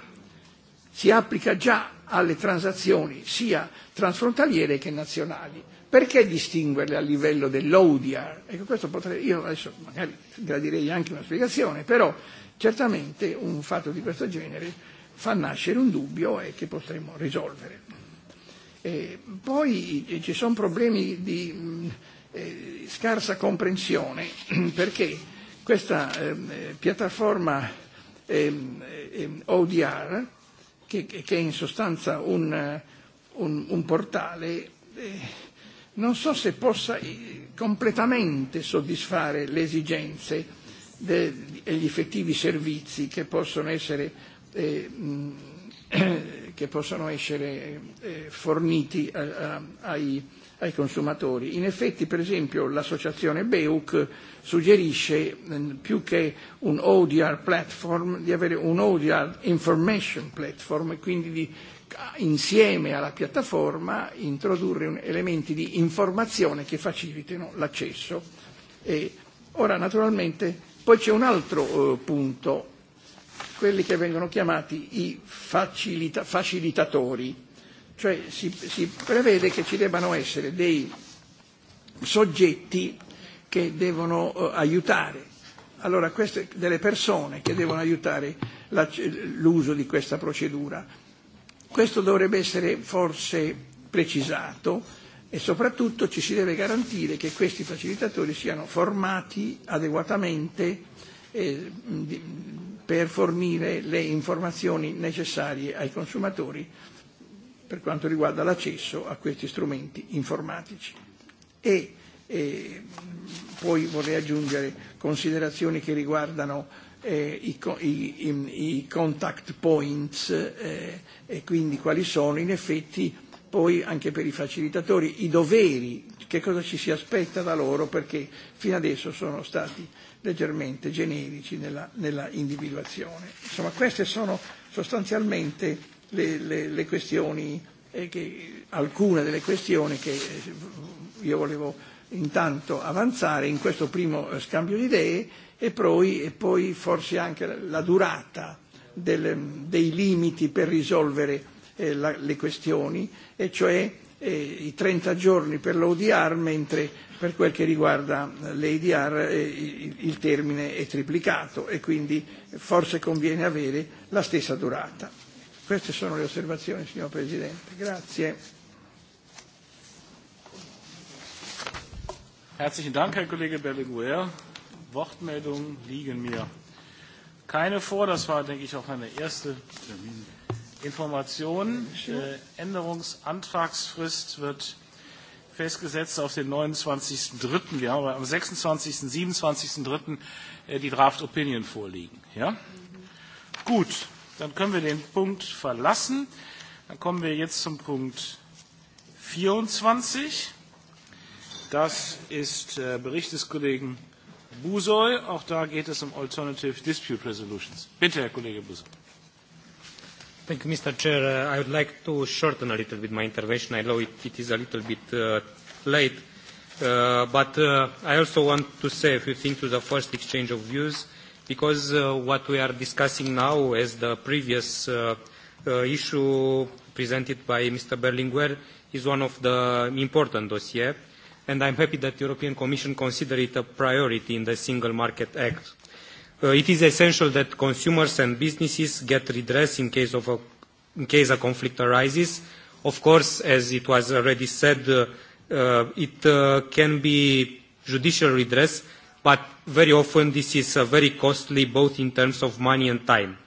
si applica già alle transazioni sia transfrontaliere che nazionali. Perché distinguerle a livello dell'ODR? Ecco, io adesso magari gradirei anche una spiegazione, però certamente un fatto di questo genere fa nascere un dubbio e che potremmo risolvere. E poi ci sono problemi di scarsa comprensione perché questa piattaforma ODR che è in sostanza un un portale non so se possa completamente soddisfare le esigenze e gli effettivi servizi che possono essere che possono essere forniti ai consumatori. In effetti, per esempio, l'associazione BEUC suggerisce, più che un ODR platform, di avere un ODR information platform, e quindi di insieme alla piattaforma introdurre elementi di informazione che facilitino l'accesso. Ora, naturalmente, poi c'è un altro punto quelli che vengono chiamati i facilitatori, cioè si, si prevede che ci debbano essere dei soggetti che devono aiutare, allora queste delle persone che devono aiutare l'uso di questa procedura. Questo dovrebbe essere forse precisato e soprattutto ci si deve garantire che questi facilitatori siano formati adeguatamente per fornire le informazioni necessarie ai consumatori per quanto riguarda l'accesso a questi strumenti informatici. E poi vorrei aggiungere considerazioni che riguardano i contact points e quindi quali sono in effetti poi anche per i facilitatori i doveri, che cosa ci si aspetta da loro perché fino adesso sono stati leggermente generici nella, nella individuazione. Insomma, queste sono sostanzialmente le, le, le questioni, eh, che, alcune delle questioni che io volevo intanto avanzare in questo primo scambio di idee e poi, e poi forse anche la durata del, dei limiti per risolvere le questioni, e cioè i 30 giorni per l'ODR, mentre per quel che riguarda l'ADR il termine è triplicato e quindi forse conviene avere la stessa durata. Queste sono le osservazioni, signor Presidente. Grazie. Herzlichen Dank, Herr Kollege Berlinguer. Wortmeldungen liegen mir keine vor. Das war, denke ich, auch meine erste Termin. Informationen. Änderungsantragsfrist wird festgesetzt auf den 29.3. Wir haben am 26. und 27.3. die Draft Opinion vorliegen. Ja? Gut, dann können wir den Punkt verlassen. Dann kommen wir jetzt zum Punkt 24. Das ist der Bericht des Kollegen Busoy. Auch da geht es um Alternative Dispute Resolutions. Bitte, Herr Kollege Busoy. Thank Mr. Chair. I would like to shorten a little bit my intervention. I know it is a little bit late, but I also want to say a few things to the first exchange of views, because what we are discussing now, as the previous issue presented by Mr. Berlinguer, is one of the important dossiers, and I am happy that the European Commission considers it a priority in the Single Market Act It is essential that consumers and businesses get redress in case of in case a conflict arises. Of course, as it was already said, it can be judicial redress, but very often this is very costly both in terms of money and time.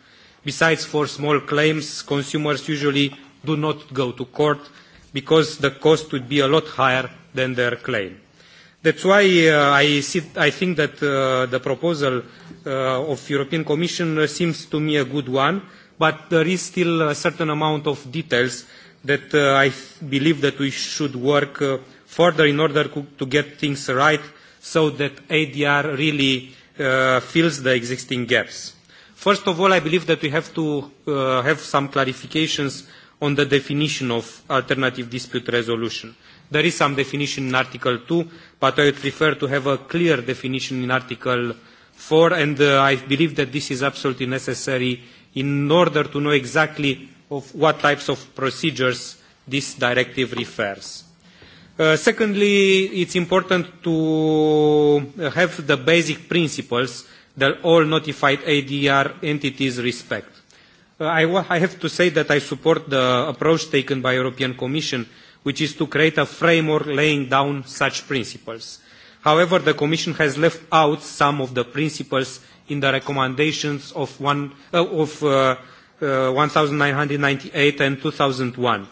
Besides, for small claims, consumers usually do not go to court because the cost would be a lot higher than their claim. That's why I think that the proposal of European Commission seems to me a good one, but there is still a certain amount of details that I believe that we should work further in order to get things right so that ADR really fills the existing gaps. First of all, I believe that we have to have some clarifications on the definition of alternative dispute resolution. There is some definition in Article 2, but I would prefer to have a clear definition in Article 4, and I believe that this is absolutely necessary in order to know exactly of what types of procedures this directive refers. Secondly, it is important to have the basic principles that all notified ADR entities respect. I have to say that I support the approach taken by the European Commission which is to create a framework laying down such principles. However, the Commission has left out some of the principles in the recommendations of 1998 and 2001.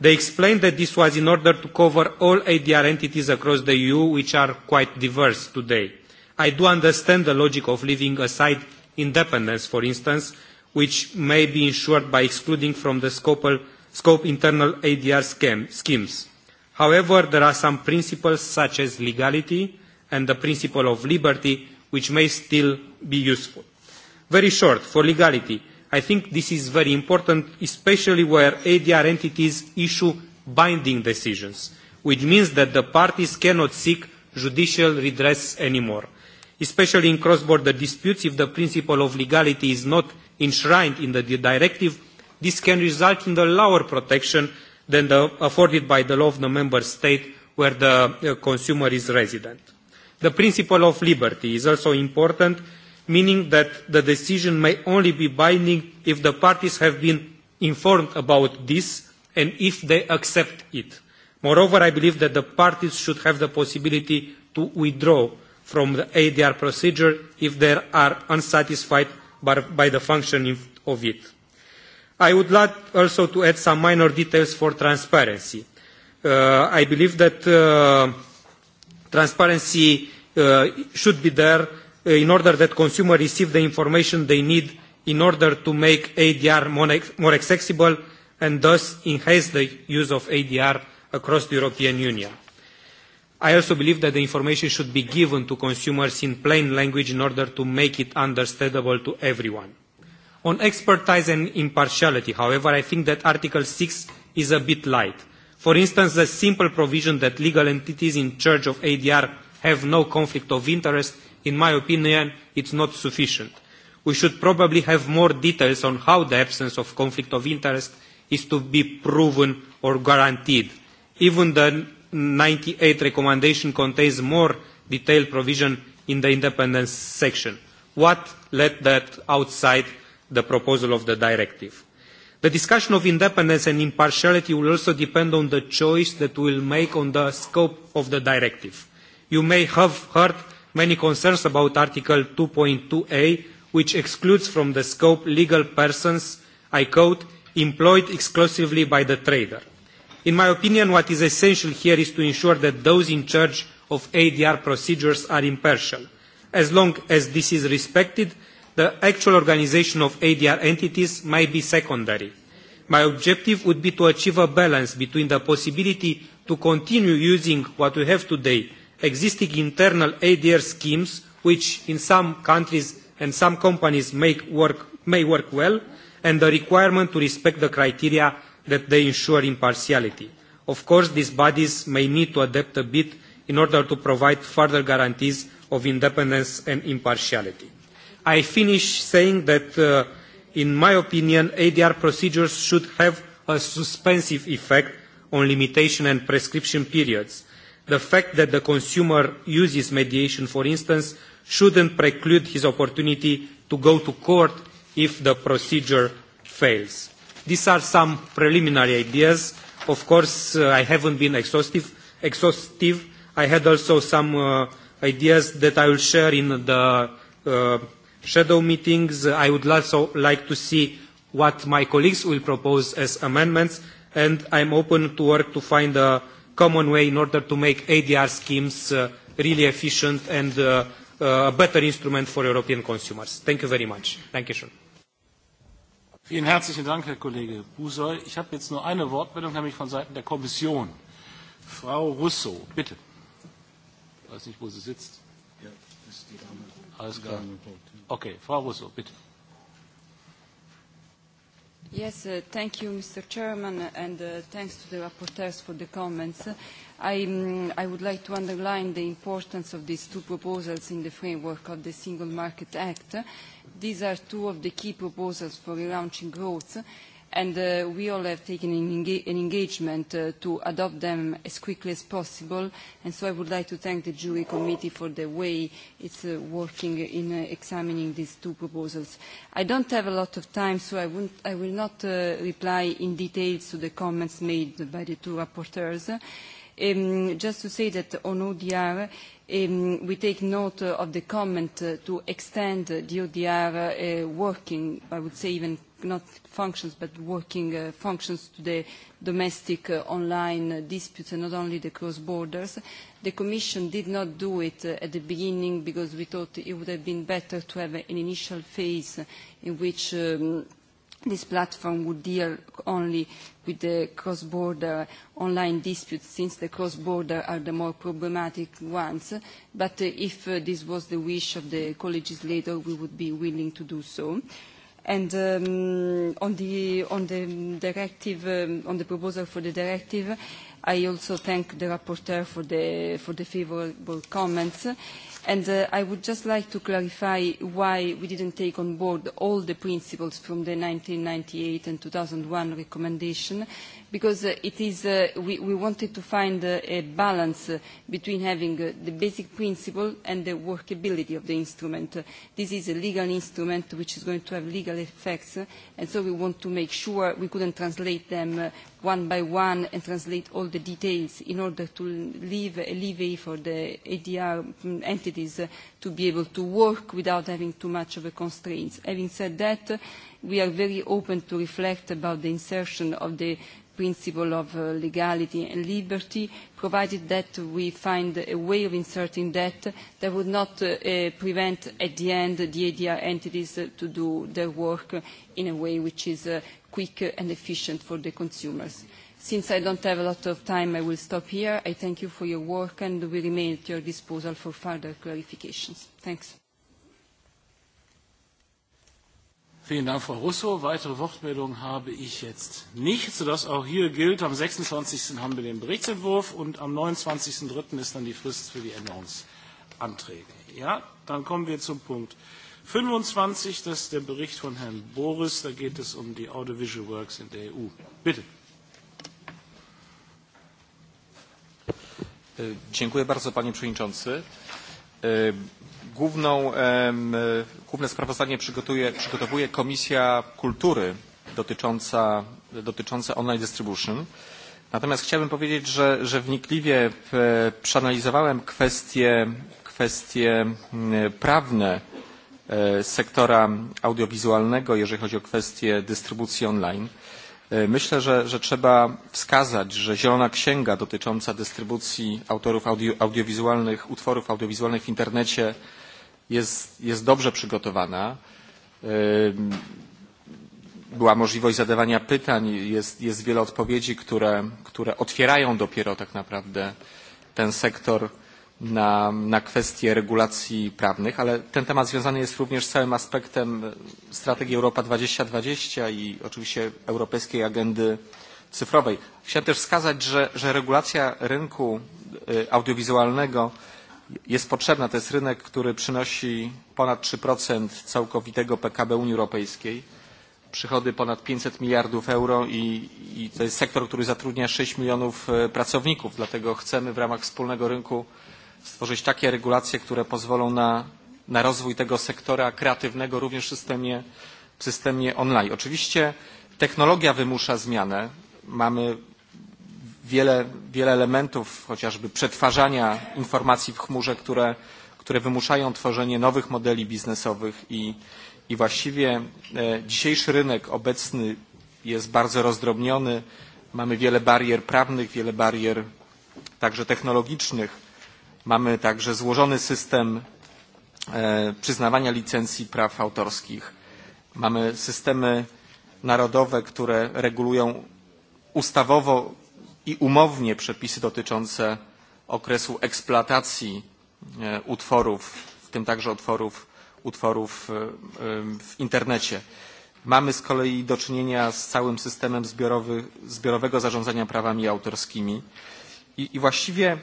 They explained that this was in order to cover all ADR entities across the EU, which are quite diverse today. I do understand the logic of leaving aside independence, for instance, which may be ensured by excluding from the scope scope internal ADR schemes. However, there are some principles such as legality and the principle of liberty which may still be useful. Very short, for legality, I think this is very important, especially where ADR entities issue binding decisions, which means that the parties cannot seek judicial redress anymore. Especially in cross-border disputes, if the principle of legality is not enshrined in the directive, This can result in a lower protection than the afforded by the law of the member state where the consumer is resident. The principle of liberty is also important, meaning that the decision may only be binding if the parties have been informed about this and if they accept it. Moreover, I believe that the parties should have the possibility to withdraw from the ADR procedure if they are unsatisfied by the functioning of it. I would like also to add some minor details for transparency. I believe that transparency should be there in order that consumers receive the information they need in order to make ADR more accessible and thus enhance the use of ADR across the European Union. I also believe that the information should be given to consumers in plain language in order to make it understandable to everyone. On expertise and impartiality, however, I think that Article 6 is a bit light. For instance, the simple provision that legal entities in charge of ADR have no conflict of interest, in my opinion, it's not sufficient. We should probably have more details on how the absence of conflict of interest is to be proven or guaranteed. Even the 98 recommendation contains more detailed provision in the independence section. What let that outside the proposal of the directive. The discussion of independence and impartiality will also depend on the choice that we will make on the scope of the directive. You may have heard many concerns about Article 2.2a, which excludes from the scope legal persons, I quote, employed exclusively by the trader. In my opinion, what is essential here is to ensure that those in charge of ADR procedures are impartial. As long as this is respected, the actual organisation of ADR entities might be secondary. My objective would be to achieve a balance between the possibility to continue using what we have today, existing internal ADR schemes, which in some countries and some companies may work well, and the requirement to respect the criteria that they ensure impartiality. Of course, these bodies may need to adapt a bit in order to provide further guarantees of independence and impartiality. I finish saying that, in my opinion, ADR procedures should have a suspensive effect on limitation and prescription periods. The fact that the consumer uses mediation, for instance, shouldn't preclude his opportunity to go to court if the procedure fails. These are some preliminary ideas. Of course, I haven't been exhaustive. I had also some ideas that I will share in the shadow meetings. I would also like to see what my colleagues will propose as amendments, and I am open to work to find a common way in order to make ADR schemes really efficient and a better instrument for European consumers. Thank you very much. Thank you. Vielen herzlichen Dank, Herr Kollege Busoy. Ich habe jetzt nur eine Wortmeldung, nämlich von Seiten der Kommission. Frau Russo, bitte. Ich weiß nicht, wo sie sitzt. Alles klar. Okay, Frau Russo, bitte. Yes, thank you, Mr. Chairman, and thanks to the rapporteurs for the comments. I would like to underline the importance of these two proposals in the framework of the Single Market Act. These are two of the key proposals for relaunching growth, and we all have taken an engagement to adopt them as quickly as possible. And so I would like to thank the jury committee for the way it's working in examining these two proposals. I don't have a lot of time, so I will not reply in detail to the comments made by the two rapporteurs. Just to say that on ODR, we take note of the comment to extend the ODR working, I would say even not functions, but working functions to the domestic online disputes and not only the cross borders. The Commission did not do it at the beginning because we thought it would have been better to have an initial phase in which this platform would deal only with the cross-border online disputes, since the cross-border are the more problematic ones. But if this was the wish of the co-legislator, we would be willing to do so. And on the on the directive, on the proposal for the directive, I also thank the rapporteur for the for the favourable comments. And I would just like to clarify why we didn't take on board all the principles from the 1998 and 2001 recommendation, because we wanted to find a balance between having the basic principle and the workability of the instrument. This is a legal instrument which is going to have legal effects, and so we want to make sure we couldn't translate them one by one and translate all the details in order to leave a leeway for the ADR entities to be able to work without having too much of a constraint. Having said that, we are very open to reflect about the insertion of the principle of legality and liberty, provided that we find a way of inserting that that would not prevent at the end the ADR entities to do their work in a way which is quick and efficient for the consumers. Since I don't have a lot of time, I will stop here. I thank you for your work and we remain at your disposal for further clarifications. Thanks. Vielen Dank, Frau Russo. Weitere Wortmeldungen habe ich jetzt nicht, sodass auch hier gilt, am 26. haben wir den Berichtsentwurf und am 29.03. ist dann die Frist für die Änderungsanträge. Ja, dann kommen wir zum Punkt 25, das ist der Bericht von Herrn Boris, da geht es um die Audiovisual Works in der EU. Bitte. Dziękuję bardzo, panie przewodniczący. Główną, główne sprawozdanie przygotuje, przygotowuje Komisja Kultury dotycząca, dotyczące online distribution. Natomiast chciałbym powiedzieć, że, wnikliwie przeanalizowałem kwestie, kwestie prawne sektora audiowizualnego, jeżeli chodzi o kwestie dystrybucji online. Myślę, że, że trzeba wskazać, że Zielona Księga dotycząca dystrybucji autorów audiowizualnych, utworów audiowizualnych w internecie jest dobrze przygotowana. Była możliwość zadawania pytań, jest wiele odpowiedzi, które otwierają dopiero tak naprawdę ten sektor na kwestie regulacji prawnych, ale ten temat związany jest również z całym aspektem strategii Europa 2020 i oczywiście Europejskiej Agendy Cyfrowej. Chciałem też wskazać, że regulacja rynku audiowizualnego jest potrzebna. To jest rynek, który przynosi ponad 3% całkowitego PKB Unii Europejskiej, przychody ponad 500 miliardów euro i to jest sektor, który zatrudnia 6 milionów pracowników. Dlatego chcemy w ramach wspólnego rynku stworzyć takie regulacje, które pozwolą na rozwój tego sektora kreatywnego również w systemie online. Oczywiście technologia wymusza zmianę. Mamy wiele, wiele elementów chociażby przetwarzania informacji w chmurze, które, które wymuszają tworzenie nowych modeli biznesowych i, i właściwie dzisiejszy rynek obecny jest bardzo rozdrobniony. Mamy wiele barier prawnych, wiele barier także technologicznych. Mamy także złożony system przyznawania licencji praw autorskich. Mamy systemy narodowe, które regulują ustawowo i umownie przepisy dotyczące okresu eksploatacji utworów, w tym także utworów, utworów w internecie. Mamy z kolei do czynienia z całym systemem zbiorowego zarządzania prawami autorskimi. I właściwie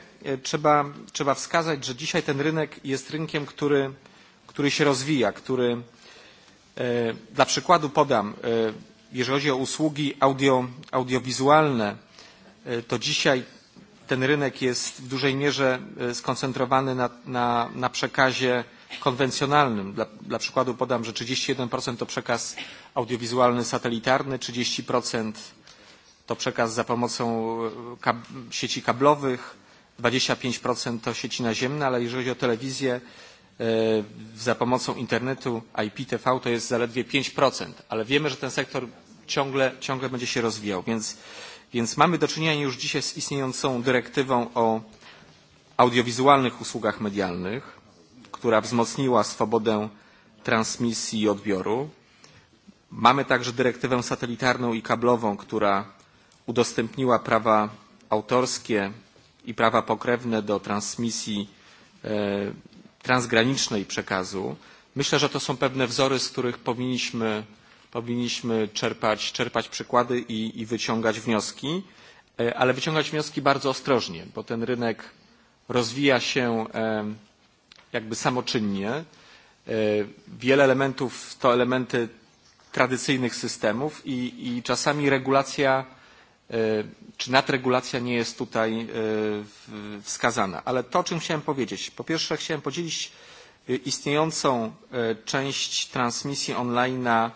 trzeba wskazać, że dzisiaj ten rynek jest rynkiem, który się rozwija, który dla przykładu podam, jeżeli chodzi o usługi audiowizualne, to dzisiaj ten rynek jest w dużej mierze skoncentrowany na przekazie konwencjonalnym. Dla przykładu podam, że 31% to przekaz audiowizualny satelitarny, 30% to przekaz za pomocą sieci kablowych, 25% to sieci naziemne, ale jeżeli chodzi o telewizję, za pomocą internetu IPTV to jest zaledwie 5%, ale wiemy, że ten sektor ciągle będzie się rozwijał, więc Więc mamy do czynienia już dzisiaj z istniejącą dyrektywą o audiowizualnych usługach medialnych, która wzmocniła swobodę transmisji i odbioru. Mamy także dyrektywę satelitarną i kablową, która udostępniła prawa autorskie i prawa pokrewne do transmisji transgranicznej przekazu. Myślę, że to są pewne wzory, z których powinniśmy powinniśmy czerpać, czerpać przykłady i, i wyciągać wnioski, ale wyciągać wnioski bardzo ostrożnie, bo ten rynek rozwija się jakby samoczynnie. Wiele elementów to elementy tradycyjnych systemów i, i czasami regulacja czy nadregulacja nie jest tutaj wskazana. Ale to, o czym chciałem powiedzieć. Po pierwsze chciałem podzielić istniejącą część transmisji online na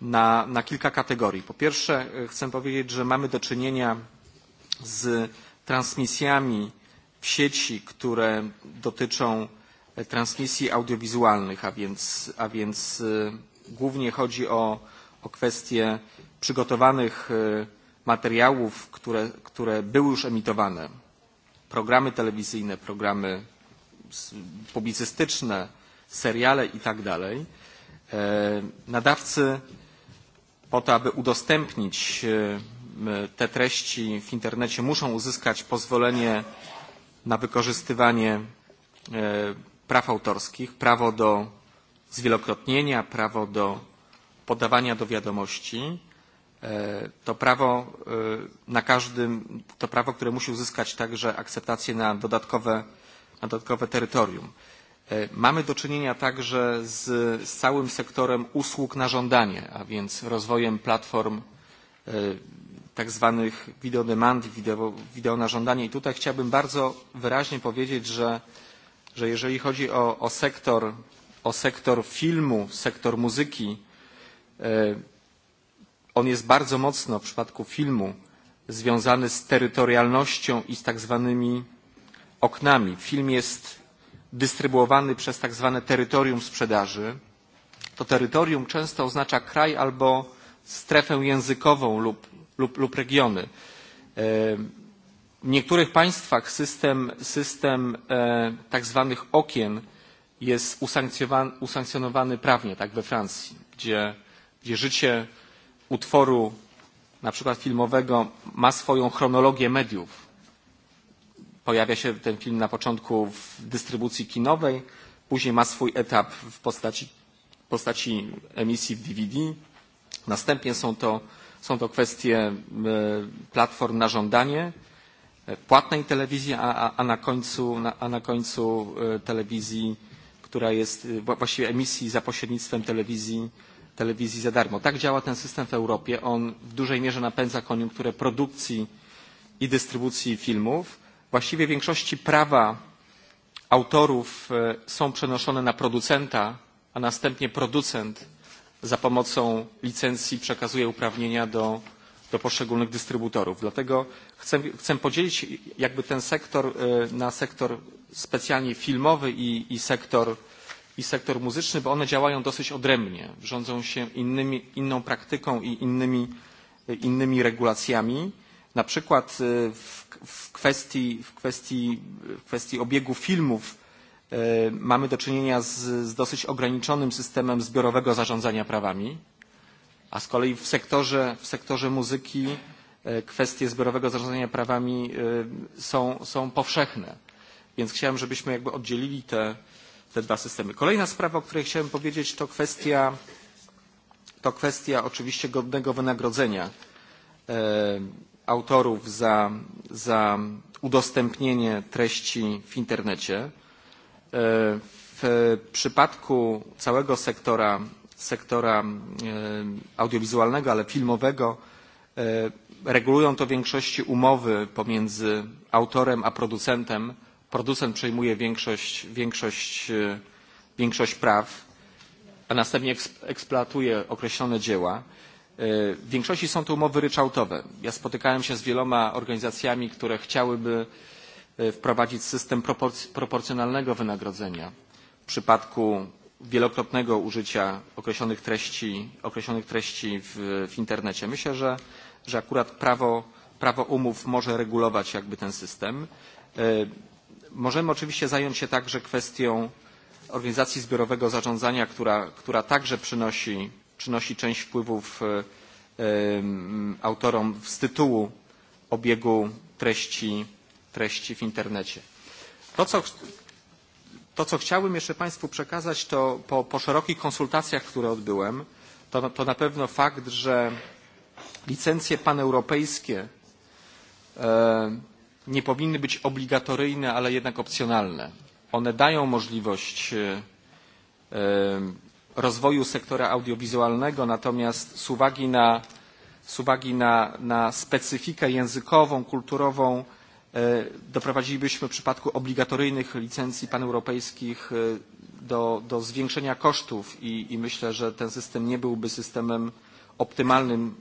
na kilka kategorii. Po pierwsze, chcę powiedzieć, że mamy do czynienia z transmisjami w sieci, które dotyczą transmisji audiowizualnych, a więc głównie chodzi o kwestie przygotowanych materiałów, które były już emitowane. Programy telewizyjne, programy publicystyczne, seriale i dalej. Nadawcy po to, aby udostępnić te treści w internecie, muszą uzyskać pozwolenie na wykorzystywanie praw autorskich, prawo do zwielokrotnienia, prawo do podawania do wiadomości. To prawo na każdym, to prawo, które musi uzyskać także akceptację na dodatkowe, na dodatkowe terytorium. Mamy do czynienia także z całym sektorem usług na żądanie, a więc rozwojem platform tak zwanych video demand, wideo na żądanie. I tutaj chciałbym bardzo wyraźnie powiedzieć, że jeżeli chodzi o sektor o sektor filmu, sektor muzyki, on jest bardzo mocno w przypadku filmu związany z terytorialnością i z tak zwanymi oknami. Film jest dystrybuowany przez tak zwane terytorium sprzedaży. To terytorium często oznacza kraj albo strefę językową lub regiony. W niektórych państwach system tak zwanych okien jest usankcjonowany prawnie, tak we Francji, gdzie życie utworu na przykład filmowego ma swoją chronologię mediów Pojawia się ten film na początku w dystrybucji kinowej, później ma swój etap w postaci, postaci emisji w DVD. Następnie są to, są to kwestie platform na żądanie, płatnej telewizji, a, a, na końcu, a na końcu telewizji, która jest właściwie emisji za pośrednictwem telewizji, telewizji za darmo. Tak działa ten system w Europie. On w dużej mierze napędza koniunkturę produkcji i dystrybucji filmów właściwie większości prawa autorów są przenoszone na producenta, a następnie producent za pomocą licencji przekazuje uprawnienia do poszczególnych dystrybutorów. Dlatego chcę podzielić jakby ten sektor na sektor specjalnie filmowy i sektor i sektor muzyczny, bo one działają dosyć odrębnie, rządzą się inną praktyką i innymi regulacjami. Na przykład w kwestii obiegu filmów mamy do czynienia z dosyć ograniczonym systemem zbiorowego zarządzania prawami, a z kolei w sektorze w sektorze muzyki kwestie zbiorowego zarządzania prawami są powszechne. Więc chciałem, żebyśmy jakby oddzielili te te dwa systemy. Kolejna sprawa, o której chciałem powiedzieć, to to kwestia oczywiście godnego wynagrodzenia autorów za, za udostępnienie treści w internecie. W przypadku całego sektora, sektora audiowizualnego, ale filmowego, regulują to w większości umowy pomiędzy autorem a producentem. Producent przejmuje większość, większość, większość praw, a następnie eksploatuje określone dzieła. W większości są to umowy ryczałtowe. Ja spotykałem się z wieloma organizacjami, które chciałyby wprowadzić system proporcjonalnego wynagrodzenia w przypadku wielokrotnego użycia określonych treści w internecie. Myślę, że akurat prawo umów może regulować jakby ten system. Możemy oczywiście zająć się także kwestią organizacji zbiorowego zarządzania, która także przynosi przynosi część wpływów autorom z tytułu obiegu treści w internecie. To, co chciałbym jeszcze Państwu przekazać, to po szerokich konsultacjach, które odbyłem, to na pewno fakt, że licencje paneuropejskie nie powinny być obligatoryjne, ale jednak opcjonalne. One dają możliwość rozwoju sektora audiowizualnego, natomiast z uwagi na z uwagi na specyfikę językową, kulturową doprowadzilibyśmy w przypadku obligatoryjnych licencji paneuropejskich do zwiększenia kosztów i myślę, że ten system nie byłby systemem optymalnym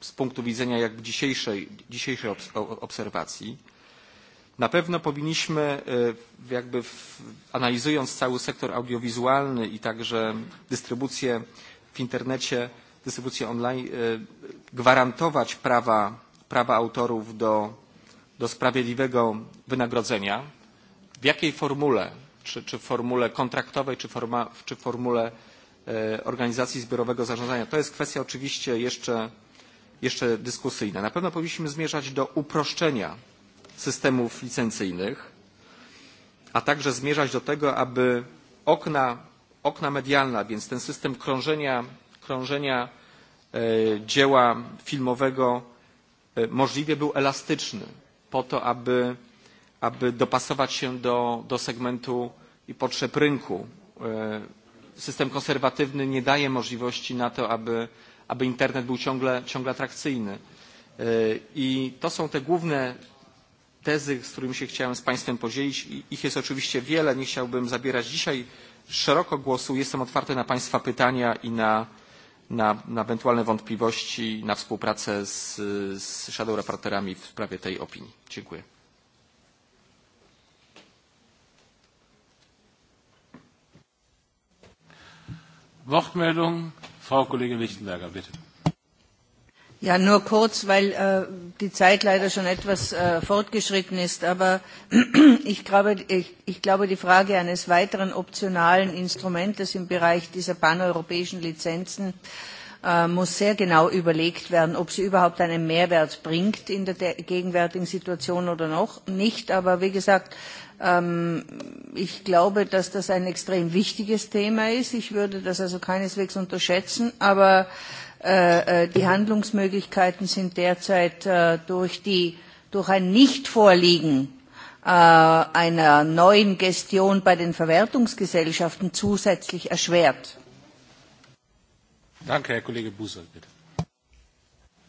z punktu widzenia jakby dzisiejszej obserwacji. Na pewno powinniśmy, jakby analizując cały sektor audiowizualny i także dystrybucję w internecie, dystrybucję online, gwarantować prawa, prawa autorów do, do sprawiedliwego wynagrodzenia. W jakiej formule, czy, czy w formule kontraktowej, czy, forma, czy w formule organizacji zbiorowego zarządzania. To jest kwestia oczywiście jeszcze, jeszcze dyskusyjna. Na pewno powinniśmy zmierzać do uproszczenia systemów licencyjnych, a także zmierzać do tego, aby okna, okna medialne, więc ten system krążenia, dzieła filmowego możliwie był elastyczny po to, aby, dopasować się do, segmentu i potrzeb rynku. System konserwatywny nie daje możliwości na to, aby, internet był ciągle atrakcyjny. I to są te główne tezy, z którymi się chciałem z Państwem podzielić. Ich jest oczywiście wiele, nie chciałbym zabierać dzisiaj szeroko głosu. Jestem otwarty na Państwa pytania i na, na, ewentualne wątpliwości, na współpracę z, z shadow raporterami w sprawie tej opinii. Dziękuję. Wortmeldung, Frau Kollegin Lichtenberger, bitte. Ja, nur kurz, weil die Zeit leider schon etwas fortgeschritten ist. Aber ich glaube, die Frage eines weiteren optionalen Instrumentes im Bereich dieser paneuropäischen Lizenzen muss sehr genau überlegt werden, ob sie überhaupt einen Mehrwert bringt in der gegenwärtigen Situation oder noch nicht. Aber wie gesagt, ich glaube, dass das ein extrem wichtiges Thema ist. Ich würde das also keineswegs unterschätzen. Aber Die Handlungsmöglichkeiten sind derzeit durch die durch ein Nichtvorliegen einer neuen Gestion bei den Verwertungsgesellschaften zusätzlich erschwert. Danke, Herr Kollege Buser, bitte.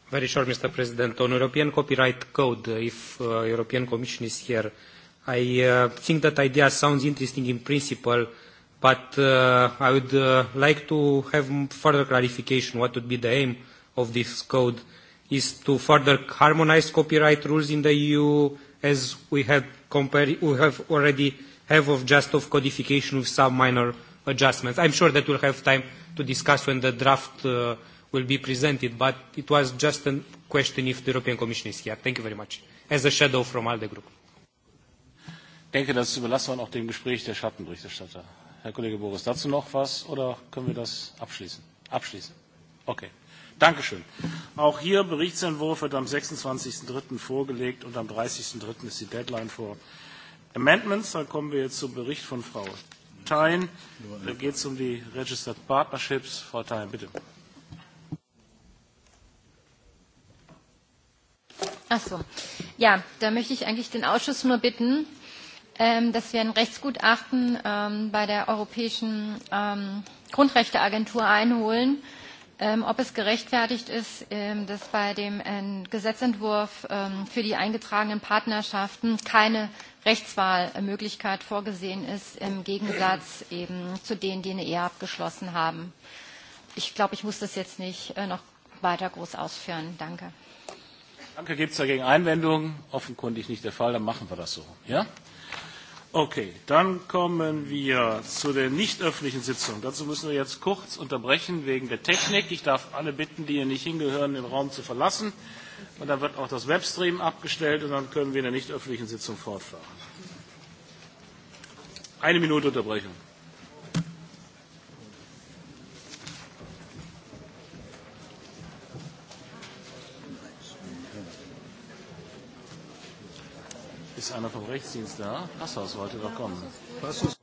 Very short, Mr. President. On European Copyright Code, if European Commission is here, I think that idea sounds interesting in principle But I would like to have further clarification what would be the aim of this code is to further harmonize copyright rules in the EU as we have we have already have of just of codification with some minor adjustments. I'm sure that we'll have time to discuss when the draft will be presented, but it was just a question if the European Commission is here. Thank you very much. As a shadow from ALDE Group. Ich das überlassen auch dem Gespräch der Schattenberichterstatter. Herr Kollege Boris, dazu noch was oder können wir das abschließen? Abschließen. Okay. Dankeschön. Auch hier Berichtsentwurf wird am 26.03. vorgelegt und am 30.03. ist die Deadline für Amendments. Dann kommen wir jetzt zum Bericht von Frau Thein. Da geht es um die Registered Partnerships. Frau Thein, bitte. Ach so. Ja, da möchte ich eigentlich den Ausschuss nur bitten, dass wir ein Rechtsgutachten bei der Europäischen Grundrechteagentur einholen, ob es gerechtfertigt ist, dass bei dem Gesetzentwurf für die eingetragenen Partnerschaften keine Rechtswahlmöglichkeit vorgesehen ist, im Gegensatz zu denen, die eine Ehe abgeschlossen haben. Ich glaube, ich muss das jetzt nicht noch weiter groß ausführen. Danke. Danke. Gibt es dagegen Einwendungen? Offenkundig nicht der Fall. Dann machen wir das so. Okay, dann kommen wir zu der nicht öffentlichen Sitzung. Dazu müssen wir jetzt kurz unterbrechen wegen der Technik. Ich darf alle bitten, die hier nicht hingehören, den Raum zu verlassen. Und dann wird auch das Webstream abgestellt und dann können wir in der nicht öffentlichen Sitzung fortfahren. Eine Minute Unterbrechung. Ist einer vom Rechtsdienst da? Passhaus wollte doch kommen. Passhaus.